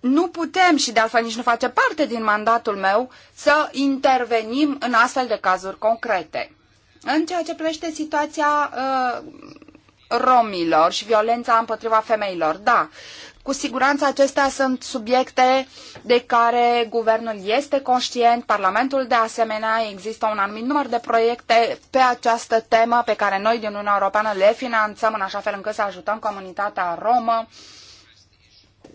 nu putem și de altfel nici nu face parte din mandatul meu să intervenim în astfel de cazuri concrete. În ceea ce privește situația uh, romilor și violența împotriva femeilor. Da, cu siguranță acestea sunt subiecte de care guvernul este conștient, Parlamentul de asemenea, există un anumit număr de proiecte pe această temă pe care noi din Uniunea Europeană le finanțăm în așa fel încât să ajutăm comunitatea romă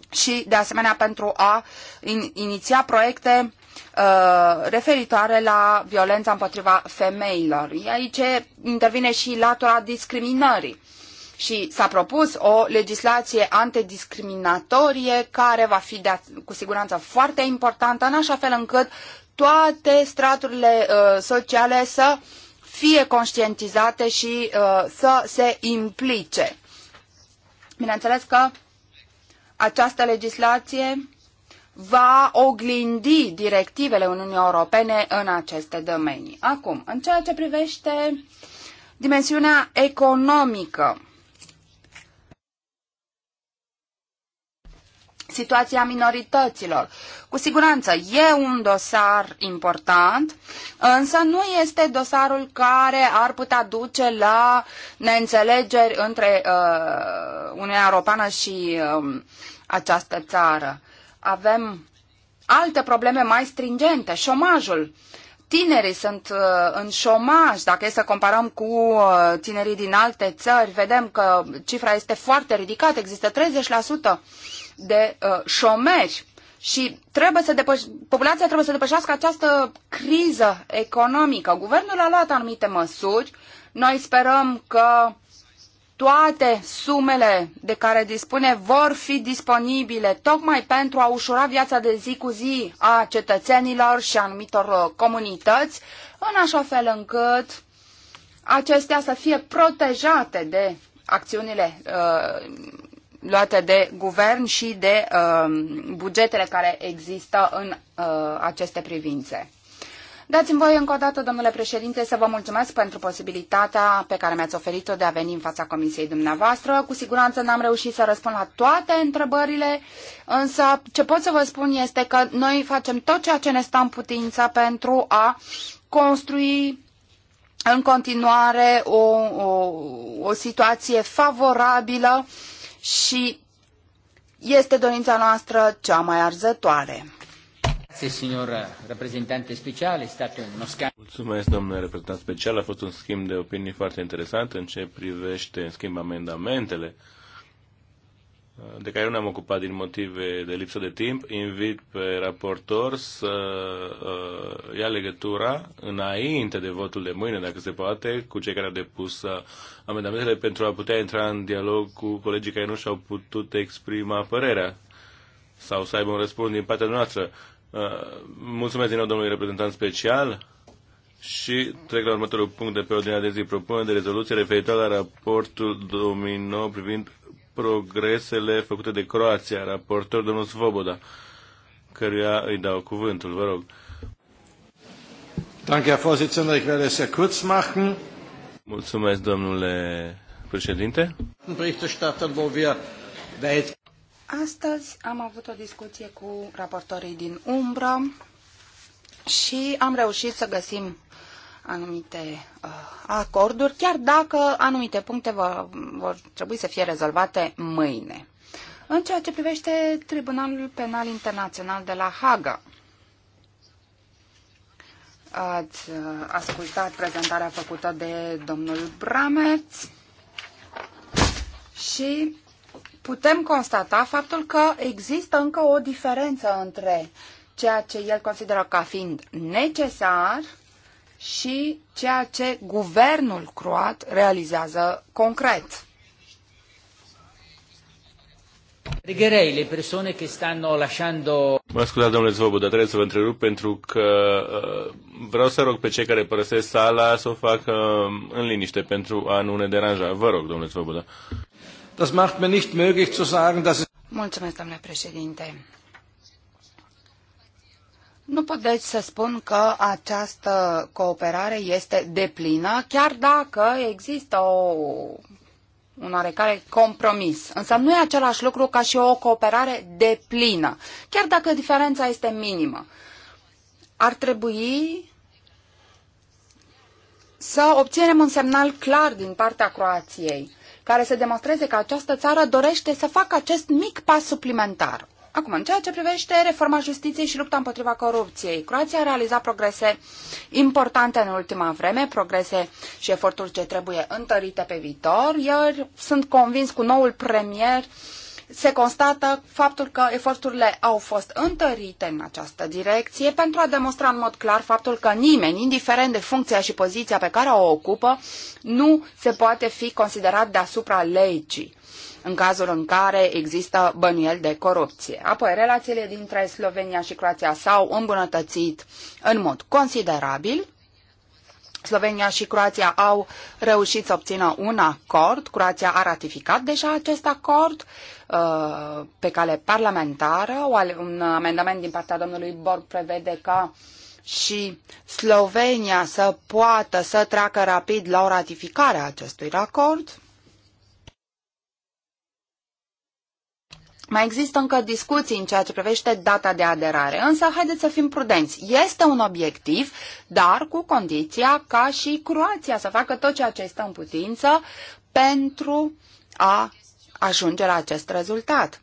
și de asemenea pentru a in, iniția proiecte uh, referitoare la violența împotriva femeilor. Aici intervine și latura discriminării și s-a propus o legislație antidiscriminatorie care va fi de, cu siguranță foarte importantă în așa fel încât toate straturile uh, sociale să fie conștientizate și uh, să se implice. Bineînțeles că această legislație va oglindi directivele Uniunii Europene în aceste domenii. Acum, în ceea ce privește dimensiunea economică, situația minorităților. Cu siguranță e un dosar important, însă nu este dosarul care ar putea duce la neînțelegeri între uh, Uniunea Europeană și uh, această țară. Avem alte probleme mai stringente, șomajul. Tinerii sunt uh, în șomaj, dacă e să comparăm cu uh, tinerii din alte țări, vedem că cifra este foarte ridicată, există 30% de uh, șomeri și trebuie să depăș- populația trebuie să depășească această criză economică. Guvernul a luat anumite măsuri. Noi sperăm că toate sumele de care dispune vor fi disponibile tocmai pentru a ușura viața de zi cu zi a cetățenilor și a anumitor uh, comunități, în așa fel încât acestea să fie protejate de acțiunile uh, luate de guvern și de uh, bugetele care există în uh, aceste privințe. Dați-mi voie încă o dată, domnule președinte, să vă mulțumesc pentru posibilitatea pe care mi-ați oferit-o de a veni în fața comisiei dumneavoastră. Cu siguranță n-am reușit să răspund la toate întrebările, însă ce pot să vă spun este că noi facem tot ceea ce ne stă în putință pentru a construi în continuare o, o, o situație favorabilă uh, și este dorința noastră cea mai arzătoare. Mulțumesc, domnule reprezentant special. A fost un schimb de opinii foarte interesant în ce privește, în schimb, amendamentele de care nu ne-am ocupat din motive de lipsă de timp, invit pe raportor să uh, ia legătura înainte de votul de mâine, dacă se poate, cu cei care au depus uh, amendamentele pentru a putea intra în dialog cu colegii care nu și-au putut exprima părerea sau să aibă un răspuns din partea noastră. Uh, mulțumesc din nou domnului reprezentant special. Și trec la următorul punct de pe ordinea de zi, propunere de rezoluție referitoare la raportul 2009 privind progresele făcute de Croația, raportor domnul Svoboda, căruia îi dau cuvântul, vă rog. Danke, Herr Vorsitzender. Ich werde es sehr kurz machen. Mulțumesc, domnule președinte. Astăzi am avut o discuție cu raportorii din umbră și am reușit să găsim anumite uh, acorduri, chiar dacă anumite puncte vor, vor trebui să fie rezolvate mâine. În ceea ce privește Tribunalul Penal Internațional de la Haga, ați uh, ascultat prezentarea făcută de domnul Brameț și putem constata faptul că există încă o diferență între ceea ce el consideră ca fiind necesar și ceea ce guvernul croat realizează concret. Pregherei le persoane care stanno lasciando... Mă scuzați, domnule dar trebuie să vă întrerup pentru că uh, vreau să rog pe cei care părăsesc sala să o facă um, în liniște pentru a nu ne deranja. Vă rog, domnule Svoboda. Das macht mir nicht möglich zu sagen, dass... Mulțumesc, domnule președinte. Nu pot deci să spun că această cooperare este deplină, chiar dacă există o, un oarecare compromis. Însă nu e același lucru ca și o cooperare deplină, chiar dacă diferența este minimă. Ar trebui să obținem un semnal clar din partea Croației, care să demonstreze că această țară dorește să facă acest mic pas suplimentar. Acum, în ceea ce privește reforma justiției și lupta împotriva corupției, Croația a realizat progrese importante în ultima vreme, progrese și eforturi ce trebuie întărite pe viitor. Iar sunt convins cu noul premier se constată faptul că eforturile au fost întărite în această direcție pentru a demonstra în mod clar faptul că nimeni, indiferent de funcția și poziția pe care o ocupă, nu se poate fi considerat deasupra legii în cazul în care există bănuieli de corupție. Apoi, relațiile dintre Slovenia și Croația s-au îmbunătățit în mod considerabil. Slovenia și Croația au reușit să obțină un acord. Croația a ratificat deja acest acord uh, pe cale parlamentară. Un amendament din partea domnului Borg prevede ca și Slovenia să poată să treacă rapid la o ratificare a acestui acord. Mai există încă discuții în ceea ce privește data de aderare, însă haideți să fim prudenți. Este un obiectiv, dar cu condiția ca și Croația să facă tot ceea ce este în putință pentru a ajunge la acest rezultat.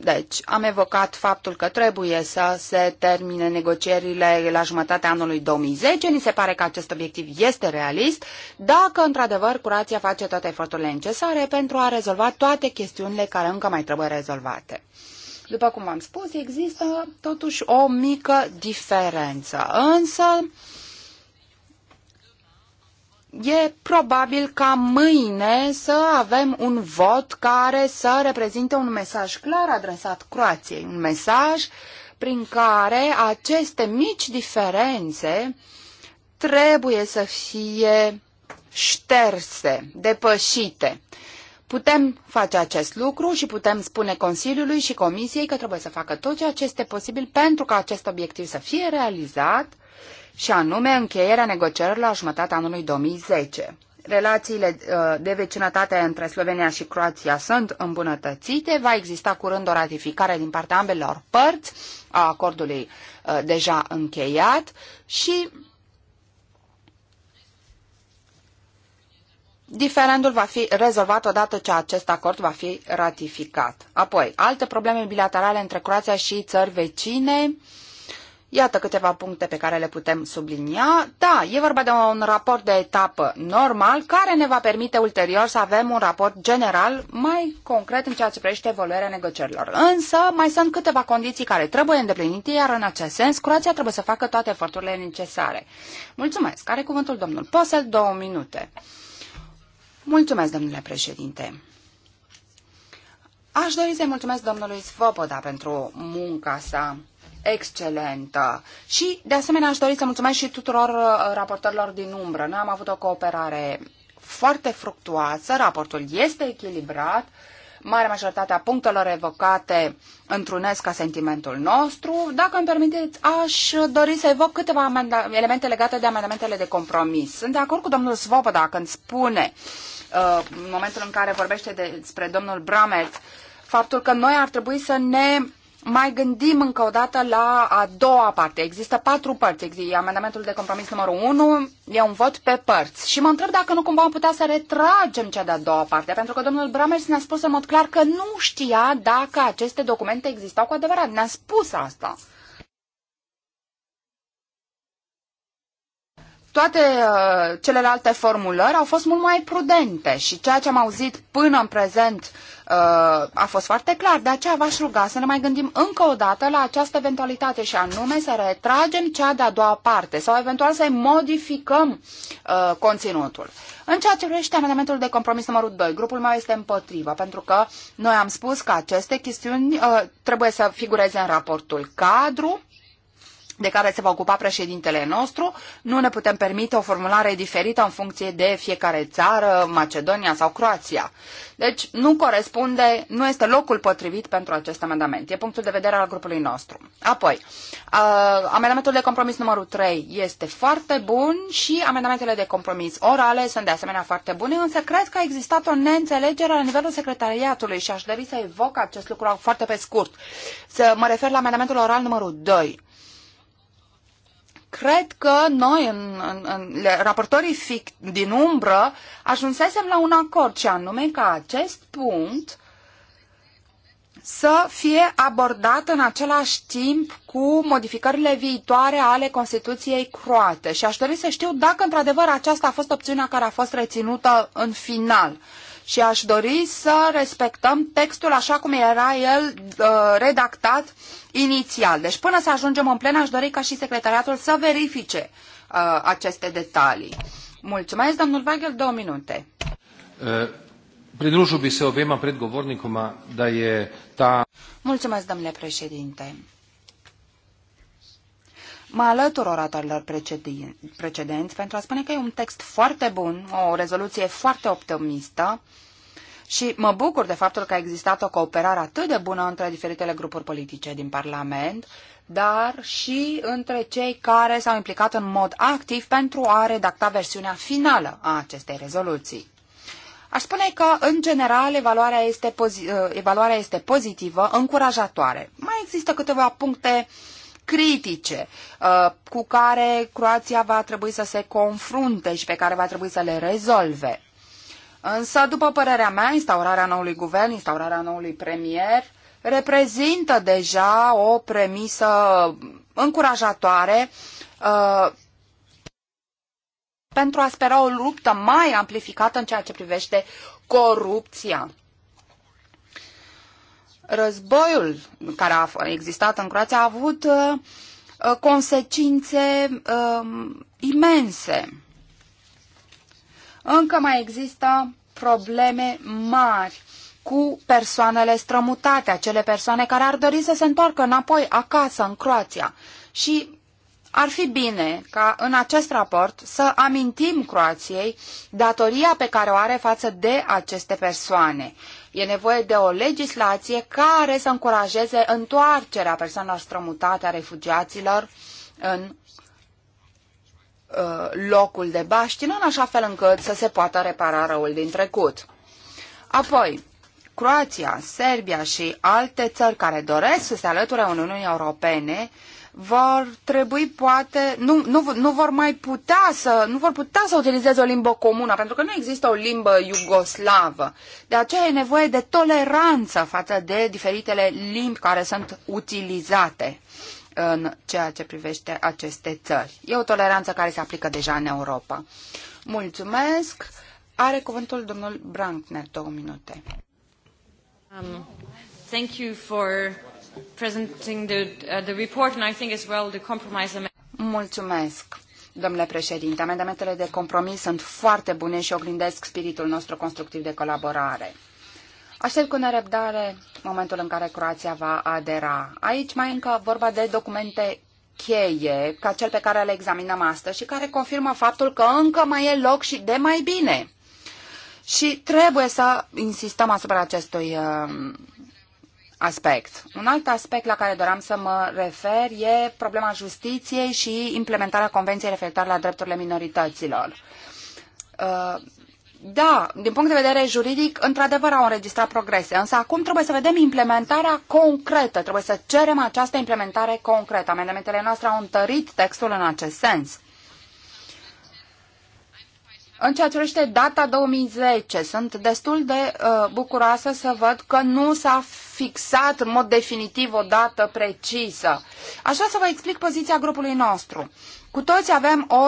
Deci, am evocat faptul că trebuie să se termine negocierile la jumătatea anului 2010. Ni se pare că acest obiectiv este realist dacă, într-adevăr, Curația face toate eforturile necesare pentru a rezolva toate chestiunile care încă mai trebuie rezolvate. După cum am spus, există totuși o mică diferență, însă e probabil ca mâine să avem un vot care să reprezinte un mesaj clar adresat Croației, un mesaj prin care aceste mici diferențe trebuie să fie șterse, depășite. Putem face acest lucru și putem spune Consiliului și Comisiei că trebuie să facă tot ceea ce este posibil pentru ca acest obiectiv să fie realizat și anume încheierea negocierilor la jumătatea anului 2010. Relațiile uh, de vecinătate între Slovenia și Croația sunt îmbunătățite, va exista curând o ratificare din partea ambelor părți a acordului uh, deja încheiat și Diferendul va fi rezolvat odată ce acest acord va fi ratificat. Apoi, alte probleme bilaterale între Croația și țări vecine, uh, Iată câteva puncte pe care le putem sublinia. Da, e vorba de un raport de etapă normal care ne va permite ulterior să avem un raport general mai concret în ceea ce privește evoluarea negocierilor. Însă mai sunt câteva condiții care trebuie îndeplinite, iar în acest sens Croația trebuie să facă toate eforturile necesare. Mulțumesc. Are cuvântul domnul Posel, două minute. Mulțumesc, domnule președinte. Aș dori să-i mulțumesc domnului Svoboda pentru munca sa excelentă. Și, de asemenea, aș dori să mulțumesc și tuturor uh, raportorilor din umbră. Noi am avut o cooperare foarte fructuoasă, raportul este echilibrat, mare majoritate a punctelor evocate întrunesc ca sentimentul nostru. Dacă îmi permiteți, aș dori să evoc câteva elemente legate de amendamentele de compromis. Sunt de acord cu domnul Svoboda când spune, uh, în momentul în care vorbește despre domnul Bramet, faptul că noi ar trebui să ne mai gândim încă o dată la a doua parte. Există patru părți. Există amendamentul de compromis numărul 1 e un vot pe părți. Și mă întreb dacă nu cumva am putea să retragem cea de-a doua parte, pentru că domnul Bramers ne-a spus în mod clar că nu știa dacă aceste documente existau cu adevărat. Ne-a spus asta. toate uh, celelalte formulări au fost mult mai prudente și ceea ce am auzit până în prezent uh, a fost foarte clar. De aceea v-aș ruga să ne mai gândim încă o dată la această eventualitate și anume să retragem cea de-a doua parte sau eventual să modificăm uh, conținutul. În ceea ce privește amendamentul de compromis numărul 2, grupul meu este împotrivă, pentru că noi am spus că aceste chestiuni uh, trebuie să figureze în raportul cadru, de care se va ocupa președintele nostru. Nu ne putem permite o formulare diferită în funcție de fiecare țară, Macedonia sau Croația. Deci nu corespunde, nu este locul potrivit pentru acest amendament. E punctul de vedere al grupului nostru. Apoi, uh, amendamentul de compromis numărul 3 este foarte bun și amendamentele de compromis orale sunt de asemenea foarte bune, însă cred că a existat o neînțelegere la nivelul secretariatului și aș dori să evoc acest lucru foarte pe scurt. Să mă refer la amendamentul oral numărul 2 cred că noi, în, în, în, raportorii fic, din umbră, ajunsesem la un acord, și anume ca acest punct să fie abordat în același timp cu modificările viitoare ale Constituției croate. Și aș dori să știu dacă, într-adevăr, aceasta a fost opțiunea care a fost reținută în final. Uh, și aș dori să respectăm textul așa cum era el uh, redactat inițial. Deci până să ajungem în plen, aș dori ca și secretariatul să verifice uh, aceste detalii. Mulțumesc, domnul Weigel, două minute. Uh. Pridružio bi se obema predgovornikoma da je ta... Mulțumesc, domnule președinte mă alătur oratorilor precedenți pentru a spune că e un text foarte bun, o rezoluție foarte optimistă și mă bucur de faptul că a existat o cooperare atât de bună între diferitele grupuri politice din Parlament, dar și între cei care s-au implicat în mod activ pentru a redacta versiunea finală a acestei rezoluții. Aș spune că, în general, evaluarea este, pozi- evaluarea este pozitivă, încurajatoare. Mai există câteva puncte uh, critice uh, cu care Croația va trebui să se confrunte și pe care va trebui să le rezolve. Însă, după părerea mea, instaurarea noului guvern, instaurarea noului premier, reprezintă deja o premisă încurajatoare uh, pentru a spera o luptă mai amplificată în ceea ce privește corupția războiul care a existat în Croația a avut uh, uh, consecințe um, imense. Încă mai există probleme mari cu persoanele strămutate, acele persoane care ar dori să se întoarcă înapoi acasă, în Croația. Și ar fi bine ca în acest raport să amintim Croației datoria pe care o are față de aceste persoane. E nevoie de o legislație care să încurajeze întoarcerea persoanelor strămutate a refugiaților în uh, locul de baștină, în așa fel încât să se poată repara răul din trecut. Apoi, Croația, Serbia și alte țări care doresc să se alăture Uniunii Europene uh, vor trebui poate, nu, nu, nu vor mai putea să, nu vor putea să utilizeze o limbă comună, pentru că nu există o limbă iugoslavă. De aceea e nevoie de toleranță față de diferitele limbi care sunt utilizate în ceea ce privește aceste țări. E o toleranță care se aplică deja în Europa. Mulțumesc. Are cuvântul domnul Brankner, două minute. Um, thank you for presenting the, uh, the report and I think as well the compromise Mulțumesc. Domnule președinte, amendamentele de compromis sunt foarte bune și oglindesc spiritul nostru constructiv de colaborare. Aștept cu nerăbdare momentul în care Croația va adera. Aici mai încă vorba de documente cheie, ca cel pe care le examinăm astăzi și care confirmă faptul că încă mai e loc și de mai bine. Și trebuie să insistăm asupra acestui uh, aspect. Un alt aspect la care doream să mă refer e problema justiției și implementarea Convenției referitoare la drepturile minorităților. Uh, da, din punct de vedere juridic, într-adevăr au înregistrat progrese, însă acum trebuie să vedem implementarea concretă, trebuie să cerem această implementare concretă. Amendamentele noastre au întărit textul în acest sens. În ceea ce privește data 2010, sunt destul de uh, bucuroasă să văd că nu s-a fixat în mod definitiv o dată precisă. Așa să vă explic poziția grupului nostru. Cu toți avem o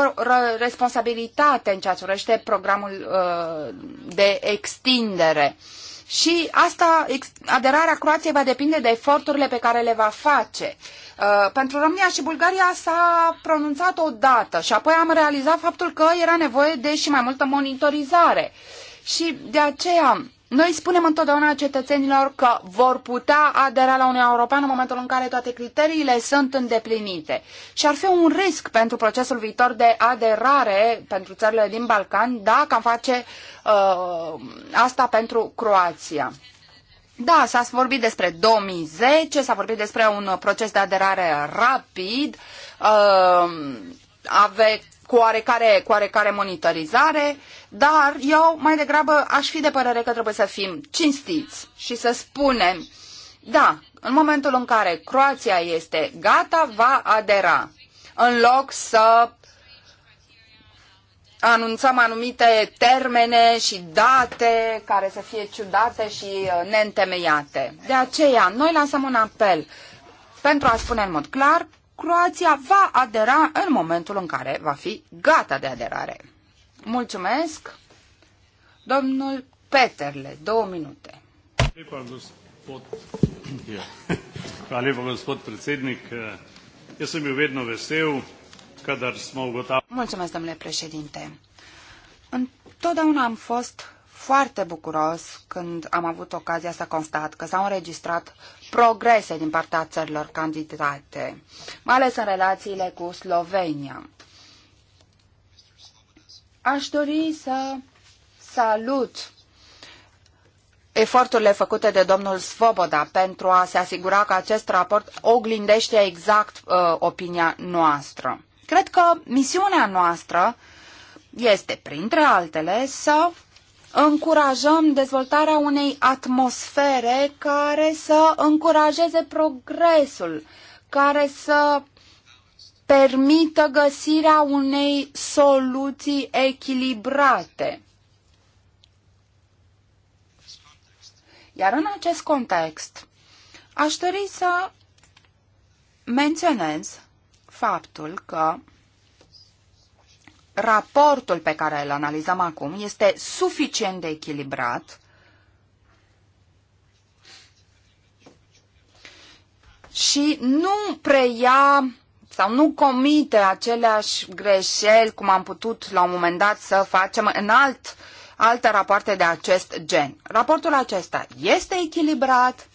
responsabilitate în ceea ce privește programul uh, de extindere. Uh, și asta, aderarea Croației va depinde de eforturile pe care le va face. Uh, pentru România și Bulgaria s-a pronunțat o dată și apoi am realizat faptul că era nevoie de și mai multă monitorizare. Și de aceea noi spunem întotdeauna cetățenilor că vor putea adera la Uniunea Europeană în momentul în care toate criteriile sunt îndeplinite. Și ar fi un risc pentru procesul viitor de aderare pentru țările din Balcan dacă am face uh, asta pentru Croația. Da, s-a vorbit despre 2010, s-a vorbit despre un proces de aderare rapid, uh, ave, cu, oarecare, cu oarecare monitorizare. Uh, dar eu mai degrabă aș fi de părere că trebuie să fim cinstiți și să spunem, da, în momentul în care Croația este gata, va adera. În loc să anunțăm anumite termene și date care să fie ciudate și uh, neîntemeiate. De aceea, noi lansăm un apel pentru a spune în mod clar, Croația va adera în momentul în care va fi gata de aderare. Mulțumesc. Domnul Peterle, două minute. Hvala lepa, gospod predsednik. Jaz sem bil vedno vesel, kadar smo ugotavljali. Mulțumesc, domnule președinte. Întotdeauna am fost foarte bucuros când am avut ocazia să constat că s-au înregistrat progrese din partea țărilor candidate, mai ales în relațiile cu Slovenia. Aș dori să salut eforturile făcute de domnul Svoboda pentru a se asigura că acest raport oglindește exact uh, opinia noastră. Cred că misiunea noastră este, printre altele, să încurajăm dezvoltarea unei atmosfere care să încurajeze progresul, care să permită găsirea unei soluții echilibrate. Iar în acest context, aș dori să menționez faptul că raportul pe care îl analizăm acum este suficient de echilibrat și nu preia sau nu comite aceleași greșeli cum am putut la un moment dat să facem în alt, alte rapoarte de acest gen. Raportul acesta este echilibrat,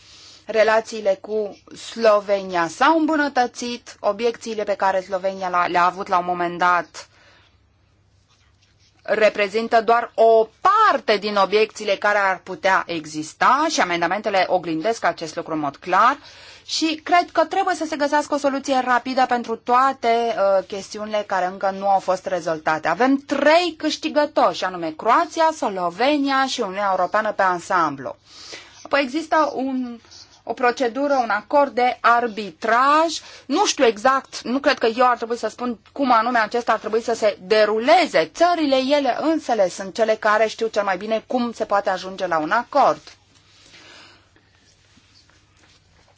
relațiile cu Slovenia s-au îmbunătățit, obiecțiile pe care Slovenia le-a avut la un moment dat reprezintă doar o parte din obiecțiile care ar putea exista și amendamentele oglindesc acest lucru în mod clar și cred că trebuie să se găsească o soluție rapidă pentru toate uh, chestiunile care încă nu au fost rezolvate. Avem trei câștigători, și anume Croația, Slovenia și Uniunea Europeană pe ansamblu. Apoi există un, o procedură, un acord de arbitraj. Nu știu exact, nu cred că eu ar trebui să spun cum anume acesta ar trebui să se deruleze. Țările ele însele sunt cele care știu cel mai bine cum se poate ajunge la un acord.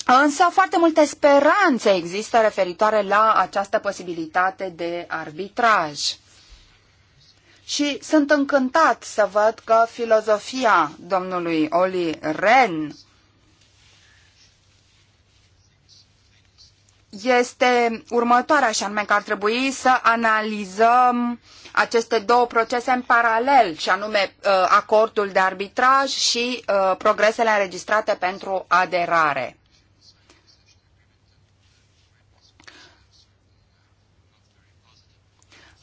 Însă foarte multe speranțe există referitoare la această posibilitate de arbitraj. Și sunt încântat să văd că filozofia domnului Oli Ren este următoarea, și anume că ar trebui să analizăm aceste două procese în paralel, și anume uh, acordul de arbitraj și uh, progresele înregistrate pentru aderare.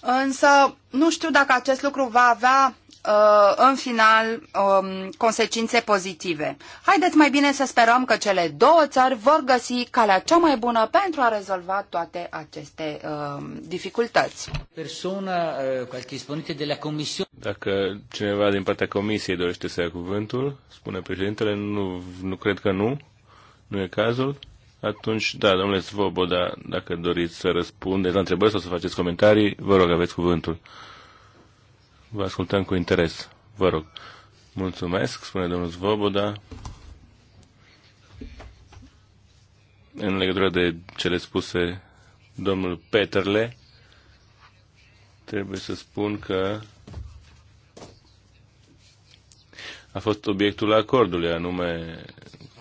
Însă nu știu dacă acest lucru va avea uh, în final um, consecințe pozitive. Haideți mai bine să sperăm că cele două țări vor găsi calea cea mai bună pentru a rezolva toate aceste um, dificultăți. Uh, dacă cineva din partea Comisiei dorește să ia cuvântul, spune președintele, nu, nu cred că nu, nu e cazul. Atunci, da, domnule Svoboda, dacă doriți să răspundeți la întrebări sau să faceți comentarii, vă rog, aveți cuvântul. Vă ascultăm cu interes. Vă rog. Mulțumesc, spune domnul Svoboda. În legătură de cele spuse domnul Peterle, trebuie să spun că a fost obiectul acordului, anume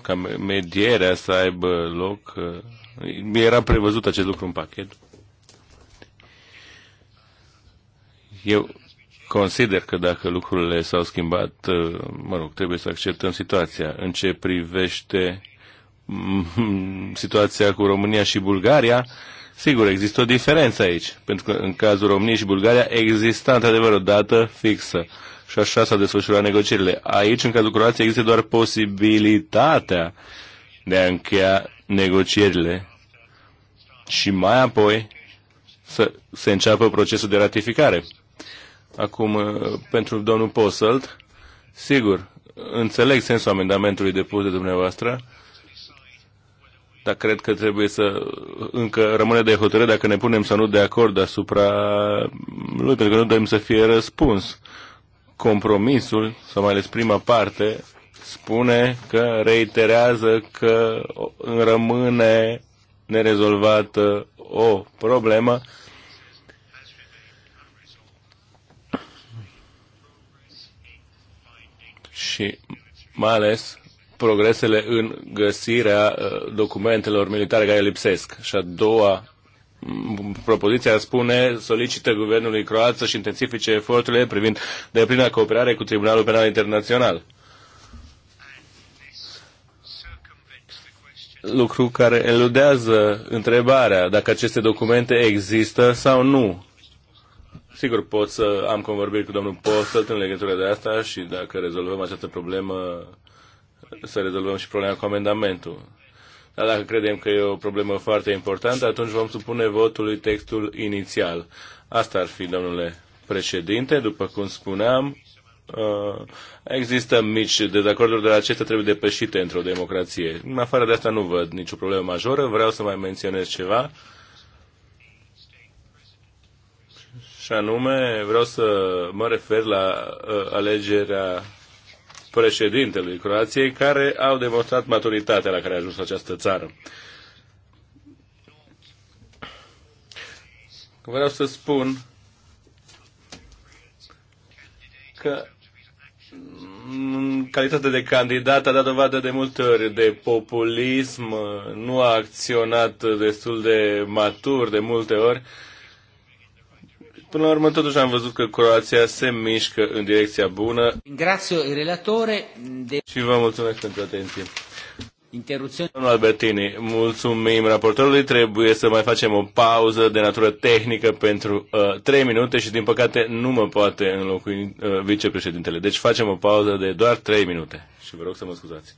ca medierea să aibă loc. Uh, era prevăzut acest lucru în pachet. Eu consider că dacă lucrurile s-au schimbat, uh, mă rog, trebuie să acceptăm situația. În ce privește mm, situația cu România și Bulgaria, sigur, există o diferență aici, pentru că în cazul României și Bulgaria există într-adevăr o dată fixă și așa s a desfășurat negocierile. Aici, în cazul Croației, există doar posibilitatea de a încheia negocierile și mai apoi să se înceapă procesul de ratificare. Acum, uh, pentru domnul Posselt, sigur, înțeleg sensul amendamentului depus de dumneavoastră, dar cred că trebuie să încă rămâne de hotărâre dacă ne punem să nu de acord asupra lui, pentru că nu dorim să fie răspuns compromisul, sau mai ales prima parte, spune că reiterează că rămâne nerezolvată o problemă și mai ales progresele în găsirea uh, documentelor militare care lipsesc. Și a doua propoziția spune solicită guvernului croat să-și intensifice eforturile privind deplina cooperare cu Tribunalul Penal Internațional. Lucru care eludează întrebarea dacă aceste documente există sau nu. Sigur, pot să am convorbiri cu domnul Postel în legătură de asta și dacă rezolvăm această problemă, să rezolvăm și problema cu amendamentul. Dar dacă credem că e o problemă foarte importantă, atunci vom supune votului textul inițial. Asta ar fi, domnule președinte, după cum spuneam, uh, există mici dezacorduri, dar de acestea trebuie depășite într-o democrație. În afară de asta nu văd nicio problemă majoră. Vreau să mai menționez ceva. Și anume, vreau să mă refer la uh, alegerea președintelui Croației, care au demonstrat maturitatea la care a ajuns această țară. Vreau să spun că în calitate de candidat a dat dovadă de multe ori de populism, nu a acționat destul de matur de multe ori Până la urmă, totuși am văzut că Croația se mișcă în direcția bună. Grazie, relatore de... Și vă mulțumesc pentru atenție. Interruzione. Domnul Albertini, mulțumim raportorului. Trebuie să mai facem o pauză de natură tehnică pentru uh, 3 minute și, din păcate, nu mă poate înlocui uh, vicepreședintele. Deci facem o pauză de doar 3 minute și vă rog să mă scuzați.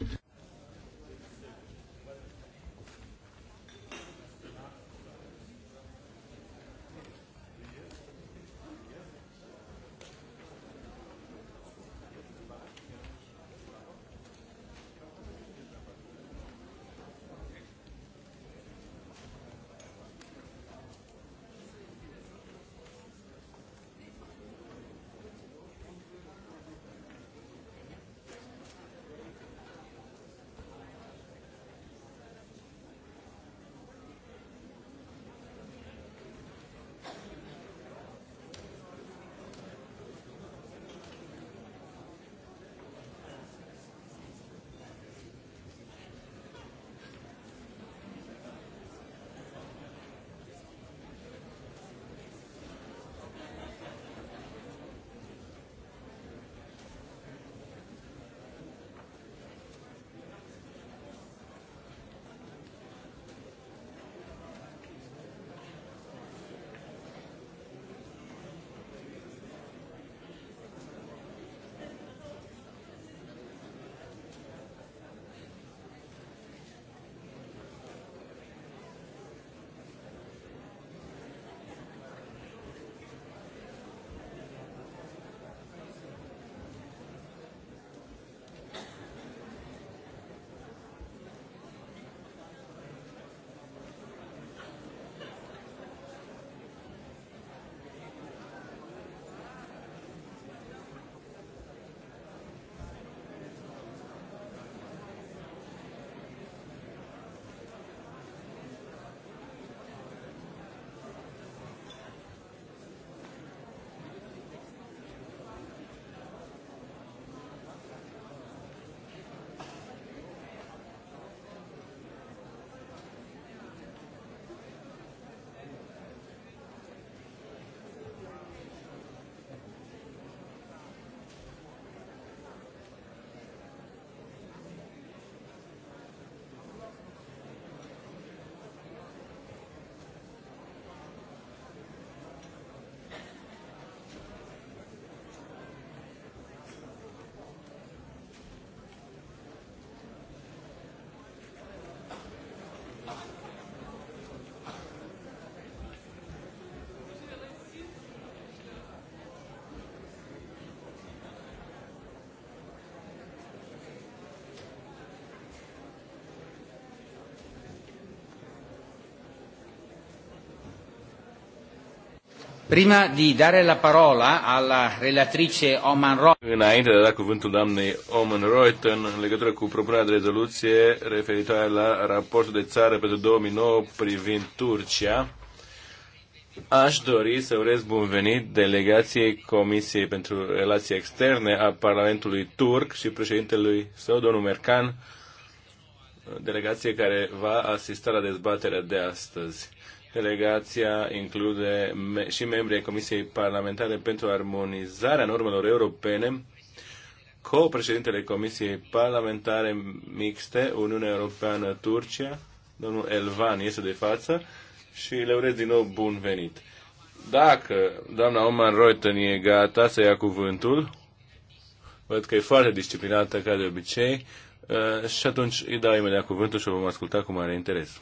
Prima di dare la parola alla relatrice Oman Reuten. Înainte de a da cuvântul doamnei Oman Reuten în legătură cu propunerea de rezoluție referitoare la raportul de țară pentru 2009 privind Turcia, aș dori să urez bun venit delegației Comisiei pentru Relații Externe a Parlamentului Turc și președintelui său, domnul Mercan, delegație care va asista la dezbaterea de astăzi. Delegația include și membrii Comisiei Parlamentare pentru Armonizarea Normelor Europene, co-președintele Comisiei Parlamentare Mixte, Uniunea Europeană-Turcia, domnul Elvan este de față și le urez din nou bun venit. Dacă doamna Oman Reuten e gata să ia cuvântul, văd că e foarte disciplinată ca de obicei, uh, și atunci îi dau imediat cuvântul și o vom asculta cu mare interes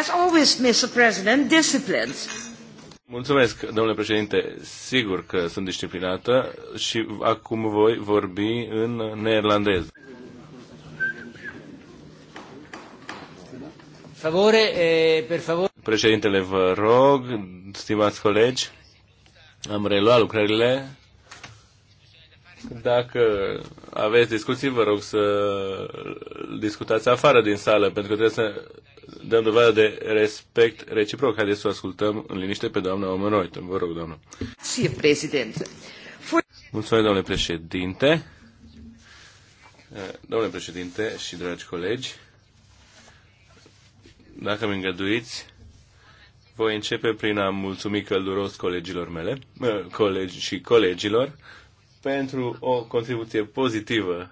as always, Mr. President, Mulțumesc, domnule președinte. Sigur că sunt disciplinată și acum voi vorbi în neerlandez. Favore, eh, per favore. Președintele, vă rog, stimați colegi, am reluat lucrările. Dacă aveți discuții, vă rog să discutați afară din sală, pentru că trebuie să dăm dovadă de respect reciproc. Haideți să o ascultăm în liniște pe doamna Omenroitem. Vă rog, doamnă. Și președinte. Mulțumesc, domnule președinte. Domnule președinte și dragi colegi, dacă mi îngăduiți, voi începe prin a mulțumi călduros colegilor mele colegi și colegilor pentru o contribuție pozitivă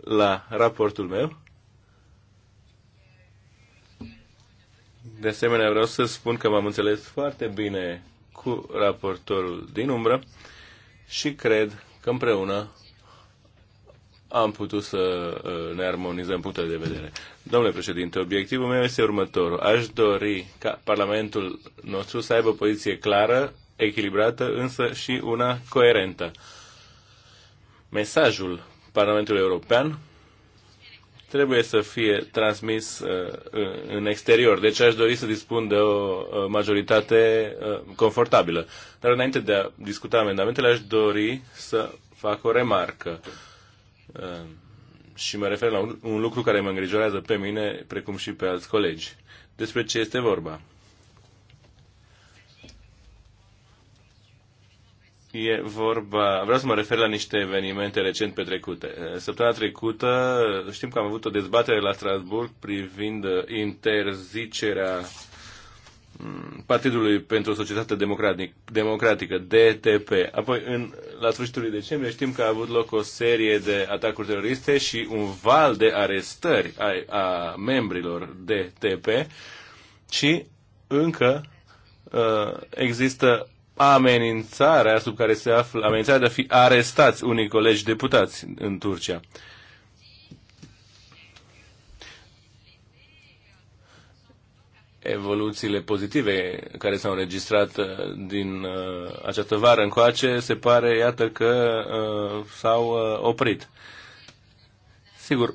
la raportul meu De asemenea, vreau să spun că m-am înțeles foarte bine cu raportorul din umbră și cred că împreună am putut să uh, ne armonizăm punctul de vedere. Domnule președinte, obiectivul meu este următorul. Aș dori ca Parlamentul nostru să aibă o poziție clară, echilibrată, însă și una coerentă. Mesajul Parlamentului European trebuie să fie transmis uh, în exterior. Deci aș dori să dispun de o uh, majoritate uh, confortabilă. Dar înainte de a discuta amendamentele, aș dori să fac o remarcă. Și mă refer la un lucru care mă îngrijorează pe mine, precum și pe alți colegi. Despre ce este vorba? E vorba, vreau să mă refer la niște evenimente recent petrecute. Săptămâna trecută știm că am avut o dezbatere la Strasburg privind interzicerea mm, Partidului pentru o Societate Democratic, Democratică, DTP. Apoi, în, la sfârșitul decembrie, știm că a avut loc o serie de atacuri teroriste și un val de arestări a, a membrilor DTP și încă uh, există amenințarea sub care se află, amenințarea de a fi arestați unii colegi deputați în Turcia. evoluțiile pozitive care s-au înregistrat uh, din uh, această vară încoace, se pare, iată, că uh, s-au uh, oprit. Sigur,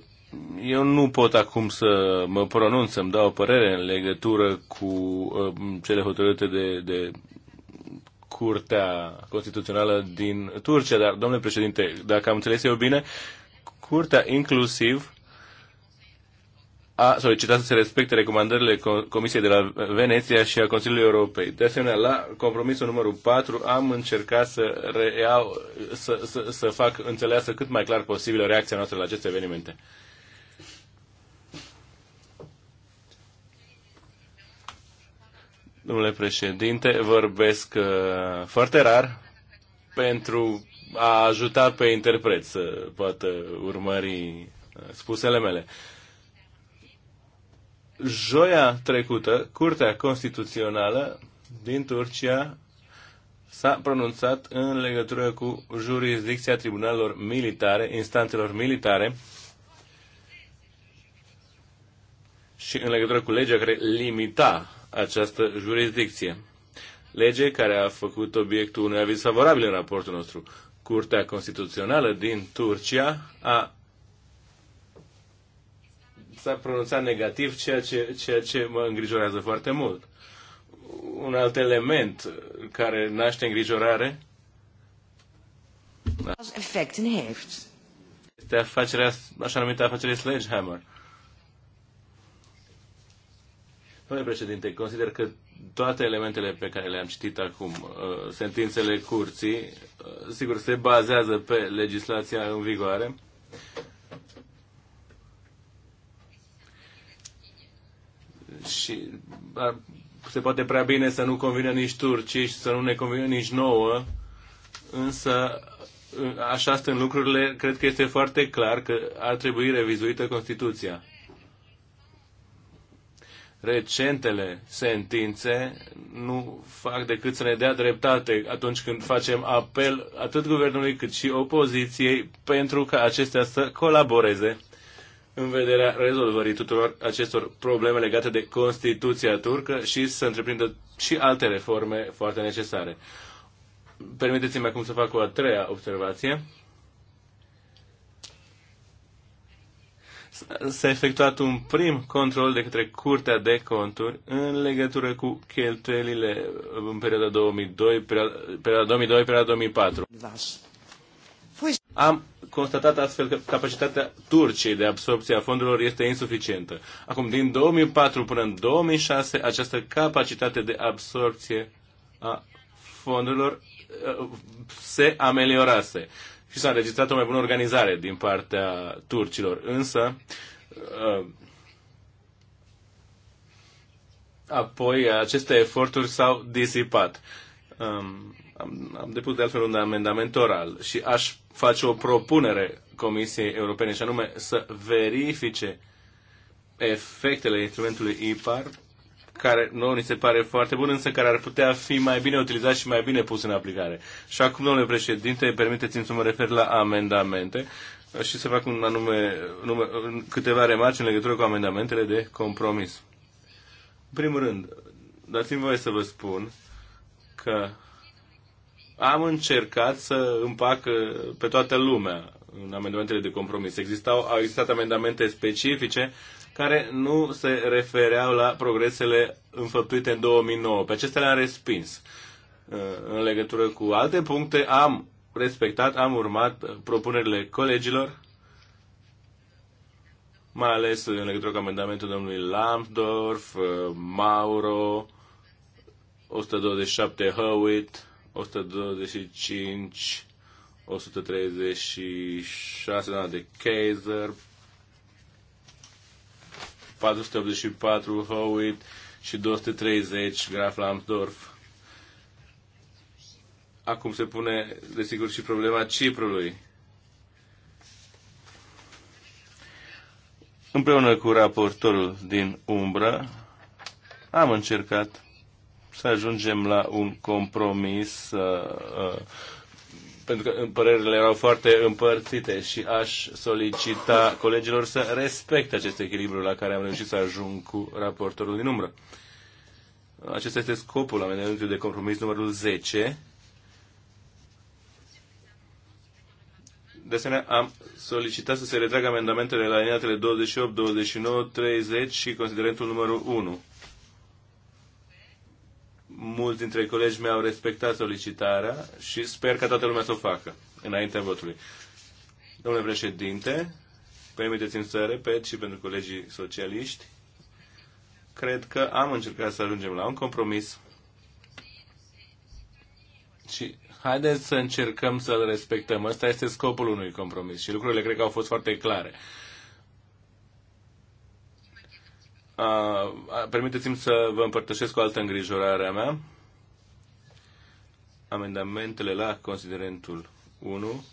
eu nu pot acum să mă pronunț, să-mi dau o părere în legătură cu uh, cele hotărâte de, de Curtea Constituțională din Turcia, dar, domnule președinte, dacă am înțeles eu bine, Curtea inclusiv a solicitat să se respecte recomandările Comisiei de la Veneția și a Consiliului Europei. De asemenea, la compromisul numărul 4 am încercat să, reiau, să, să, să fac înțeleasă cât mai clar posibil reacția noastră la aceste evenimente. Domnule președinte, vorbesc uh, foarte rar pentru a ajuta pe interpret să poată urmări uh, spusele mele. Joia trecută, Curtea Constituțională din Turcia s-a pronunțat în legătură cu jurisdicția tribunalelor militare, instanțelor militare și în legătură cu legea care limita această jurisdicție. Lege care a făcut obiectul unui aviz favorabil în raportul nostru. Curtea Constituțională din Turcia a s-a pronunțat negativ, ceea ce, ceea ce mă îngrijorează foarte mult. Un alt element care naște îngrijorare efecten Este afacerea, așa numită afacere Sledgehammer. Domnule președinte, consider că toate elementele pe care le-am citit acum, uh, sentințele curții, uh, sigur, se bazează pe legislația în vigoare. Și uh, se poate prea bine să nu convină nici turcii și să nu ne convină nici nouă, însă așa sunt lucrurile, cred că este foarte clar că ar trebui revizuită Constituția recentele sentințe nu fac decât să ne dea dreptate atunci când facem apel atât guvernului cât și opoziției pentru ca acestea să colaboreze în vederea rezolvării tuturor acestor probleme legate de Constituția turcă și să întreprindă și alte reforme foarte necesare. Permiteți-mi acum să fac o a treia observație s-a efectuat un prim control de către Curtea de Conturi în legătură cu cheltuielile în perioada 2002, perioada, perioada 2002, perioada 2004. Am constatat astfel că capacitatea Turciei de absorpție a fondurilor este insuficientă. Acum, din 2004 până în 2006, această capacitate de absorpție a fondurilor uh, se ameliorase și s-a înregistrat o mai bună organizare din partea turcilor. Însă, uh, apoi aceste eforturi s-au disipat. Um, am, am depus de altfel un amendament oral și aș face o propunere Comisiei Europene și anume să verifice efectele instrumentului IPAR care nu ni se pare foarte bun, însă care ar putea fi mai bine utilizat și mai bine pus în aplicare. Și acum, domnule președinte, permiteți-mi să mă refer la amendamente și să fac un anume, nume, câteva remarci în legătură cu amendamentele de compromis. În primul rând, dați-mi voie să vă spun că am încercat să împac uh, pe toată lumea în amendamentele de compromis. Existau, au existat amendamente specifice care nu se refereau la progresele înfăptuite în 2009. Pe acestea le-am respins. Uh, în legătură cu alte puncte am respectat, am urmat uh, propunerile colegilor, mai ales în legătură cu amendamentul domnului Lambdorf, uh, Mauro, 127 Howitt, 125, 136 de Kaiser, 484 Howitt și 230 Graf Lambsdorff. Acum se pune, desigur, și problema Ciprului. Împreună cu raportorul din umbră, am încercat să ajungem la un compromis uh, uh, pentru că părerile erau foarte împărțite și aș solicita colegilor să respecte acest echilibru la care am reușit să ajung cu raportorul din umbră. Acesta este scopul amendamentului de compromis numărul 10. De asemenea, am solicitat să se retragă amendamentele la liniatele 28, 29, 30 și considerentul numărul 1 mulți dintre colegii mei au respectat solicitarea și sper ca toată lumea să o facă înaintea votului. Domnule președinte, permiteți-mi să repet și pentru colegii socialiști, cred că am încercat să ajungem la un compromis și haideți să încercăm să-l respectăm. Ăsta este scopul unui compromis și lucrurile cred că au fost foarte clare. Permiteți-mi să vă împărtășesc o altă îngrijorare a mea. Amendamentele la considerentul 1.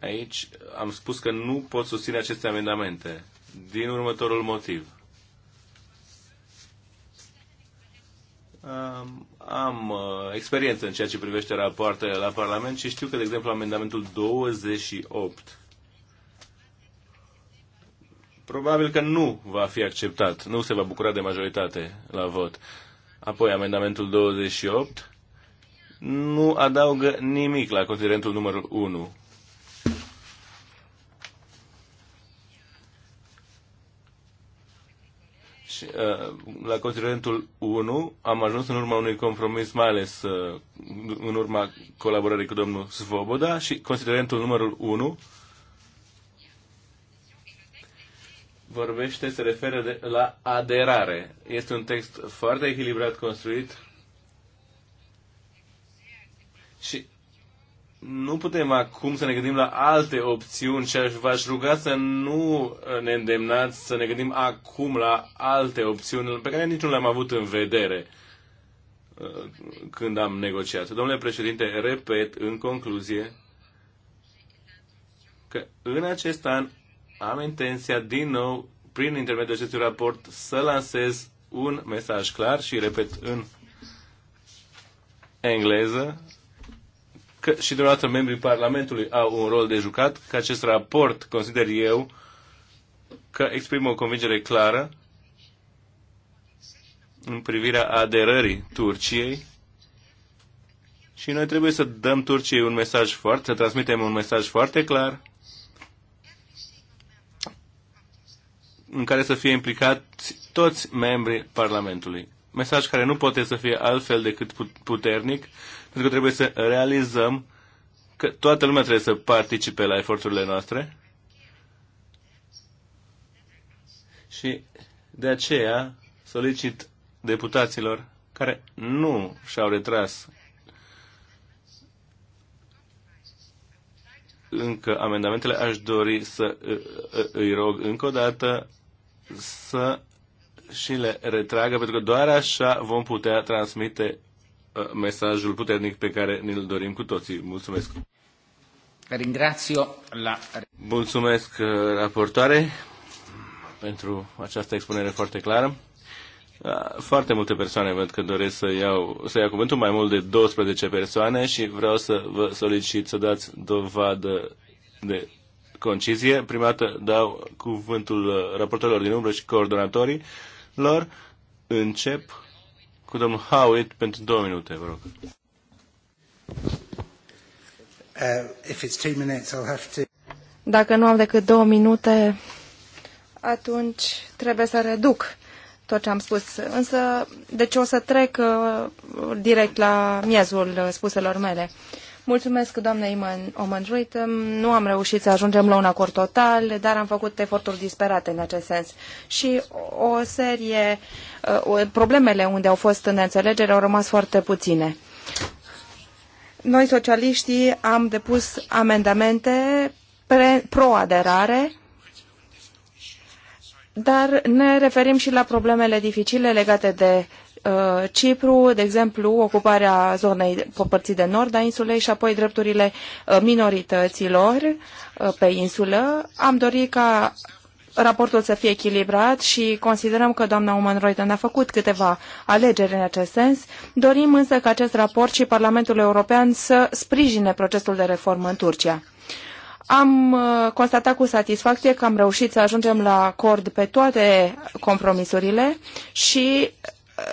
Aici am spus că nu pot susține aceste amendamente din următorul motiv. Am, am uh, experiență în ceea ce privește rapoartele la Parlament și știu că, de exemplu, amendamentul 28 probabil că nu va fi acceptat, nu se va bucura de majoritate la vot. Apoi, amendamentul 28 nu adaugă nimic la considerentul numărul 1. Și, uh, la considerentul 1 am ajuns în urma unui compromis, mai ales uh, în urma colaborării cu domnul Svoboda și considerentul numărul 1 vorbește, se referă de, la aderare. Este un text foarte echilibrat construit și nu putem acum să ne gândim la alte opțiuni și aș, v-aș ruga să nu ne îndemnați să ne gândim acum la alte opțiuni pe care nici nu le-am avut în vedere uh, când am negociat. Domnule președinte, repet în concluzie că în acest an am intenția din nou, prin intermediul acestui raport, să lansez un mesaj clar și, repet, în engleză, că și deodată membrii Parlamentului au un rol de jucat, că acest raport, consider eu, că exprimă o convingere clară în privirea aderării Turciei și noi trebuie să dăm Turciei un mesaj foarte, să transmitem un mesaj foarte clar în care să fie implicați toți membrii Parlamentului. Mesaj care nu poate să fie altfel decât puternic, pentru că trebuie să realizăm că toată lumea trebuie să participe la eforturile noastre. Și de aceea solicit deputaților care nu și-au retras încă amendamentele, aș dori să îi rog încă o dată să și le retragă, pentru că doar așa vom putea transmite uh, mesajul puternic pe care ne-l dorim cu toții. Mulțumesc! Ringrazio la... Mulțumesc, uh, raportoare, pentru această expunere foarte clară. Uh, foarte multe persoane văd că doresc să iau, să iau cuvântul, mai mult de 12 persoane și vreau să vă solicit să dați dovadă de concizie. Prima dată dau cuvântul uh, raportorilor din umbră și coordonatorii lor. Încep cu domnul Howitt pentru două minute, vă rog. Uh, Dacă nu am decât două minute, atunci trebuie să reduc tot ce am spus. Însă, deci o să trec uh, direct la miezul spuselor mele. Uh, Mulțumesc, doamnei Omanjuit. Nu am reușit să ajungem la un acord total, dar am făcut eforturi disperate în acest sens. Și o serie, uh, problemele unde au fost neînțelegeri au rămas foarte puține. Noi, socialiștii, am depus amendamente pro-aderare, dar ne referim și la problemele dificile legate de Uh, Cipru, de exemplu, ocuparea zonei părții de nord a insulei și apoi drepturile uh, minorităților uh, pe insulă. Am dorit ca raportul să fie echilibrat și considerăm că doamna Oman ne a făcut câteva alegeri în acest sens. Dorim însă ca acest raport și Parlamentul European să sprijine procesul de reformă în Turcia. Am constatat cu satisfacție că am reușit să ajungem la acord pe toate compromisurile și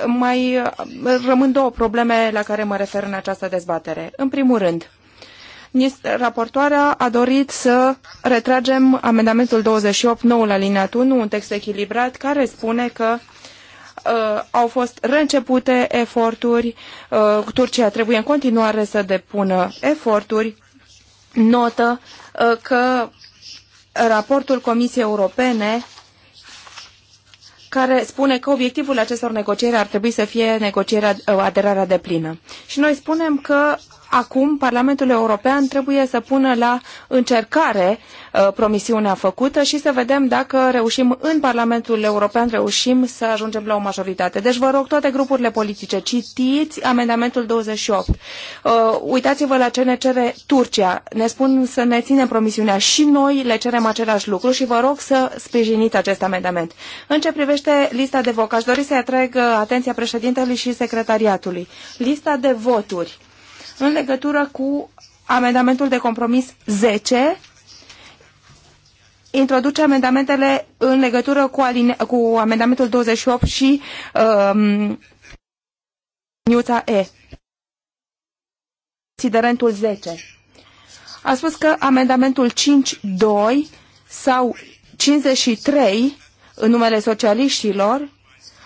mai uh, rămân două probleme la care mă refer în această dezbatere. În primul rând, raportoarea a dorit să retragem amendamentul 28, noul alineat 1, un text echilibrat care spune că uh, au fost reîncepute eforturi, uh, Turcia trebuie în continuare să depună eforturi, notă uh, că raportul Comisiei Europene care spune că obiectivul acestor negocieri ar trebui să fie negocierea, aderarea de plină. Și noi spunem că acum Parlamentul European trebuie să pună la încercare uh, promisiunea făcută și să vedem dacă reușim în Parlamentul European, reușim să ajungem la o majoritate. Deci vă rog toate grupurile politice, citiți amendamentul 28. Uh, uitați-vă la ce ne cere Turcia. Ne spun să ne ținem promisiunea și noi le cerem același lucru și vă rog să sprijiniți acest amendament. În ce privește lista de voci, aș dori să atrag uh, atenția președintelui și secretariatului. Lista de voturi în legătură cu amendamentul de compromis 10, introduce amendamentele în legătură cu, aline, cu amendamentul 28 și um, E. Considerentul 10. A spus că amendamentul 5.2 sau 53 în numele socialiștilor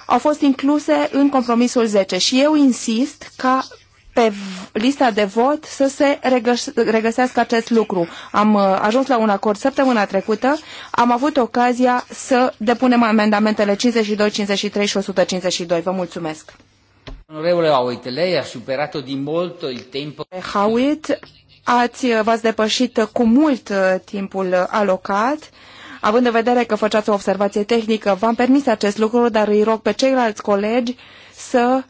au fost incluse în compromisul 10 și eu insist ca pe lista de vot să se regăsească acest lucru. Am uh, ajuns la un acord săptămâna trecută, am avut ocazia să depunem amendamentele 52, 53 și 152. Vă mulțumesc! Onorevole Howitt, lei a superat di molto il Howitt, ați, uh, v-ați depășit cu mult uh, timpul alocat. Având în vedere că făceați o observație tehnică, v-am permis acest lucru, dar îi rog pe ceilalți colegi să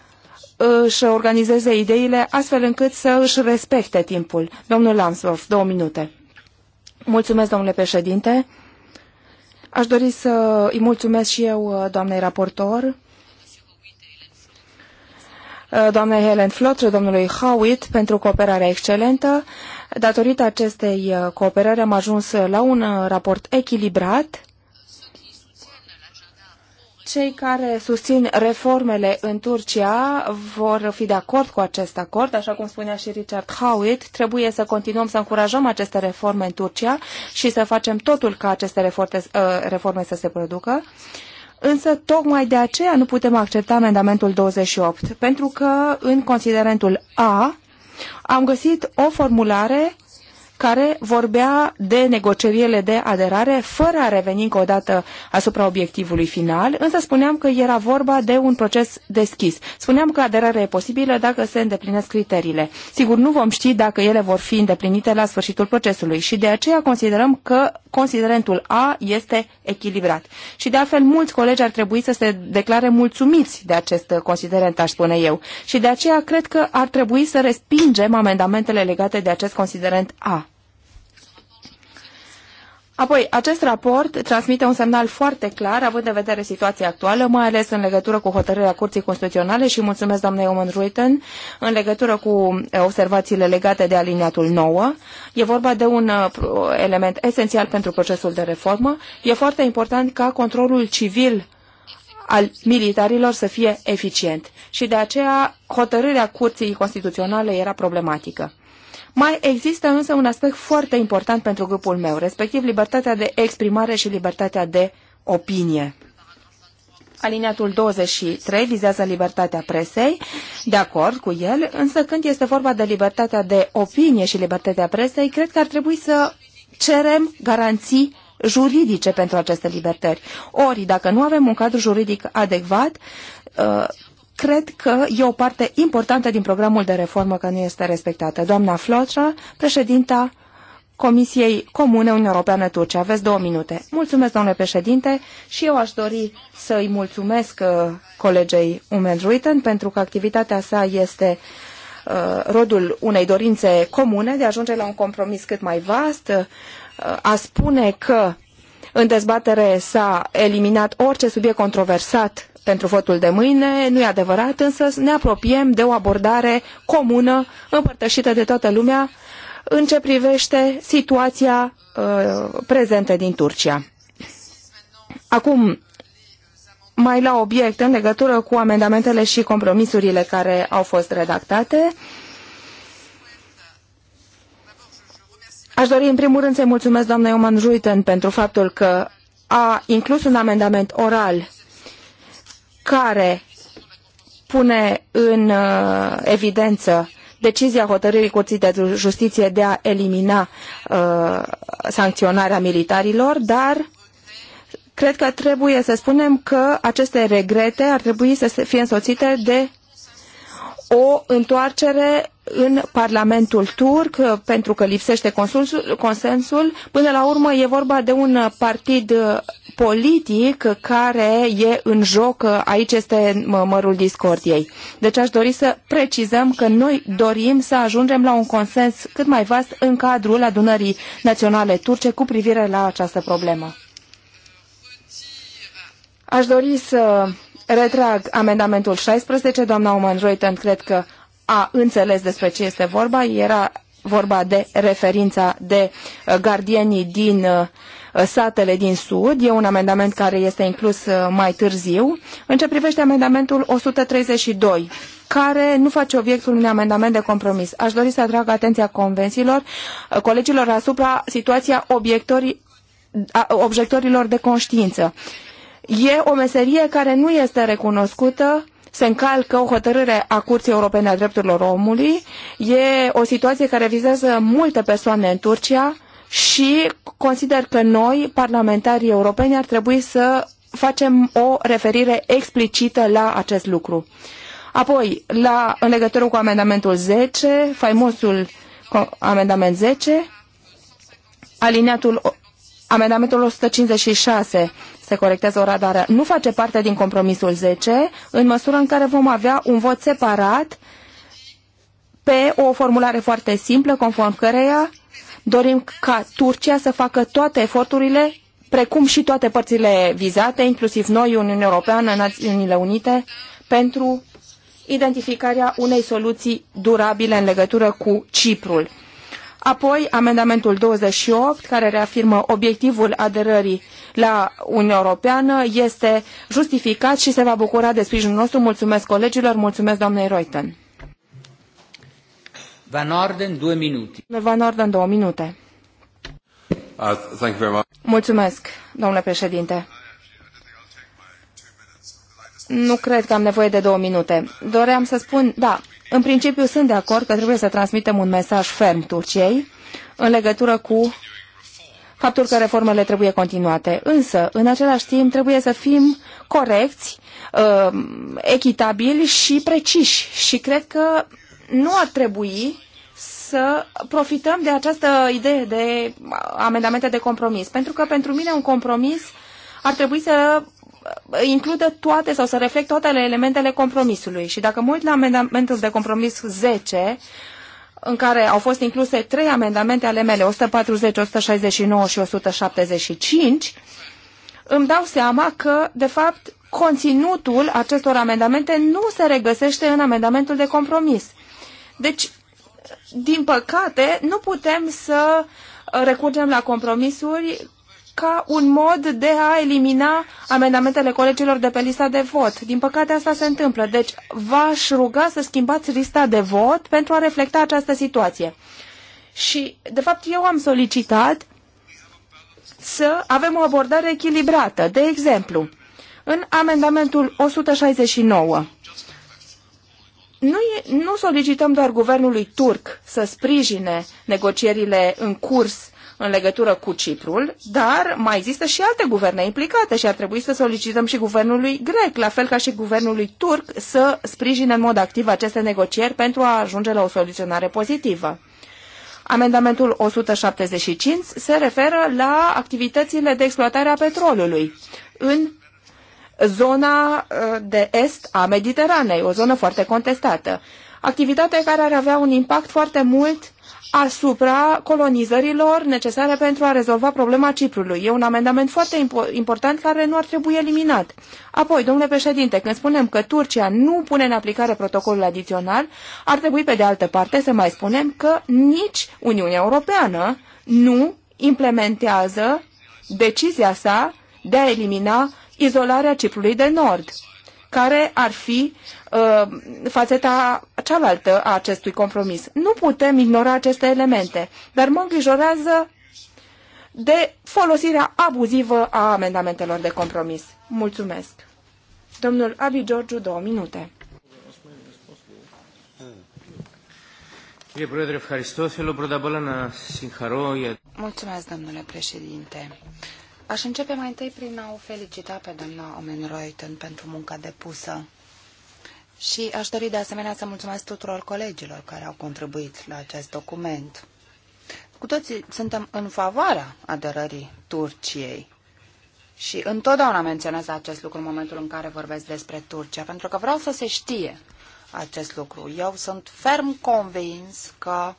își organizeze ideile astfel încât să își respecte timpul. Domnul Lansdorf, două minute. Mulțumesc, domnule președinte. Aș dori să îi mulțumesc și eu, uh, doamnei raportor, uh, doamnei Helen Flotre, domnului Howitt, pentru cooperarea excelentă. Datorită acestei uh, cooperări am ajuns la un raport echilibrat, cei care susțin reformele în Turcia vor fi de acord cu acest acord, așa cum spunea și Richard Howitt, trebuie să continuăm să încurajăm aceste reforme în Turcia și să facem totul ca aceste reforme, uh, reforme să se producă. Însă, tocmai de aceea nu putem accepta amendamentul 28, pentru că în considerentul A am găsit o formulare care vorbea de negocierile de aderare fără a reveni încă o dată asupra obiectivului final, însă spuneam că era vorba de un proces deschis. Spuneam că aderarea e posibilă dacă se îndeplinesc criteriile. Sigur, nu vom ști dacă ele vor fi îndeplinite la sfârșitul procesului și de aceea considerăm că considerentul A este echilibrat. Și de altfel, mulți colegi ar trebui să se declare mulțumiți de acest considerent, aș spune eu. Și de aceea cred că ar trebui să respingem amendamentele legate de acest considerent A. Apoi, acest raport transmite un semnal foarte clar, având în vedere situația actuală, mai ales în legătură cu hotărârea Curții Constituționale și mulțumesc doamnei Oman Ruiten în legătură cu eh, observațiile legate de aliniatul 9. E vorba de un eh, element esențial pentru procesul de reformă. E foarte important ca controlul civil al militarilor să fie eficient și de aceea hotărârea Curții Constituționale era problematică. Mai există însă un aspect foarte important pentru grupul meu, respectiv libertatea de exprimare și libertatea de opinie. Aliniatul 23 vizează libertatea presei, de acord cu el, însă când este vorba de libertatea de opinie și libertatea presei, cred că ar trebui să cerem garanții juridice pentru aceste libertări. Ori, dacă nu avem un cadru juridic adecvat, uh, cred că e o parte importantă din programul de reformă că nu este respectată. Doamna Flotra, președinta Comisiei Comune Uniunea Europeană-Turcia. Aveți două minute. Mulțumesc, domnule președinte, și eu aș dori să-i mulțumesc uh, colegei Umen Ruiten pentru că activitatea sa este uh, rodul unei dorințe comune de a ajunge la un compromis cât mai vast, uh, a spune că în dezbatere s-a eliminat orice subiect controversat pentru votul de mâine, nu e adevărat, însă ne apropiem de o abordare comună, împărtășită de toată lumea, în ce privește situația uh, prezentă din Turcia. Acum, mai la obiect în legătură cu amendamentele și compromisurile care au fost redactate. Aș dori în primul rând să-i mulțumesc doamnei Oman Ruiten pentru faptul că a inclus un amendament oral care pune în uh, evidență decizia hotărârii Curții de Justiție de a elimina uh, sancționarea militarilor, dar cred că trebuie să spunem că aceste regrete ar trebui să fie însoțite de o întoarcere în Parlamentul turc, uh, pentru că lipsește consensul, Până la urmă e vorba de un partid uh, politic care e în joc, uh, aici este mărul discordiei. Deci aș dori să precizăm că noi dorim să ajungem la un consens cât mai vast în cadrul adunării naționale turce cu privire la această problemă. Aș dori să retrag amendamentul 16. Doamna Oman Reuten cred că a înțeles despre ce este vorba. Era vorba de referința de uh, gardienii din uh, uh, satele din Sud. E un amendament care este inclus mai târziu. În ce privește amendamentul 132, care nu face obiectul unui amendament de compromis. Aș dori să atrag atenția convențiilor, colegilor asupra situația obiectorii a, obiectorilor de conștiință e o meserie care nu este recunoscută se încalcă o hotărâre a Curții Europene a Drepturilor Omului, e o situație care vizează multe persoane în Turcia și consider că noi, parlamentarii europeni, ar trebui să facem o referire explicită la acest lucru. Apoi, la, în legătură cu amendamentul 10, faimosul amendament 10, aliniatul, amendamentul 156, se corectează o radară, nu face parte din compromisul 10, în măsură în care vom avea un vot separat pe o formulare foarte simplă, conform căreia dorim ca Turcia să facă toate eforturile, precum și toate părțile vizate, inclusiv noi, Uniunea Europeană, Națiunile Unite, pentru identificarea unei soluții durabile în legătură cu Ciprul. Apoi, amendamentul 28, care reafirmă obiectivul aderării la Uniunea Europeană, este justificat și se va bucura de sprijinul nostru. Mulțumesc colegilor, mulțumesc doamnei Reuten. Van Orden, două minute. Van Orden, două minute. Uh, thank you very much. Mulțumesc, domnule președinte. Nu cred că am nevoie de două minute. Doream să spun, da, în principiu sunt de acord că trebuie să transmitem un mesaj ferm Turciei în legătură cu faptul că reformele trebuie continuate. Însă, în același timp, trebuie să fim corecți, uh, echitabili și preciși. Și cred că nu ar trebui să profităm de această idee de amendamente de compromis. Pentru că pentru mine un compromis ar trebui să includă toate sau să reflecte toate elementele compromisului. Și dacă mă uit la amendamentul de compromis 10, în care au fost incluse trei amendamente ale mele, 140, 169 și 175, îmi dau seama că, de fapt, conținutul acestor amendamente nu se regăsește în amendamentul de compromis. Deci, din păcate, nu putem să recurgem la compromisuri ca un mod de a elimina amendamentele colegilor de pe lista de vot. Din păcate asta se întâmplă, deci v-aș ruga să schimbați lista de vot pentru a reflecta această situație. Și, de fapt, eu am solicitat să avem o abordare echilibrată. De exemplu, în amendamentul 169, nu, e, nu solicităm doar guvernului turc să sprijine negocierile în curs în legătură cu Ciprul, dar mai există și alte guverne implicate și ar trebui să solicităm și guvernului grec, la fel ca și guvernului turc, să sprijine în mod activ aceste negocieri pentru a ajunge la o soluționare pozitivă. Amendamentul 175 se referă la activitățile de exploatare a petrolului în zona uh, de est a Mediteranei, o zonă foarte contestată. Activitate care ar avea un impact foarte mult asupra colonizărilor necesare pentru a rezolva problema Ciprului. E un amendament foarte impo important care nu ar trebui eliminat. Apoi, domnule președinte, când spunem că Turcia nu pune în aplicare protocolul adițional, ar trebui pe de altă parte să mai spunem că nici Uniunea Europeană nu implementează decizia sa de a elimina izolarea Ciprului de Nord, care ar fi uh, fațeta cealaltă a acestui compromis. Nu putem ignora aceste elemente, dar mă îngrijorează de folosirea abuzivă a amendamentelor de compromis. Mulțumesc. Domnul Abi Georgiu, două minute. Mulțumesc, domnule președinte. Aș începe mai întâi prin a o felicita pe doamna Omenroiten pentru munca depusă. Și aș dori de asemenea să mulțumesc tuturor colegilor care au contribuit la acest document. Cu toții suntem în favoarea aderării Turciei. Și întotdeauna menționez acest lucru în momentul în care vorbesc despre Turcia, pentru că vreau să se știe acest lucru. Eu sunt ferm convins că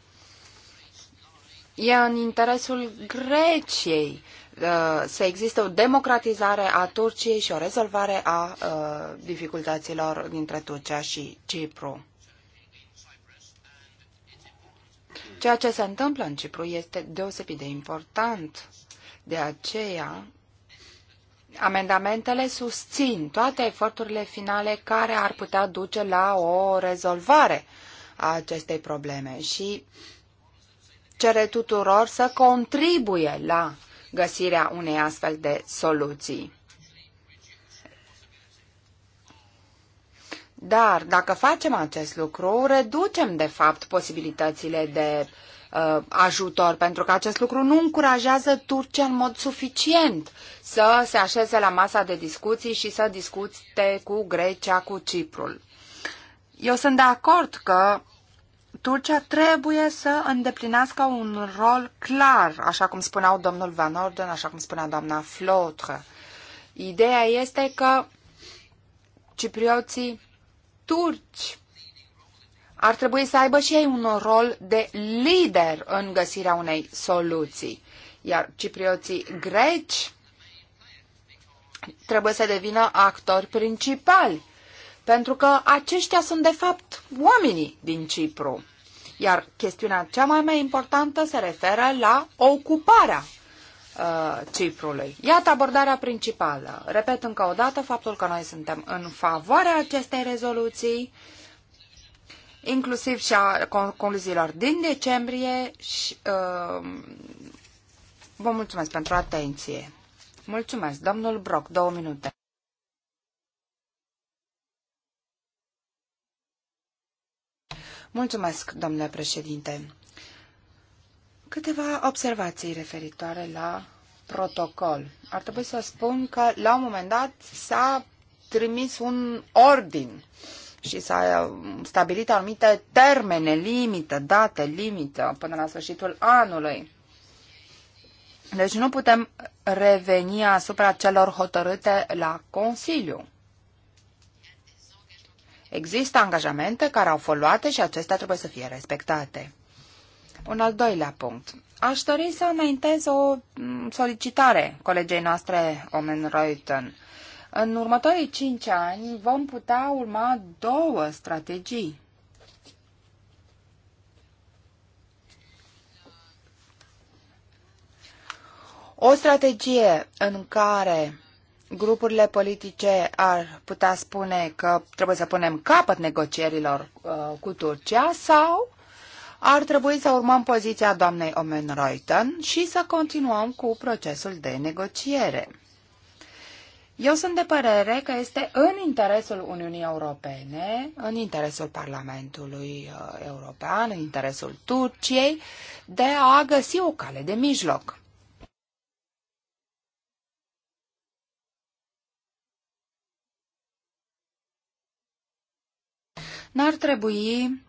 e în interesul Greciei Uh, să existe o democratizare a Turciei și o rezolvare a uh, dificultăților dintre Turcia și Cipru. Ceea ce se întâmplă în Cipru este deosebit de important. De aceea, amendamentele susțin toate eforturile finale care ar putea duce la o rezolvare a acestei probleme și cere tuturor să contribuie la găsirea unei astfel de soluții. Dar dacă facem acest lucru, reducem de fapt posibilitățile de uh, ajutor, pentru că acest lucru nu încurajează Turcia în mod suficient să se așeze la masa de discuții și să discute cu Grecia, cu Ciprul. Eu sunt de acord că Turcia trebuie să îndeplinească un rol clar, așa cum spuneau domnul Van Orden, așa cum spunea doamna Flotre. Ideea este că ciprioții turci ar trebui să aibă și ei un rol de lider în găsirea unei soluții. Iar ciprioții greci trebuie să devină actori principali, pentru că aceștia sunt de fapt oamenii din Cipru. Iar chestiunea cea mai, mai importantă se referă la ocuparea uh, Ciprului. Iată abordarea principală. Repet încă o dată faptul că noi suntem în favoarea acestei rezoluții, inclusiv și a concluziilor din decembrie și uh, vă mulțumesc pentru atenție. Mulțumesc, domnul Brock, două minute. Mulțumesc, domnule președinte. Câteva observații referitoare la protocol. Ar trebui să spun că la un moment dat s-a trimis un ordin și s-a stabilit anumite termene, limită, date, limită, până la sfârșitul anului. Deci nu putem reveni asupra celor hotărâte la Consiliu. Există angajamente care au fost luate și acestea trebuie să fie respectate. Un al doilea punct. Aș dori să înaintez o mm, solicitare colegei noastre, Omen Reuten. În următorii cinci ani vom putea urma două strategii. O strategie în care grupurile politice ar putea spune că trebuie să punem capăt negocierilor uh, cu Turcia sau ar trebui să urmăm poziția doamnei Omen Reuten și să continuăm cu procesul de negociere. Eu sunt de părere că este în interesul Uniunii Europene, în interesul Parlamentului uh, European, în interesul Turciei, de a găsi o cale de mijloc. n-ar trebui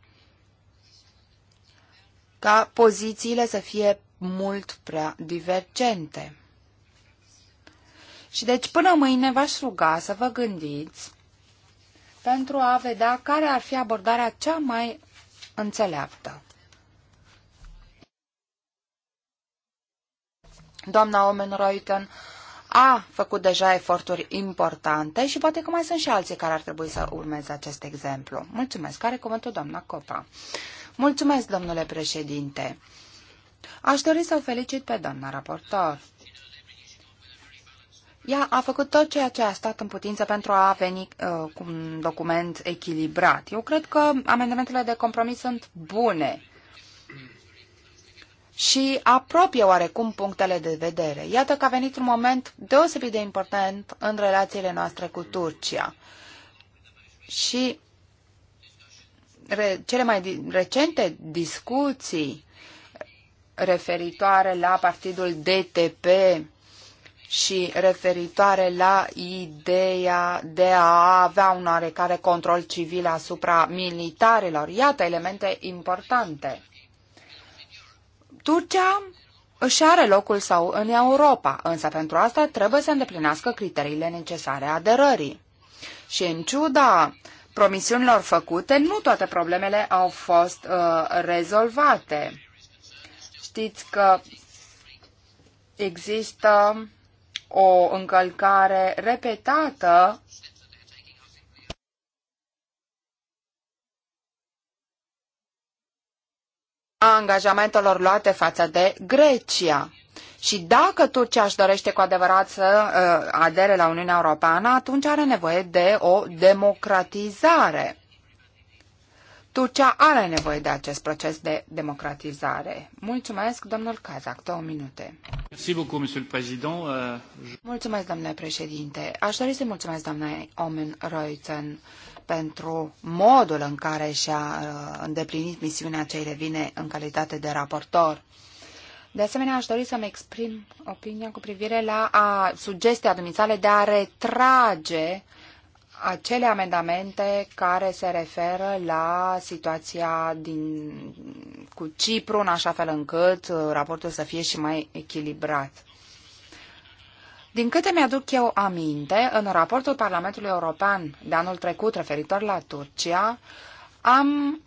ca pozițiile să fie mult prea divergente. Și deci până mâine v-aș ruga să vă gândiți pentru a vedea care ar fi abordarea cea mai înțeleaptă. Doamna Omen Reuten a făcut deja eforturi importante și poate că mai sunt și alții care ar trebui să urmeze acest exemplu. Mulțumesc. Care cuvântul doamna Copa? Mulțumesc, domnule președinte. Aș dori să o felicit pe doamna raportor. Ea a făcut tot ceea ce a stat în putință pentru a veni uh, cu un document echilibrat. Eu cred că amendamentele de compromis sunt bune și apropie oarecum punctele de vedere. Iată că a venit un moment deosebit de important în relațiile noastre cu Turcia. Și cele mai recente discuții referitoare la partidul DTP și referitoare la ideea de a avea un oarecare control civil asupra militarilor. Iată elemente importante. Turcia își are locul său în Europa, însă pentru asta trebuie să îndeplinească criteriile necesare aderării. Și în ciuda promisiunilor făcute, nu toate problemele au fost uh, rezolvate. Știți că există o încălcare repetată a angajamentelor luate față de Grecia. Și dacă Turcia își dorește cu adevărat să uh, adere la Uniunea Europeană, atunci are nevoie de o democratizare. Turcia are nevoie de acest proces de democratizare. Mulțumesc, domnul Kazak. Două minute. Euh, mulțumesc, domnule președinte. Aș dori să mulțumesc, doamnei Omen Reuten pentru modul în care și-a uh, îndeplinit misiunea ce îi revine în calitate de raportor. De asemenea, aș dori să-mi exprim opinia cu privire la a, sugestia dumneavoastră de a retrage acele amendamente care se referă la situația din, cu Cipru, în așa fel încât uh, raportul să fie și mai echilibrat. Din câte mi-aduc eu aminte, în raportul Parlamentului European de anul trecut referitor la Turcia, am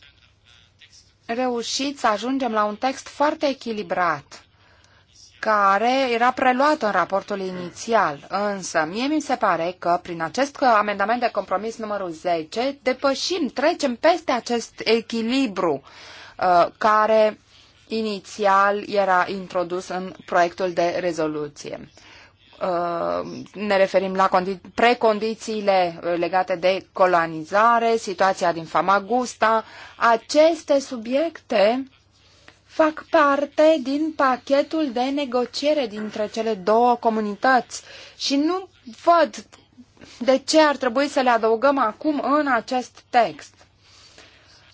reușit să ajungem la un text foarte echilibrat, care era preluat în raportul inițial, însă mie mi se pare că prin acest amendament de compromis numărul 10 depășim, trecem peste acest echilibru uh, care inițial era introdus în proiectul de rezoluție. Uh, ne referim la precondițiile uh, legate de colonizare, situația din Famagusta. Aceste subiecte fac parte din pachetul de negociere dintre cele două comunități și nu văd de ce ar trebui să le adăugăm acum în acest text.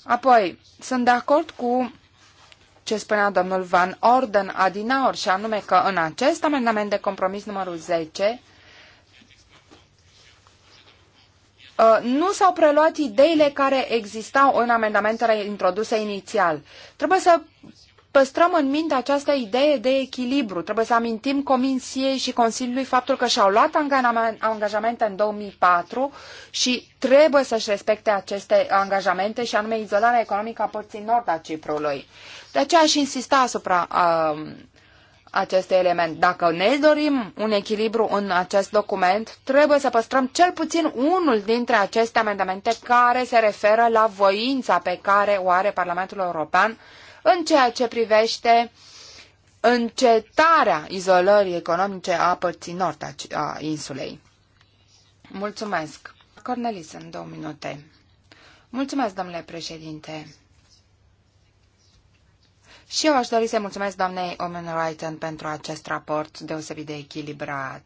Apoi, sunt de acord cu ce spunea domnul Van Orden Adinaur și anume că în acest amendament de compromis numărul 10 uh, nu s-au preluat ideile care existau în amendamentele introduse inițial. Trebuie să păstrăm în minte această idee de echilibru. Trebuie să amintim Comisiei și Consiliului faptul că și-au luat angajamente în 2004 și trebuie să-și respecte aceste angajamente și anume izolarea economică a părții nord a Ciprului. De aceea aș insista asupra uh, acestui element. Dacă ne dorim un echilibru în acest document, trebuie să păstrăm cel puțin unul dintre aceste amendamente care se referă la voința pe care o are Parlamentul European în ceea ce privește încetarea izolării economice a părții nord a insulei. Mulțumesc. Cornelis, în două minute. Mulțumesc, domnule președinte. Și eu aș dori să mulțumesc doamnei Omen Wrighton pentru acest raport deosebit de echilibrat.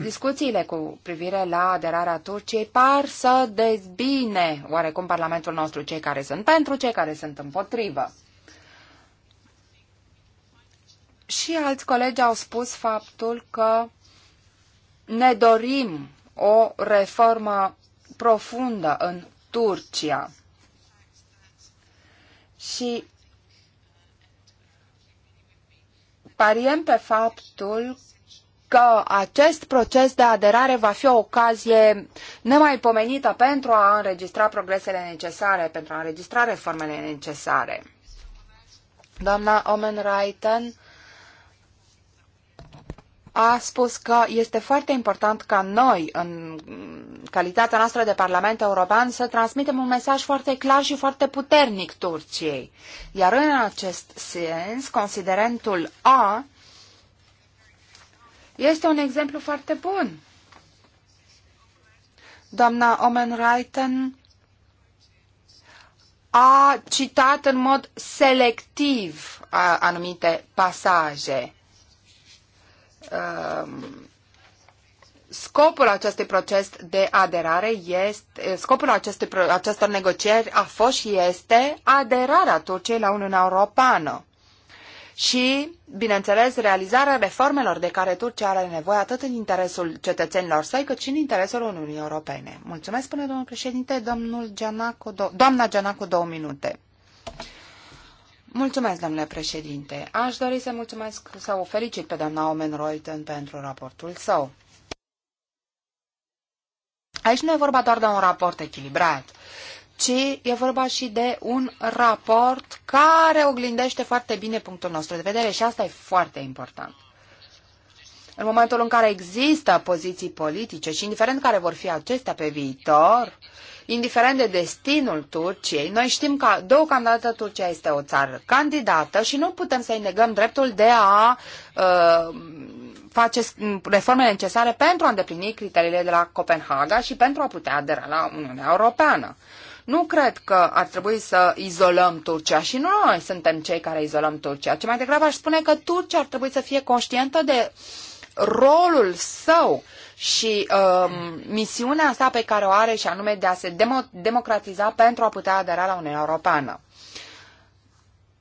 Discuțiile cu privire la aderarea Turciei par să dezbine oarecum Parlamentul nostru cei care sunt pentru, cei care sunt împotrivă. Și alți colegi au spus faptul că ne dorim o reformă profundă în Turcia și pariem pe faptul că acest proces de aderare va fi o ocazie nemaipomenită pentru a înregistra progresele necesare, pentru a înregistra reformele necesare. Doamna Omen Reiten a spus că este foarte important ca noi, în calitatea noastră de Parlament European, să transmitem un mesaj foarte clar și foarte puternic Turciei. Iar în acest sens, considerentul A este un exemplu foarte bun. Doamna Omenreiten a citat în mod selectiv anumite pasaje Um, scopul acestui proces de aderare este, scopul acestui, acestor negocieri a fost și este aderarea Turciei la Uniunea Europeană și, bineînțeles, realizarea reformelor de care Turcia are nevoie atât în interesul cetățenilor săi, cât și în interesul Uniunii Europene. Mulțumesc, spune domnul președinte, domnul Gianacu, do- doamna Gianacu, două minute. Mulțumesc, domnule președinte. Aș dori să mulțumesc, să o felicit pe doamna Omen Reuten pentru raportul său. Aici nu e vorba doar de un raport echilibrat, ci e vorba și de un raport care oglindește foarte bine punctul nostru de vedere și asta e foarte important. În momentul în care există poziții politice și indiferent care vor fi acestea pe viitor, uh, indiferent de destinul Turciei, noi știm că deocamdată Turcia este o țară candidată și nu putem să-i negăm dreptul de a uh, face reformele necesare pentru a îndeplini criteriile de la Copenhaga și pentru a putea adera la Uniunea Europeană. Nu cred că ar trebui să izolăm Turcia și nu noi suntem cei care izolăm Turcia, ci mai degrabă aș spune că Turcia ar trebui să fie conștientă de uh, rolul său și um, misiunea sa pe care o are și anume de a se demo- democratiza pentru a putea adera la Uniunea Europeană.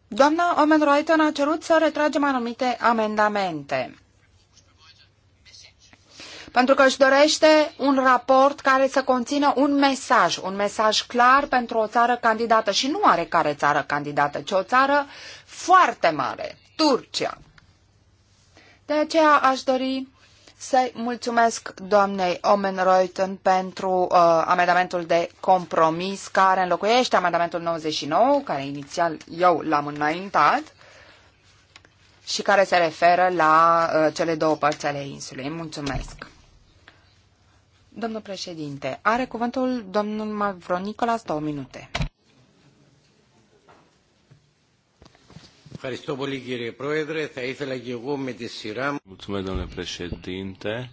Doamna Omen Reuten a cerut să retragem anumite amendamente pentru că își dorește un raport care să conțină un mesaj, un mesaj clar pentru o țară candidată și nu are care țară candidată, ci o țară foarte mare, Turcia. De aceea aș dori să-i mulțumesc doamnei Omenreuten Reuten pentru uh, amendamentul de compromis care înlocuiește amendamentul 99, care inițial eu l-am înaintat și care se referă la uh, cele două părți ale insulei. Mulțumesc! Domnul președinte, are cuvântul domnul Mavronicolas două minute. Mulțumesc, domnule președinte.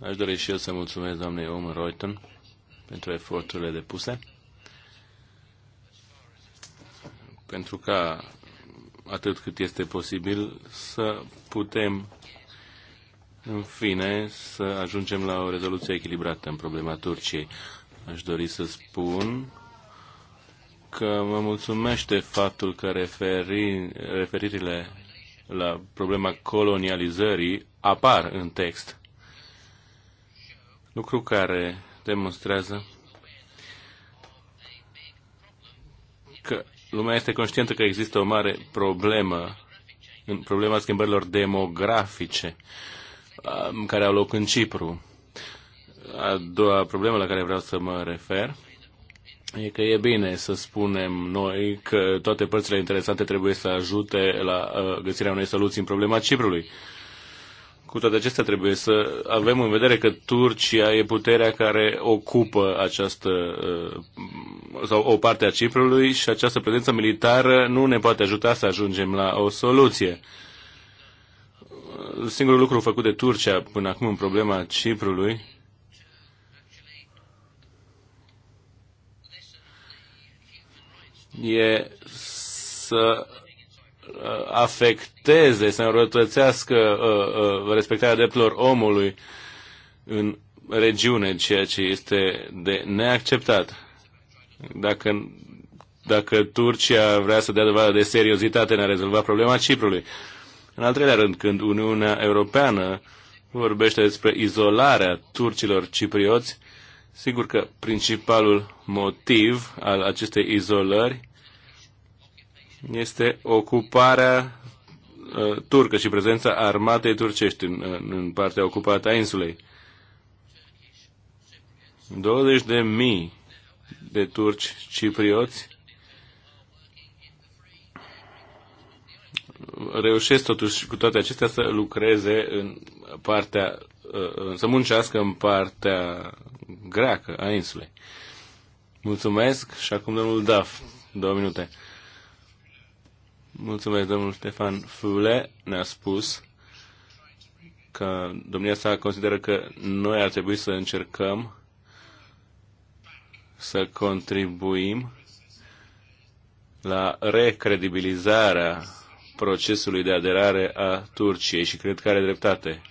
Aș dori și eu să mulțumesc doamnei Omer Reuten pentru eforturile depuse. Pentru ca, atât cât este posibil, să putem, în fine, să ajungem la o rezoluție echilibrată în problema Turciei. Aș dori să spun că mă mulțumește faptul că referi, referirile la problema colonializării apar în text. Lucru care demonstrează că lumea este conștientă că există o mare problemă, în problema schimbărilor demografice um, care au loc în Cipru. A doua problemă la care vreau să mă refer e că e bine să spunem noi că toate părțile interesante trebuie să ajute la uh, găsirea unei soluții în problema Ciprului. Cu toate acestea trebuie să avem în vedere că Turcia e puterea care ocupă această uh, sau o parte a Ciprului și această prezență militară nu ne poate ajuta să ajungem la o soluție. Singurul lucru făcut de Turcia până acum în problema Ciprului e să uh, afecteze, să înrătățească uh, uh, respectarea drepturilor omului în regiune, ceea ce este de neacceptat. Dacă, dacă Turcia vrea să dea dovadă de seriozitate în a rezolva problema Ciprului. În al treilea rând, când Uniunea Europeană vorbește despre izolarea turcilor ciprioți, sigur că principalul motiv al acestei izolări este ocuparea ă, turcă și prezența armatei turcești în, în partea ocupată a insulei. 20 de mii de turci ciprioți reușesc totuși cu toate acestea să lucreze în partea, ă, ă, să muncească în partea greacă a insulei. Mulțumesc și acum domnul Daf, două minute. Mulțumesc, domnul Ștefan Fule ne-a spus că domnia sa consideră că noi ar trebui să încercăm să contribuim la recredibilizarea procesului de aderare a Turciei și cred că are dreptate.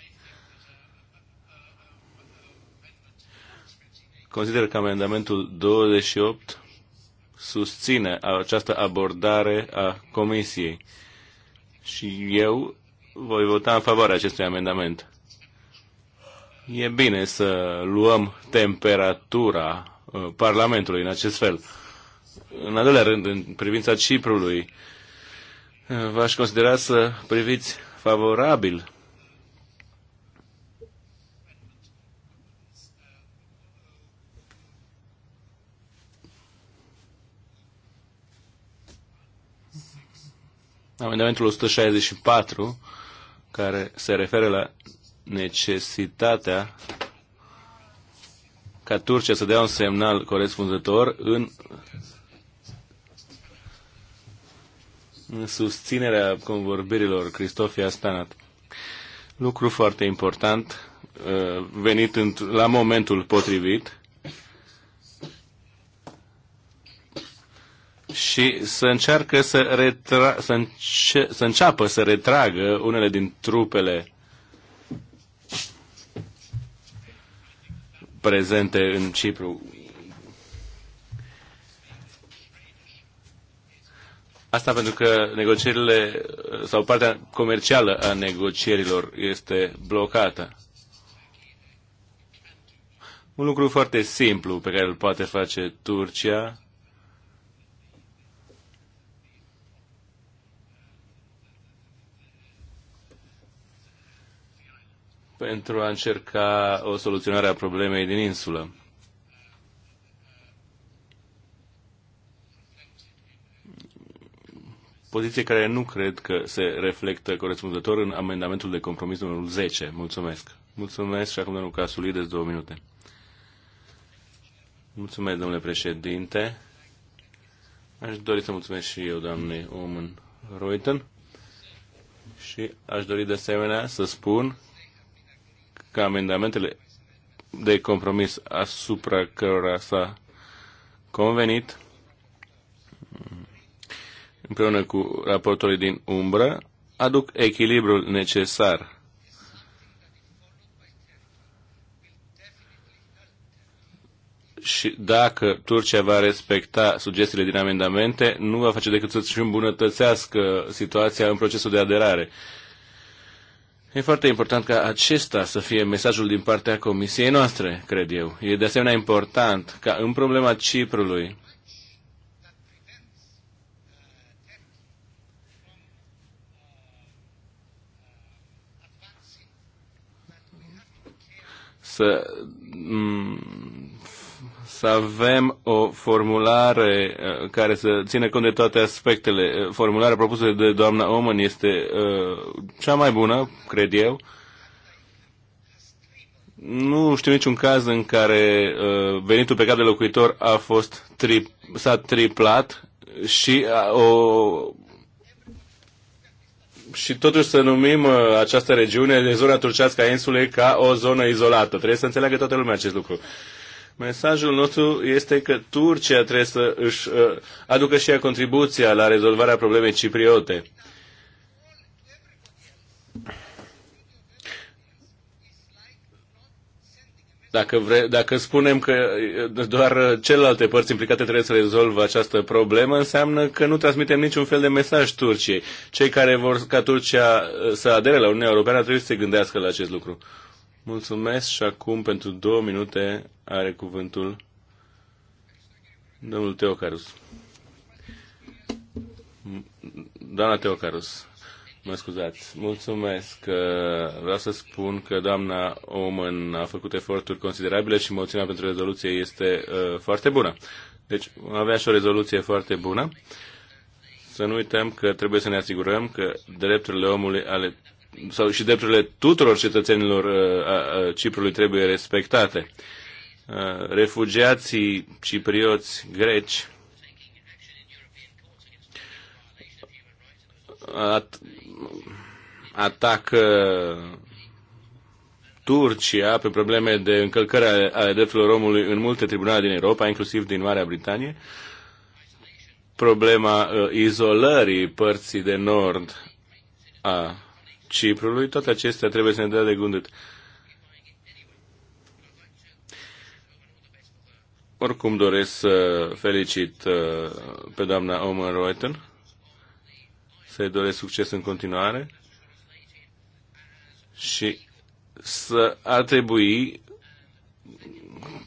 Consider că amendamentul 28 susține această abordare a Comisiei. Și eu voi vota în favoarea acestui amendament. E bine să luăm temperatura uh, Parlamentului în acest fel. În al doilea rând, în privința Ciprului, uh, v-aș considera să priviți favorabil amendamentul 164, care se referă la necesitatea ca Turcia să dea un semnal corespunzător în, în susținerea convorbirilor Cristofia Stanat. Lucru foarte important, uh, venit la momentul potrivit, și să încearcă să, retra, să, înce, să înceapă să retragă unele din trupele prezente în Cipru. Asta pentru că negocierile sau partea comercială a negocierilor este blocată. Un lucru foarte simplu pe care îl poate face Turcia pentru a încerca o soluționare a problemei din insulă. Poziție care nu cred că se reflectă corespunzător în amendamentul de compromis numărul 10. Mulțumesc. Mulțumesc și acum domnul Casulides două minute. Mulțumesc, domnule președinte. Aș dori să mulțumesc și eu, doamnei Oman Reuten. Și aș dori de asemenea să spun ca amendamentele de compromis asupra cărora s-a convenit împreună cu raportorii din umbră aduc echilibrul necesar și dacă Turcia va respecta sugestiile din amendamente, nu va face decât să-și îmbunătățească situația în procesul de aderare. E foarte important ca acesta să fie mesajul din partea comisiei noastre, cred eu. E de asemenea important ca în problema Ciprului să să avem o formulare uh, care să ține cont de toate aspectele. Uh, formularea propusă de doamna Oman este uh, cea mai bună, cred eu. Nu știu niciun caz în care venitul pe cap de locuitor a fost tri, s-a triplat și o și totuși să numim această regiune de zona turcească a insulei ca o zonă izolată. Trebuie să înțeleagă toată lumea acest lucru. Uh, Mesajul nostru este că Turcia trebuie să își uh, aducă și ea contribuția la rezolvarea problemei cipriote. Dacă, vre, dacă spunem că uh, doar uh, celelalte părți implicate trebuie să rezolvă această problemă, înseamnă că nu transmitem niciun fel de mesaj Turciei. Cei care vor ca Turcia să adere la Uniunea Europeană trebuie să se gândească la acest lucru. Mulțumesc și acum pentru două minute are cuvântul domnul Teocarus. Doamna Teocarus, mă scuzați. Mulțumesc. Vreau să spun că doamna Oman a făcut eforturi considerabile și moțiunea pentru rezoluție este uh, foarte bună. Deci avea și o rezoluție foarte bună. Să nu uităm că trebuie să ne asigurăm că drepturile omului ale sau și drepturile tuturor cetățenilor uh, Ciprului trebuie respectate. Uh, refugiații ciprioți greci at- atacă Turcia pe probleme de încălcări ale, ale drepturilor omului în multe tribunale din Europa, inclusiv din Marea Britanie, problema uh, izolării părții de nord a Ciprului, toate acestea trebuie să ne dea de gândit. Oricum doresc să felicit uh, pe doamna Omer Reuten, să-i doresc succes în continuare și să ar trebui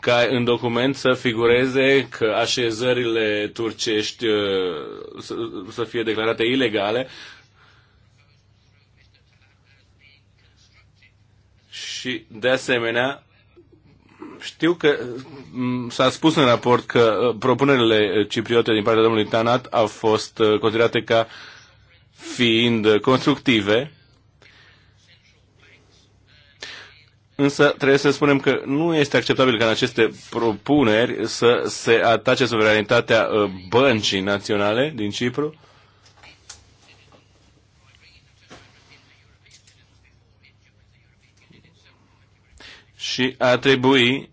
ca în document să figureze că așezările turcești uh, să fie declarate ilegale, Și, de asemenea, știu că s-a spus în raport că uh, propunerile uh, cipriote din partea domnului Tanat au fost uh, considerate ca fiind constructive, Însă trebuie să spunem că nu este acceptabil ca în aceste propuneri să se atace suveranitatea băncii naționale din Cipru și a trebui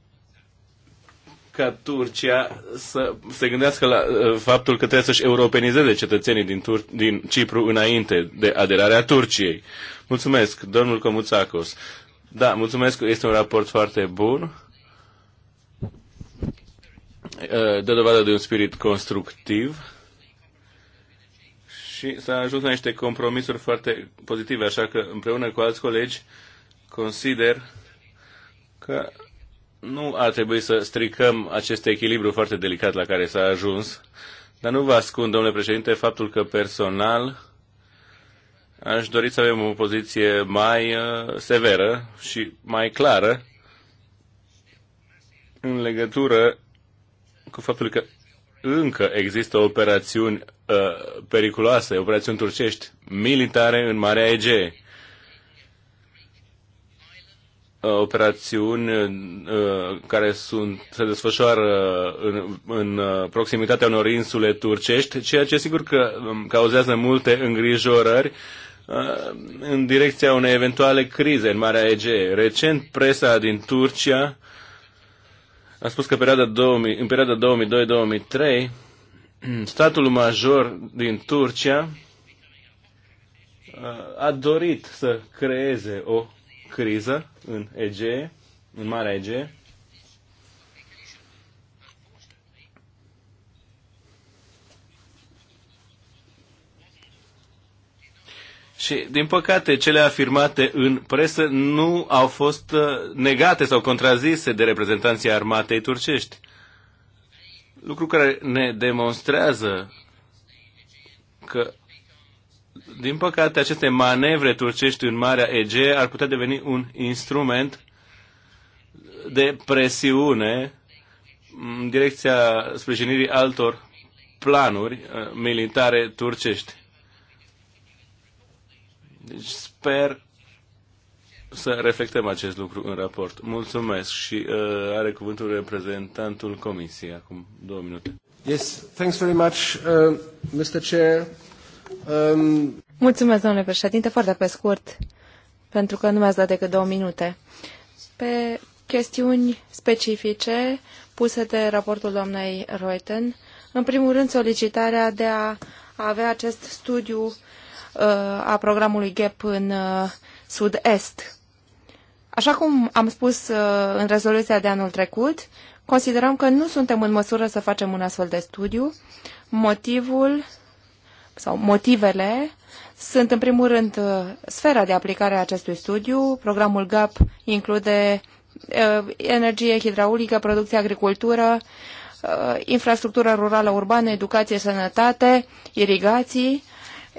ca Turcia să se gândească la uh, faptul că trebuie să-și europenizeze cetățenii din, Tur- din Cipru înainte de aderarea Turciei. Mulțumesc, domnul Comuțacos. Da, mulțumesc, este un raport foarte bun. Uh, dă dovadă de un spirit constructiv și s-a ajuns la niște compromisuri foarte pozitive, așa că împreună cu alți colegi consider că nu ar trebui să stricăm acest echilibru foarte delicat la care s-a ajuns, dar nu vă ascund, domnule președinte, faptul că personal aș dori să avem o poziție mai uh, severă și mai clară în legătură cu faptul că încă există operațiuni uh, periculoase, operațiuni turcești militare în Marea Egee Uh, operațiuni uh, care sunt, se desfășoară în, în uh, proximitatea unor insule turcești, ceea ce sigur că um, cauzează multe îngrijorări în direcția unei eventuale crize în Marea Egee. Recent, presa din Turcia a spus că perioada 2000, în perioada 2002-2003 statul major din Turcia a dorit să creeze o criză în Egee, în Marea Egee. Și, din păcate, cele afirmate în presă nu au fost uh, negate sau contrazise de reprezentanții armatei turcești. Lucru care ne demonstrează că din păcate, aceste manevre turcești în Marea Egee ar putea deveni un instrument de presiune în direcția sprijinirii altor planuri uh, militare turcești. Deci sper să reflectăm acest lucru în raport. Mulțumesc și uh, are cuvântul reprezentantul Comisiei acum două minute. Yes, thanks very much, uh, Mr. Chair. Mulțumesc, domnule președinte, foarte pe scurt, pentru că nu mi-ați dat decât două minute. Pe chestiuni specifice puse de raportul doamnei Reuten, în primul rând solicitarea de a avea acest studiu uh, a programului GEP în uh, sud-est. Așa cum am spus uh, în rezoluția de anul trecut, considerăm că nu suntem în măsură să facem un astfel de studiu. Motivul sau motivele sunt, în primul rând, uh, sfera de aplicare a acestui studiu. Programul GAP include uh, energie hidraulică, producție, agricultură, uh, infrastructură rurală urbană, educație, sănătate, irigații,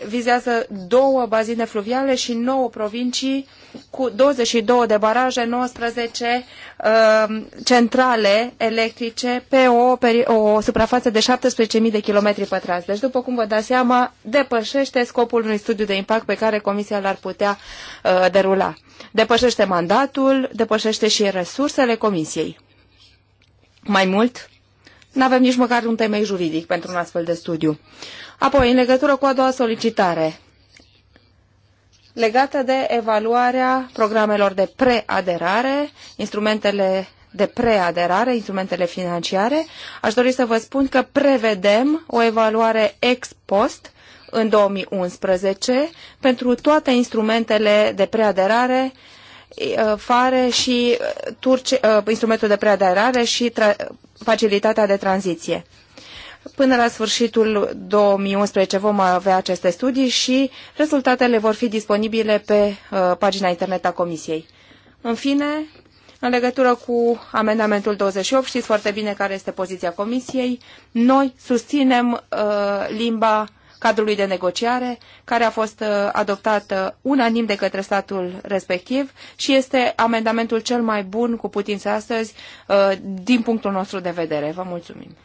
vizează două bazine fluviale și nouă provincii cu 22 de baraje, 19 uh, centrale electrice pe o, o suprafață de 17.000 de km pătrați. Deci, după cum vă dați seama, depășește scopul unui studiu de impact pe care Comisia l-ar putea uh, derula. Depășește mandatul, depășește și resursele Comisiei. Mai mult, nu avem nici măcar un temei juridic pentru un astfel de studiu. Apoi, în legătură cu a doua solicitare, legată de evaluarea programelor de preaderare, instrumentele de preaderare, instrumentele financiare, aș dori să vă spun că prevedem o evaluare ex post în 2011 pentru toate instrumentele de preaderare, fare și uh, turce, uh, instrumentul de preaderare și tra, facilitatea de tranziție. Până la sfârșitul 2011 vom avea aceste studii și rezultatele vor fi disponibile pe uh, pagina internet a Comisiei. În fine, în legătură cu amendamentul 28, știți foarte bine care este poziția Comisiei. Noi susținem uh, limba cadrului de negociare, care a fost uh, adoptată uh, unanim de către statul respectiv și este amendamentul cel mai bun cu putință astăzi uh, din punctul nostru de vedere. Vă mulțumim.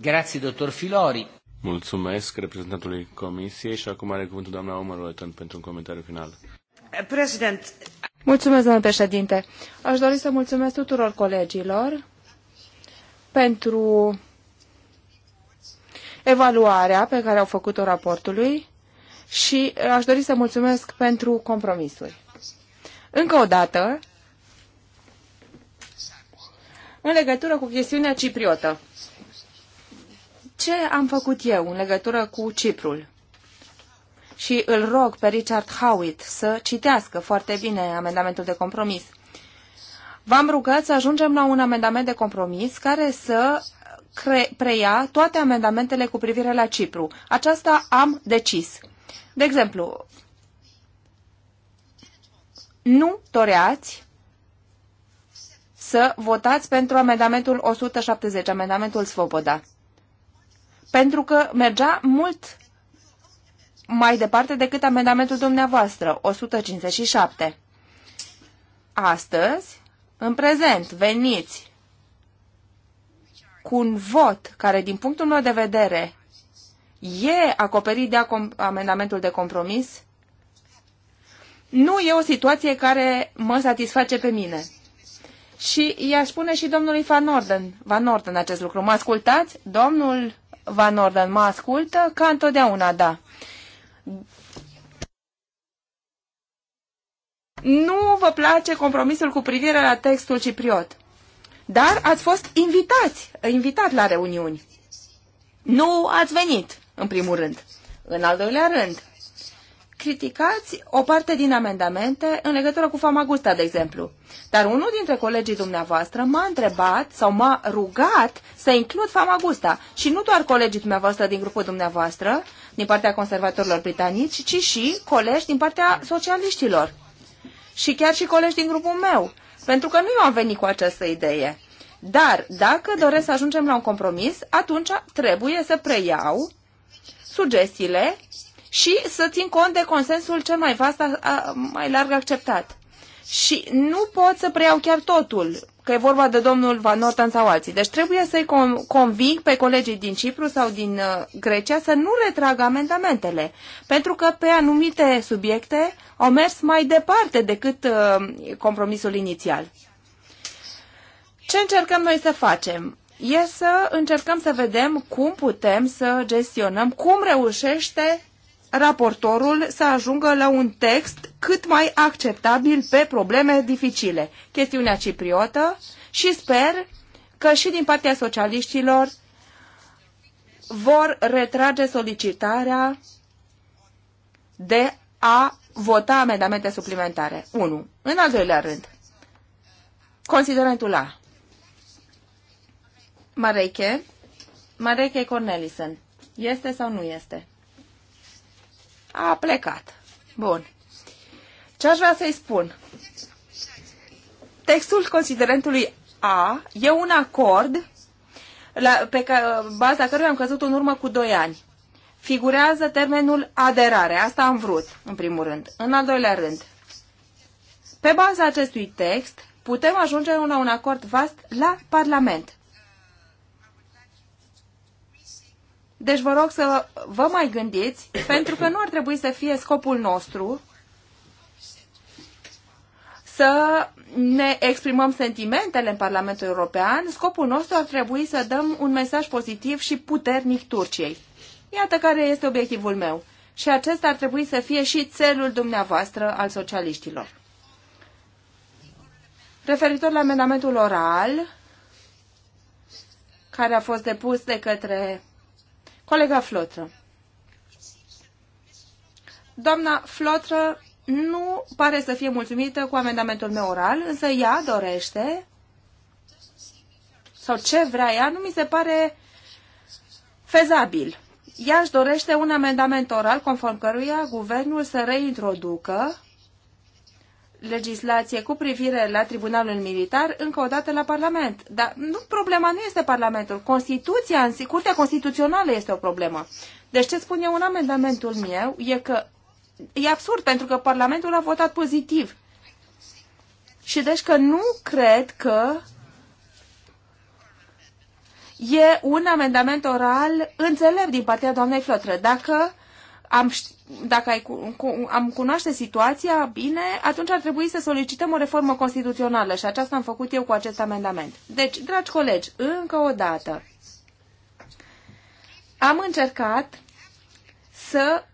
Grazie, doctor Filori. Mulțumesc reprezentantului Comisiei și acum are cuvântul doamna Omar Oetan pentru un comentariu final. President. Mulțumesc, domnule președinte. Aș dori să mulțumesc tuturor colegilor pentru evaluarea pe care au făcut-o raportului și aș dori să mulțumesc pentru compromisuri. Încă o dată, în legătură cu chestiunea cipriotă, ce am făcut eu în legătură cu Ciprul? Și îl rog pe Richard Howitt să citească foarte bine amendamentul de compromis. V-am rugat să ajungem la un amendament de compromis care să preia toate amendamentele cu privire la Cipru. Aceasta am decis. De exemplu, nu doreați să votați pentru amendamentul 170, amendamentul Svoboda. Pentru că mergea mult mai departe decât amendamentul dumneavoastră, 157. Astăzi, în prezent, veniți cu un vot care, din punctul meu de vedere, e acoperit de amendamentul de compromis, nu e o situație care mă satisface pe mine. Și i-aș spune și domnului Van Orden, Van Orden acest lucru. Mă ascultați? Domnul Van Orden mă ascultă? Ca întotdeauna, da. Nu vă place compromisul cu privire la textul cipriot dar ați fost invitați, invitat la reuniuni. Nu ați venit, în primul rând. În al doilea rând, criticați o parte din amendamente în legătură cu Famagusta, de exemplu. Dar unul dintre colegii dumneavoastră m-a întrebat sau m-a rugat să includ Famagusta. Și nu doar colegii dumneavoastră din grupul dumneavoastră, din partea conservatorilor britanici, ci și colegi din partea socialiștilor. Și chiar și colegi din grupul meu. Pentru că nu eu am venit cu această idee. Dar dacă doresc să ajungem la un compromis, atunci trebuie să preiau sugestiile și să țin cont de consensul cel mai vast, mai larg acceptat. Și nu pot să preiau chiar totul că e vorba de domnul Van Norten sau alții. Deci trebuie să-i conving pe colegii din Cipru sau din uh, Grecia să nu retragă amendamentele, pentru că pe anumite subiecte au mers mai departe decât uh, compromisul inițial. Ce încercăm noi să facem? E să încercăm să vedem cum putem să gestionăm, cum reușește raportorul să ajungă la un text cât mai acceptabil pe probleme dificile, chestiunea cipriotă și sper că și din partea socialiștilor vor retrage solicitarea de a vota amendamente suplimentare. 1. În al doilea rând, considerentul A. Mareche, Mareche Cornelison. Este sau nu este? A plecat. Bun. Ce aș vrea să-i spun? Textul considerentului A e un acord la, pe ca, baza căruia am căzut în urmă cu 2 ani. Figurează termenul aderare. Asta am vrut, în primul rând. În al doilea rând, pe baza acestui text, putem ajunge la un acord vast la Parlament. Deci vă rog să vă mai gândiți, pentru că nu ar trebui să fie scopul nostru să ne exprimăm sentimentele în Parlamentul European, scopul nostru ar trebui să dăm un mesaj pozitiv și puternic Turciei. Iată care este obiectivul meu. Și acesta ar trebui să fie și țelul dumneavoastră al socialiștilor. Referitor la amendamentul oral, care a fost depus de către Colega Flotră. Doamna Flotră nu pare să fie mulțumită cu amendamentul meu oral, însă ea dorește sau ce vrea ea, nu mi se pare fezabil. Ea își dorește un amendament oral conform căruia guvernul să reintroducă legislație cu privire la tribunalul militar încă o dată la Parlament. Dar nu, problema nu este Parlamentul. Constituția, în, Curtea Constituțională este o problemă. Deci ce spun eu în amendamentul meu e că e absurd pentru că Parlamentul a votat pozitiv. Și deci că nu cred că e un amendament oral înțelept din partea doamnei Flotră. Dacă am, dacă ai, am cunoaște situația bine, atunci ar trebui să solicităm o reformă constituțională și aceasta am făcut eu cu acest amendament. Deci, dragi colegi, încă o dată, am încercat să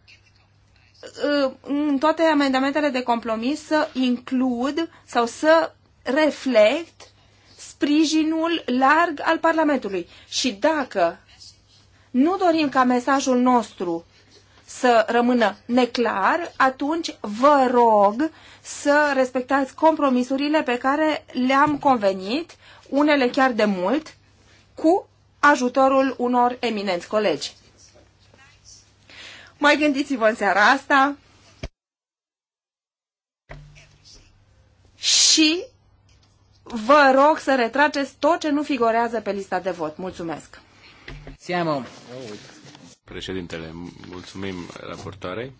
uh, în toate amendamentele de compromis să includ sau să reflect sprijinul larg al Parlamentului. Și dacă nu dorim ca mesajul nostru să rămână neclar, atunci vă rog să respectați compromisurile pe care le-am convenit, unele chiar de mult, cu ajutorul unor eminenți colegi. Mai gândiți-vă în seara asta și vă rog să retrageți tot ce nu figurează pe lista de vot. Mulțumesc! Siamo. Președintele, mulțumim raportoarei.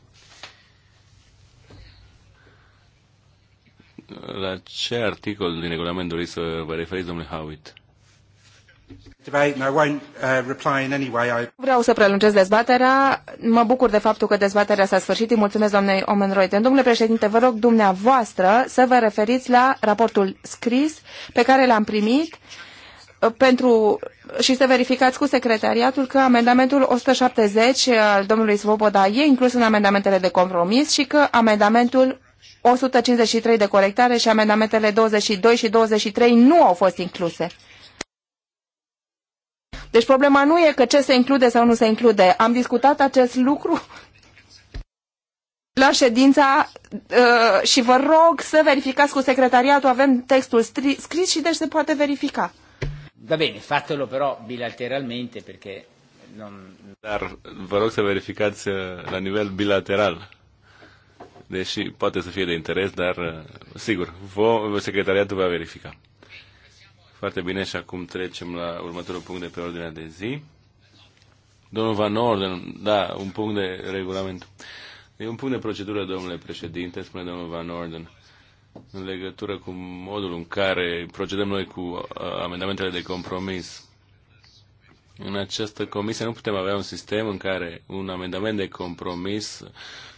La ce articol din regulament doriți să vă referiți, domnule Howitt? Uh, Vreau să prelungesc dezbaterea. Mă bucur de faptul că dezbaterea s-a sfârșit. Îi mulțumesc doamnei Omen Reuten. Domnule președinte, vă rog dumneavoastră să vă referiți la raportul scris pe care l-am primit uh, pentru și să verificați cu secretariatul că amendamentul 170 al domnului Svoboda e inclus în amendamentele de compromis și că amendamentul 153 de corectare și amendamentele 22 și 23 nu au fost incluse. Deci problema nu e că ce se include sau nu se include. Am discutat acest lucru la ședința uh, și vă rog să verificați cu secretariatul. Avem textul scris și deci se poate verifica. Va bene, fatelo però bilateralmente perché non... Dar vă rog să verificați uh, la nivel bilateral. Deși poate să fie de interes, dar uh, sigur, vă, secretariatul va verifica. Foarte bine și acum trecem la următorul punct de pe ordinea de zi. Domnul Van Orden, da, un punct de regulament. E un punct de procedură, domnule președinte, spune domnul Van Orden în legătură cu modul în care procedăm noi cu uh, amendamentele de compromis. În această comisie nu putem avea un sistem în care un amendament de compromis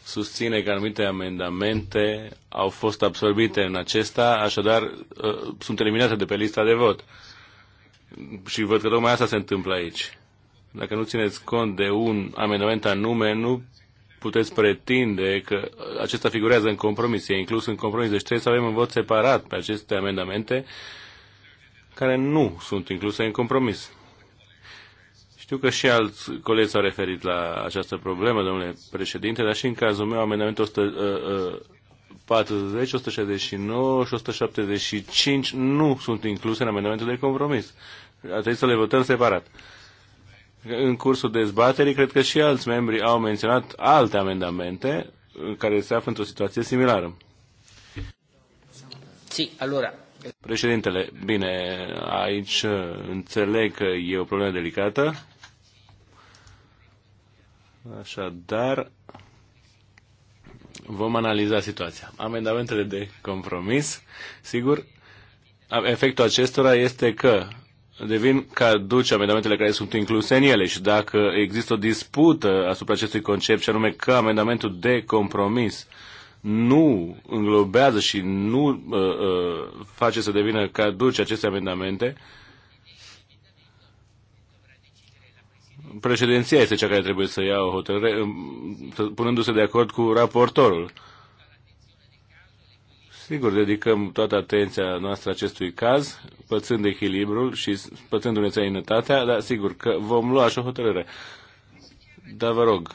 susține că anumite amendamente au fost absorbite în acesta, așadar uh, sunt eliminate de pe lista de vot. Și văd că tocmai asta se întâmplă aici. Dacă nu țineți cont de un amendament anume, nu puteți pretinde că acesta figurează în compromis, e inclus în compromis, deci trebuie să avem un vot separat pe aceste amendamente care nu sunt incluse în compromis. Știu că și alți colegi s-au referit la această problemă, domnule președinte, dar și în cazul meu amendamentul 140, 169 uh, uh, și 175 nu sunt incluse în amendamentul de compromis. Trebuie să le votăm separat. În cursul dezbaterii, cred că și alți membri au menționat alte amendamente uh, care se află într-o situație similară. Si, allora. Președintele, bine, aici uh, înțeleg că e o problemă delicată. Așadar, vom analiza situația. Amendamentele de compromis, sigur, efectul acestora este că devin caduce amendamentele care sunt incluse în ele și dacă există o dispută asupra acestui concept, și anume că amendamentul de compromis nu înglobează și nu uh, uh, face să devină caduce aceste amendamente, președinția este cea care trebuie să ia o hotărâre, um, punându-se de acord cu raportorul. Sigur, dedicăm toată atenția noastră acestui caz, pățând echilibrul și pățându-ne țăinătatea, dar sigur că vom lua și o hotărâre. Dar vă rog,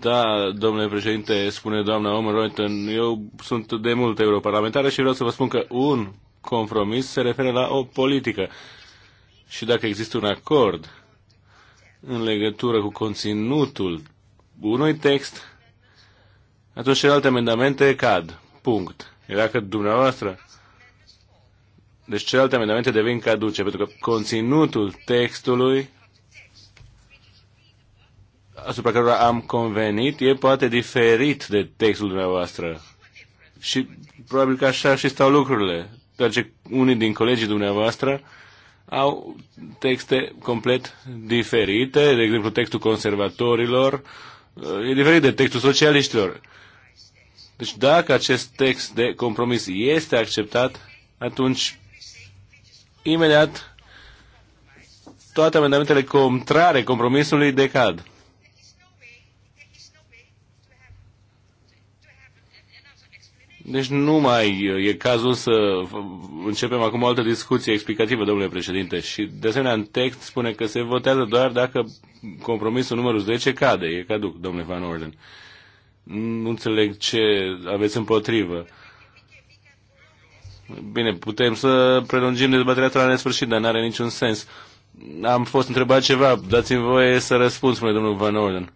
da, domnule președinte, spune doamna Omer Reuton, eu sunt de mult europarlamentară și vreau să vă spun că un compromis se referă la o politică. Și dacă există un acord în legătură cu conținutul unui text, atunci celelalte amendamente cad punct. E dacă dumneavoastră... Deci celelalte amendamente devin caduce, pentru că conținutul textului asupra cărora am convenit e poate diferit de textul dumneavoastră. Și probabil că așa și stau lucrurile. Doar ce unii din colegii dumneavoastră au texte complet diferite, de exemplu textul conservatorilor, e diferit de textul socialiștilor. Deci dacă acest text de compromis este acceptat, atunci imediat toate amendamentele contrare compromisului decad. Deci nu mai e cazul să începem acum o altă discuție explicativă, domnule președinte. Și de asemenea în text spune că se votează doar dacă compromisul numărul 10 cade. E caduc, domnule Van Orden. Nu înțeleg ce aveți împotrivă. Bine, putem să prelungim dezbaterea la nesfârșit, dar n-are niciun sens. Am fost întrebat ceva, dați-mi voie să răspund, spune domnul Van Orden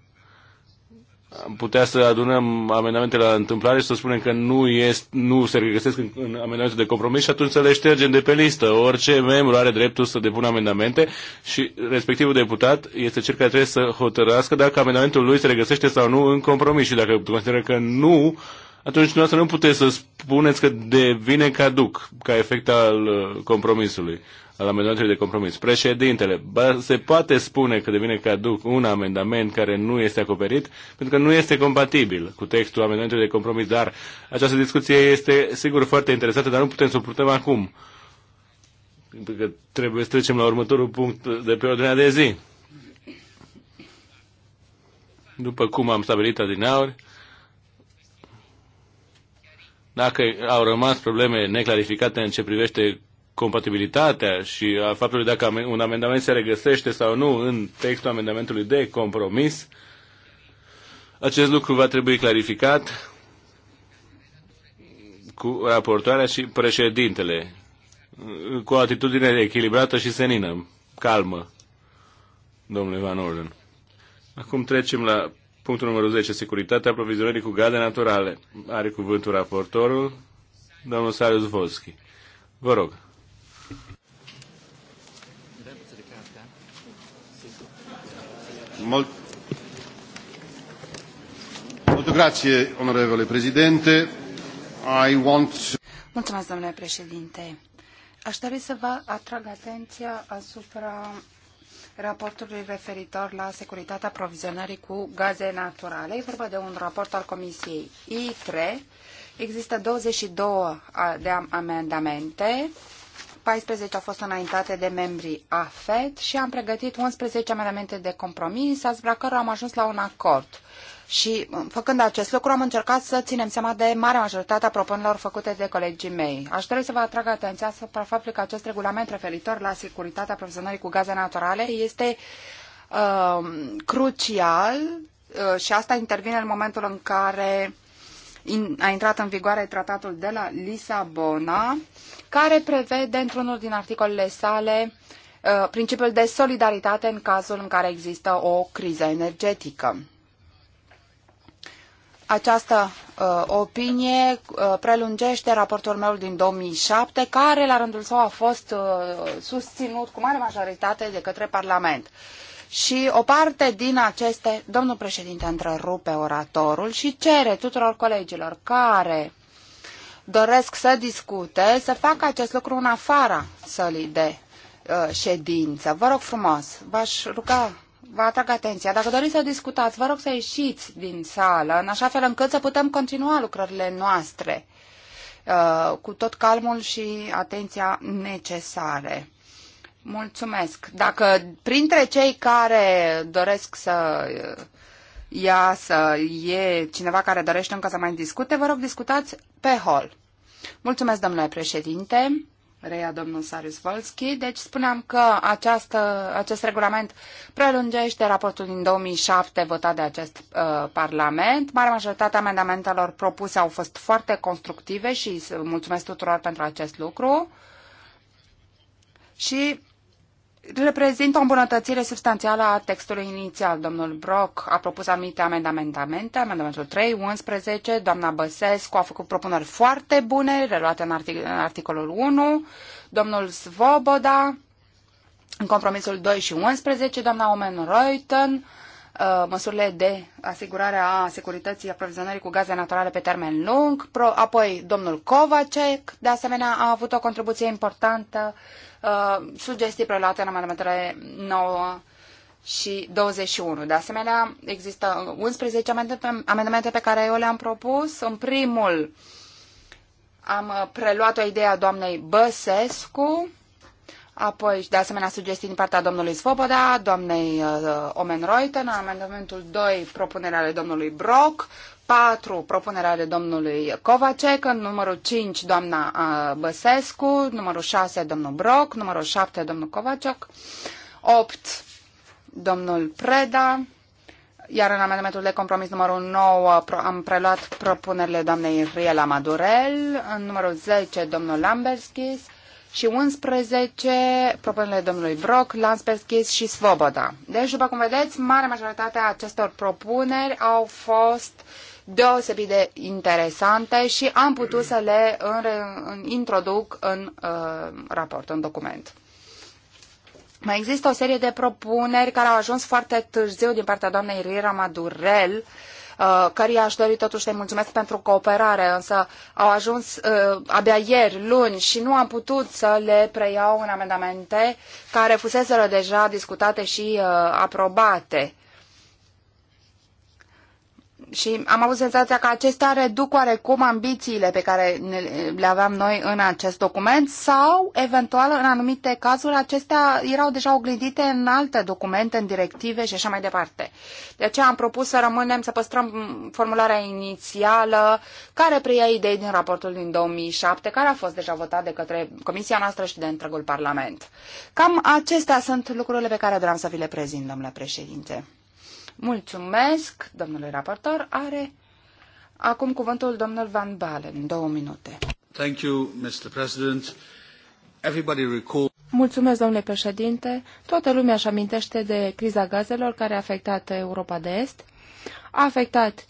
am putea să adunăm amendamente la întâmplare și să spunem că nu, este, nu se regăsesc în, în amendamente de compromis și atunci să le ștergem de pe listă. Orice membru are dreptul să depună amendamente și respectivul deputat este cel care trebuie să hotărască dacă amendamentul lui se regăsește sau nu în compromis și dacă consideră că nu uh, atunci dumneavoastră nu puteți să spuneți că devine caduc ca efect al uh, compromisului, al amendamentului de compromis. Președintele, se poate spune că devine caduc un amendament care nu este acoperit pentru că nu este compatibil cu textul amendamentului de compromis, dar această discuție este sigur foarte interesantă, dar nu putem să o purtăm acum. Pentru că trebuie să trecem la următorul punct de pe ordinea de zi. După cum am stabilit adinauri, dacă au rămas probleme neclarificate în ce privește compatibilitatea și a faptului dacă un amendament se regăsește sau nu în textul amendamentului de compromis, acest lucru va trebui clarificat cu raportoarea și președintele, cu o atitudine echilibrată și senină, calmă, domnule Van Orden. Acum trecem la Punctul numărul 10. Securitatea aprovizionării cu gaze naturale. Are cuvântul raportorul, domnul Sarius Volski. Vă rog. Mult... Mult grație, onorevole președinte. I want Mulțumesc, domnule președinte. Aș dori să vă atrag atenția asupra raportului referitor la securitatea aprovizionării cu gaze naturale. E vorba de un raport al Comisiei I3. Există 22 de amendamente. 14 au fost înaintate de membrii AFET și am pregătit 11 amendamente de compromis, asupra cărora am ajuns la un acord. Și făcând acest lucru am încercat să ținem seama de marea majoritate a propunerilor făcute de colegii mei. Aș dori să vă atrag atenția asupra faptului că acest regulament referitor la securitatea aprovizionării cu gaze naturale este uh, crucial uh, și asta intervine în momentul în care a intrat în vigoare tratatul de la Lisabona, care prevede într-unul din articolele sale uh, principiul de solidaritate în cazul în care există o criză energetică această uh, opinie uh, prelungește raportul meu din 2007, care la rândul său a fost uh, susținut cu mare majoritate de către Parlament. Și o parte din aceste, domnul președinte întrerupe oratorul și cere tuturor colegilor care doresc să discute să facă acest lucru în afara sălii de uh, ședință. Vă rog frumos, v-aș ruga vă atrag atenția. Dacă doriți să discutați, vă rog să ieșiți din sală, în așa fel încât să putem continua lucrările noastre uh, cu tot calmul și atenția necesare. Mulțumesc. Dacă printre cei care doresc să uh, ia să e cineva care dorește încă să mai discute, vă rog discutați pe hol. Mulțumesc, domnule președinte reia domnul Sarius Volski. Deci spuneam că această, acest regulament prelungește raportul din 2007 votat de acest uh, Parlament. Marea majoritatea amendamentelor propuse au fost foarte constructive și mulțumesc tuturor pentru acest lucru. Și reprezintă o îmbunătățire substanțială a textului inițial. Domnul Brock a propus anumite amendamente, amendamentul 3, 11, doamna Băsescu a făcut propuneri foarte bune, reluate în, artic- în articolul 1, domnul Svoboda, în compromisul 2 și 11, doamna Omen Reuten Uh, măsurile de asigurare a securității aprovizionării cu gaze naturale pe termen lung. apoi, domnul Kovacek, de asemenea, a avut o contribuție importantă, uh, sugestii preluate în amendamentele 9 și 21. De asemenea, există 11 amendamente pe care eu le-am propus. În primul am preluat o idee a doamnei Băsescu, Apoi, de asemenea, sugestii din partea domnului Svoboda, doamnei uh, Omenreuten, amendamentul 2, propunerea ale domnului Brock, 4, propunerea ale domnului Kovacek, numărul 5, doamna uh, Băsescu, numărul 6, domnul Brock, numărul 7, domnul Kovacek, 8, domnul Preda, iar în amendamentul de compromis numărul 9 am preluat propunerile doamnei Riela Madurel, în numărul 10, domnul Lamberskis, și 11 propunerile domnului Brock, Lansperskis și Svoboda. Deci, după cum vedeți, marea majoritate a acestor propuneri au fost deosebit de interesante și am putut să le introduc în uh, raport, în document. Mai există o serie de propuneri care au ajuns foarte târziu din partea doamnei Rira Madurel, uh, Uh, căreia aș dori totuși să-i mulțumesc pentru cooperare, însă au ajuns uh, abia ieri, luni, și nu am putut să le preiau în amendamente care fuseseră deja discutate și uh, aprobate și am avut senzația că acestea reduc oarecum ambițiile pe care le aveam noi în acest document sau, eventual, în anumite cazuri, acestea erau deja oglindite în alte documente, în directive și așa mai departe. De aceea am propus să rămânem, să păstrăm formularea inițială care preia idei din raportul din 2007, care a fost deja votat de către Comisia noastră și de întregul Parlament. Cam acestea sunt lucrurile pe care vreau să vi le prezint, domnule președinte. Mulțumesc, domnule raportor. Are acum cuvântul domnul Van Balen, două minute. Thank you, Mr. President. Everybody recall... Mulțumesc, domnule președinte. Toată lumea își amintește de criza gazelor care a afectat Europa de Est, a afectat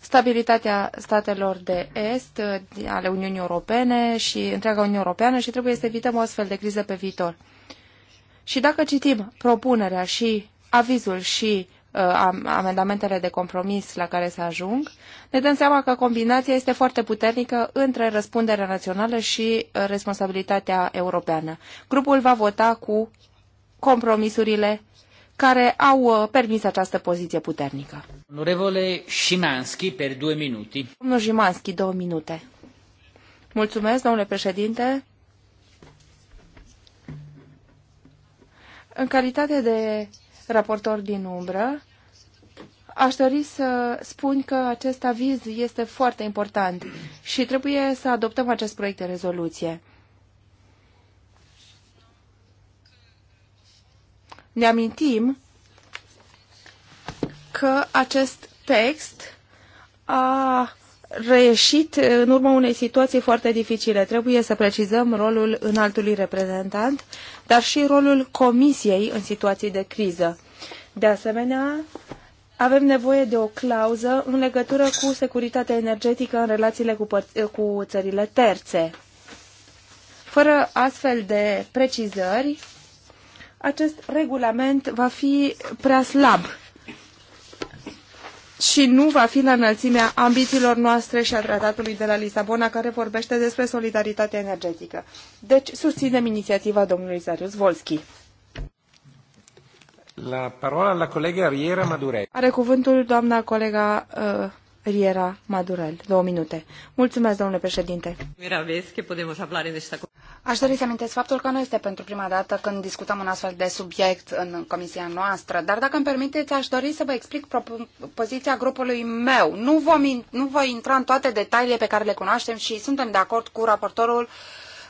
stabilitatea statelor de Est, ale Uniunii Europene și întreaga Uniune Europeană și trebuie să evităm o astfel de criză pe viitor. Și dacă citim propunerea și avizul și uh, amendamentele de compromis la care se ajung, ne dăm seama că combinația este foarte puternică între răspunderea națională și uh, responsabilitatea europeană. Grupul va vota cu compromisurile care au uh, permis această poziție puternică. Onorevole Șimanski, per două minute. Domnul Șimanski, două minute. Mulțumesc, domnule președinte. În calitate de raportor din umbră. Aș dori să spun că acest aviz este foarte important și trebuie să adoptăm acest proiect de rezoluție. Ne amintim că acest text a reieșit în urma unei situații foarte dificile. Trebuie să precizăm rolul înaltului reprezentant dar și rolul Comisiei în situații de criză. De asemenea, avem nevoie de o clauză în legătură cu securitatea energetică în relațiile cu, cu țările terțe. Fără astfel de precizări, acest regulament va fi prea slab și nu va fi la înălțimea ambițiilor noastre și a tratatului de la Lisabona, care vorbește despre solidaritatea energetică. Deci, susținem inițiativa domnului Zarius Volski. La parola la colega Riera Madurei. Are cuvântul doamna colega uh, Riera Madurel. Două minute. Mulțumesc, domnule președinte. Aș dori să amintesc faptul că nu este pentru prima dată când discutăm un astfel de subiect în comisia noastră, dar dacă îmi permiteți, aș dori să vă explic poziția grupului meu. Nu, vom, nu voi intra în toate detaliile pe care le cunoaștem și suntem de acord cu raportorul uh,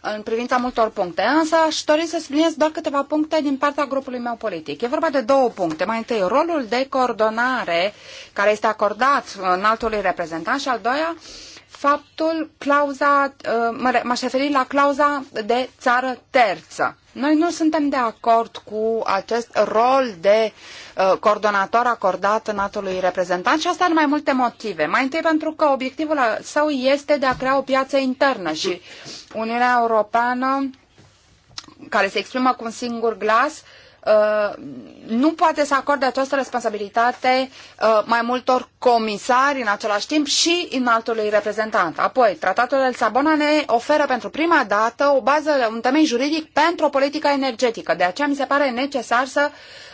în privința multor puncte, însă aș dori să subliniez doar câteva puncte din partea grupului meu politic. E vorba de două puncte. Mai întâi, rolul de coordonare care este acordat în altului reprezentant și al doilea, uh, faptul, clauza, uh, m-aș referi la clauza de țară terță. Noi nu suntem de acord cu acest rol de uh, coordonator acordat înaltului reprezentant și asta are mai multe motive. Mai întâi pentru că obiectivul său este de a crea o piață internă și Uniunea Europeană care se exprimă cu un singur glas, Uh, nu poate să acorde această responsabilitate uh, mai multor comisari în același timp și înaltului reprezentant. Apoi, tratatul de Lisabona ne oferă pentru prima dată o bază, un temei juridic pentru o politică energetică. De aceea mi se pare necesar să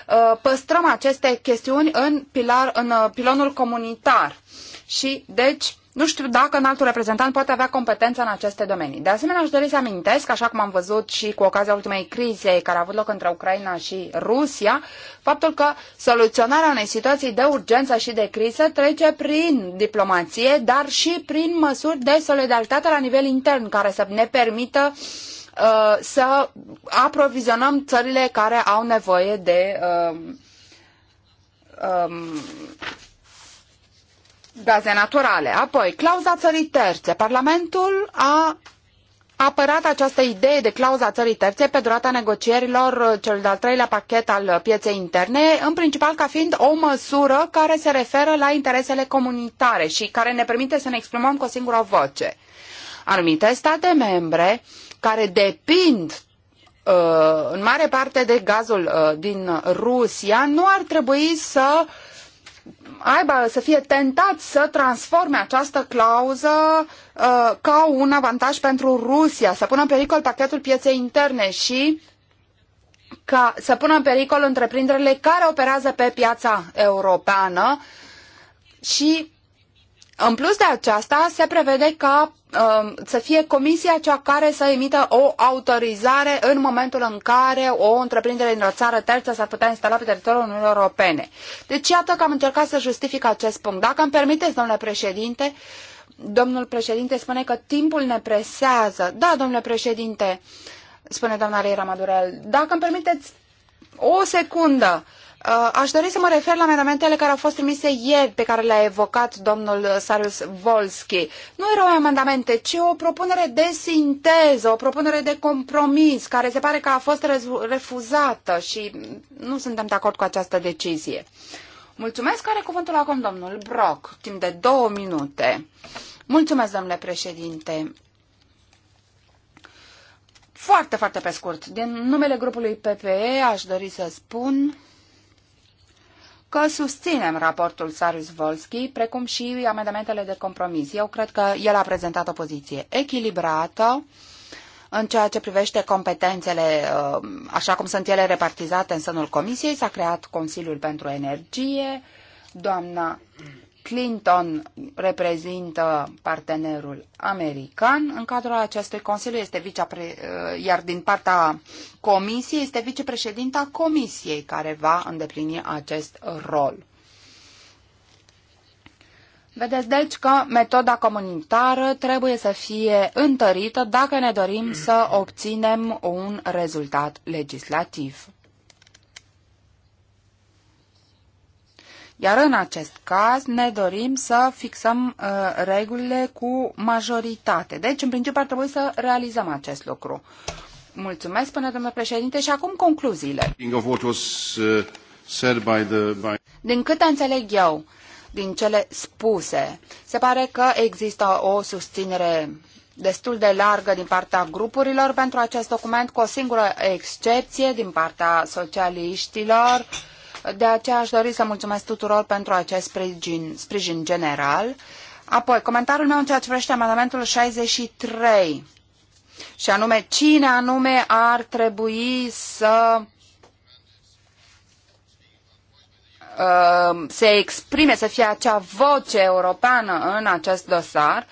uh, păstrăm aceste chestiuni în, pilar, în pilonul comunitar. Și, deci, nu știu dacă un altul reprezentant poate avea competență în aceste domenii. De asemenea, aș dori să amintesc, așa cum am văzut și cu ocazia ultimei crize care a avut loc între Ucraina și Rusia, faptul că soluționarea unei situații de urgență și de criză trece prin diplomație, dar și prin măsuri de solidaritate la nivel intern, care să ne permită uh, să aprovizionăm țările care au nevoie de uh, um, gaze naturale. Apoi, clauza țării terțe. Parlamentul a apărat această idee de clauza țării terțe pe durata negocierilor uh, cel de-al treilea pachet al uh, pieței interne, în principal ca fiind o măsură care se referă la interesele comunitare și care ne permite să ne exprimăm cu o singură voce. Anumite state membre care depind uh, în mare parte de gazul din Rusia, nu ar trebui să aibă, să fie tentați să transforme această clauză uh, ca un avantaj pentru Rusia, să pună în pericol pachetul pieței interne și ca să pună în pericol întreprinderile care operează pe piața europeană și în plus de aceasta, se prevede ca Um, să fie comisia cea care să emită o autorizare în momentul în care o întreprindere din o țară terță s-ar putea instala pe teritoriul Uniunii Europene. Deci iată că am încercat să justific acest punct. Dacă îmi permiteți, domnule președinte, domnul președinte spune că timpul ne presează. Da, domnule președinte, spune doamna Reira Madurel, dacă îmi permiteți o secundă, Uh, aș dori să mă refer la amendamentele care au fost trimise ieri, pe care le-a evocat domnul Sarus Volski. Nu erau amendamente, ci o propunere de sinteză, o propunere de compromis, care se pare că a fost refuzată și nu suntem de acord cu această decizie. Mulțumesc, care cuvântul acum domnul Brock, timp de două minute. Mulțumesc, domnule președinte. Foarte, foarte pe scurt, din numele grupului PPE aș dori să spun că susținem raportul Sarus-Volski, precum și amendamentele de compromis. Eu cred că el a prezentat o poziție echilibrată în ceea ce privește competențele, uh, așa cum sunt ele repartizate în sânul Comisiei. S-a creat Consiliul pentru Energie, doamna Clinton reprezintă partenerul american, în cadrul acestui Consiliu este vicepre... Uh, iar din partea Comisiei este vicepreședinta Comisiei care va îndeplini acest rol. Vedeți deci că metoda comunitară trebuie să fie întărită dacă ne dorim să obținem un rezultat legislativ. Iar în acest caz ne dorim să fixăm uh, regulile cu majoritate. Deci, în principiu, ar trebui să realizăm acest lucru. Mulțumesc, până domnule președinte, și acum concluziile. Uh, din câte înțeleg eu, din cele spuse, se pare că există o susținere destul de largă din partea grupurilor pentru acest document, cu o singură excepție din partea socialiștilor, uh, de aceea aș dori să mulțumesc tuturor pentru acest sprijin, sprijin general. Apoi, comentariul meu în ceea ce vrește amendamentul 63, și anume cine anume ar trebui să uh, se exprime, să fie acea voce europeană în acest dosar.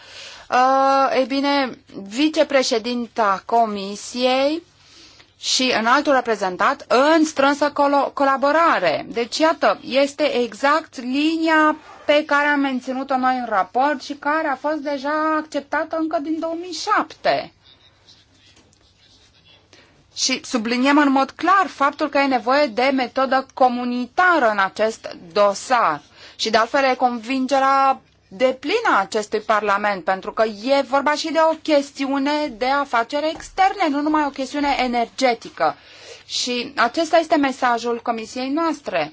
E uh, ei bine, vicepreședinta Comisiei și în altul reprezentat în strânsă colaborare. Deci, iată, este exact linia pe care am menținut-o noi în raport și care a fost deja acceptată încă din 2007. Și subliniem în mod clar faptul că e nevoie de metodă comunitară în acest dosar. Și de altfel e convingerea deplină a acestui Parlament, pentru că e vorba și de o chestiune de afaceri externe, nu numai o chestiune energetică. Și acesta este mesajul Comisiei noastre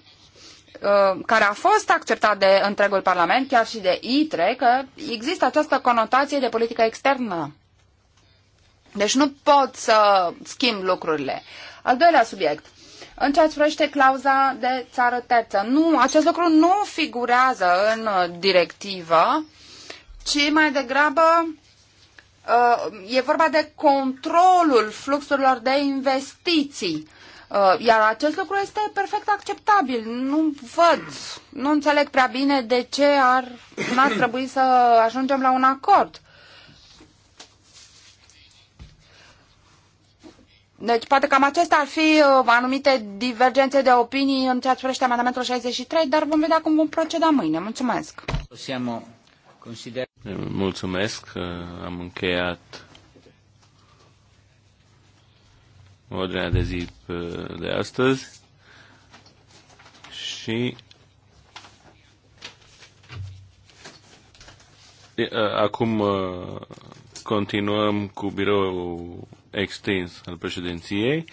uh, care a fost acceptat de întregul Parlament, chiar și de ITRE, că există această conotație de politică externă. Deci nu pot să schimb lucrurile. Al doilea subiect. În ceea ce privește clauza de țară terță, nu, acest lucru nu figurează în uh, directivă, ci mai degrabă uh, e vorba de controlul fluxurilor de investiții. Uh, iar acest lucru este perfect acceptabil. Nu văd, nu înțeleg prea bine de ce ar, n-ar trebui să ajungem la un acord. Deci, poate cam acestea ar fi uh, anumite divergențe de opinii în ceea ce privește amendamentul 63, dar vom vedea cum vom proceda mâine. Mulțumesc! Eh, mulțumesc! Eh, am încheiat ordinea de zi eh, de astăzi și acum continuăm cu biroul extins al președinției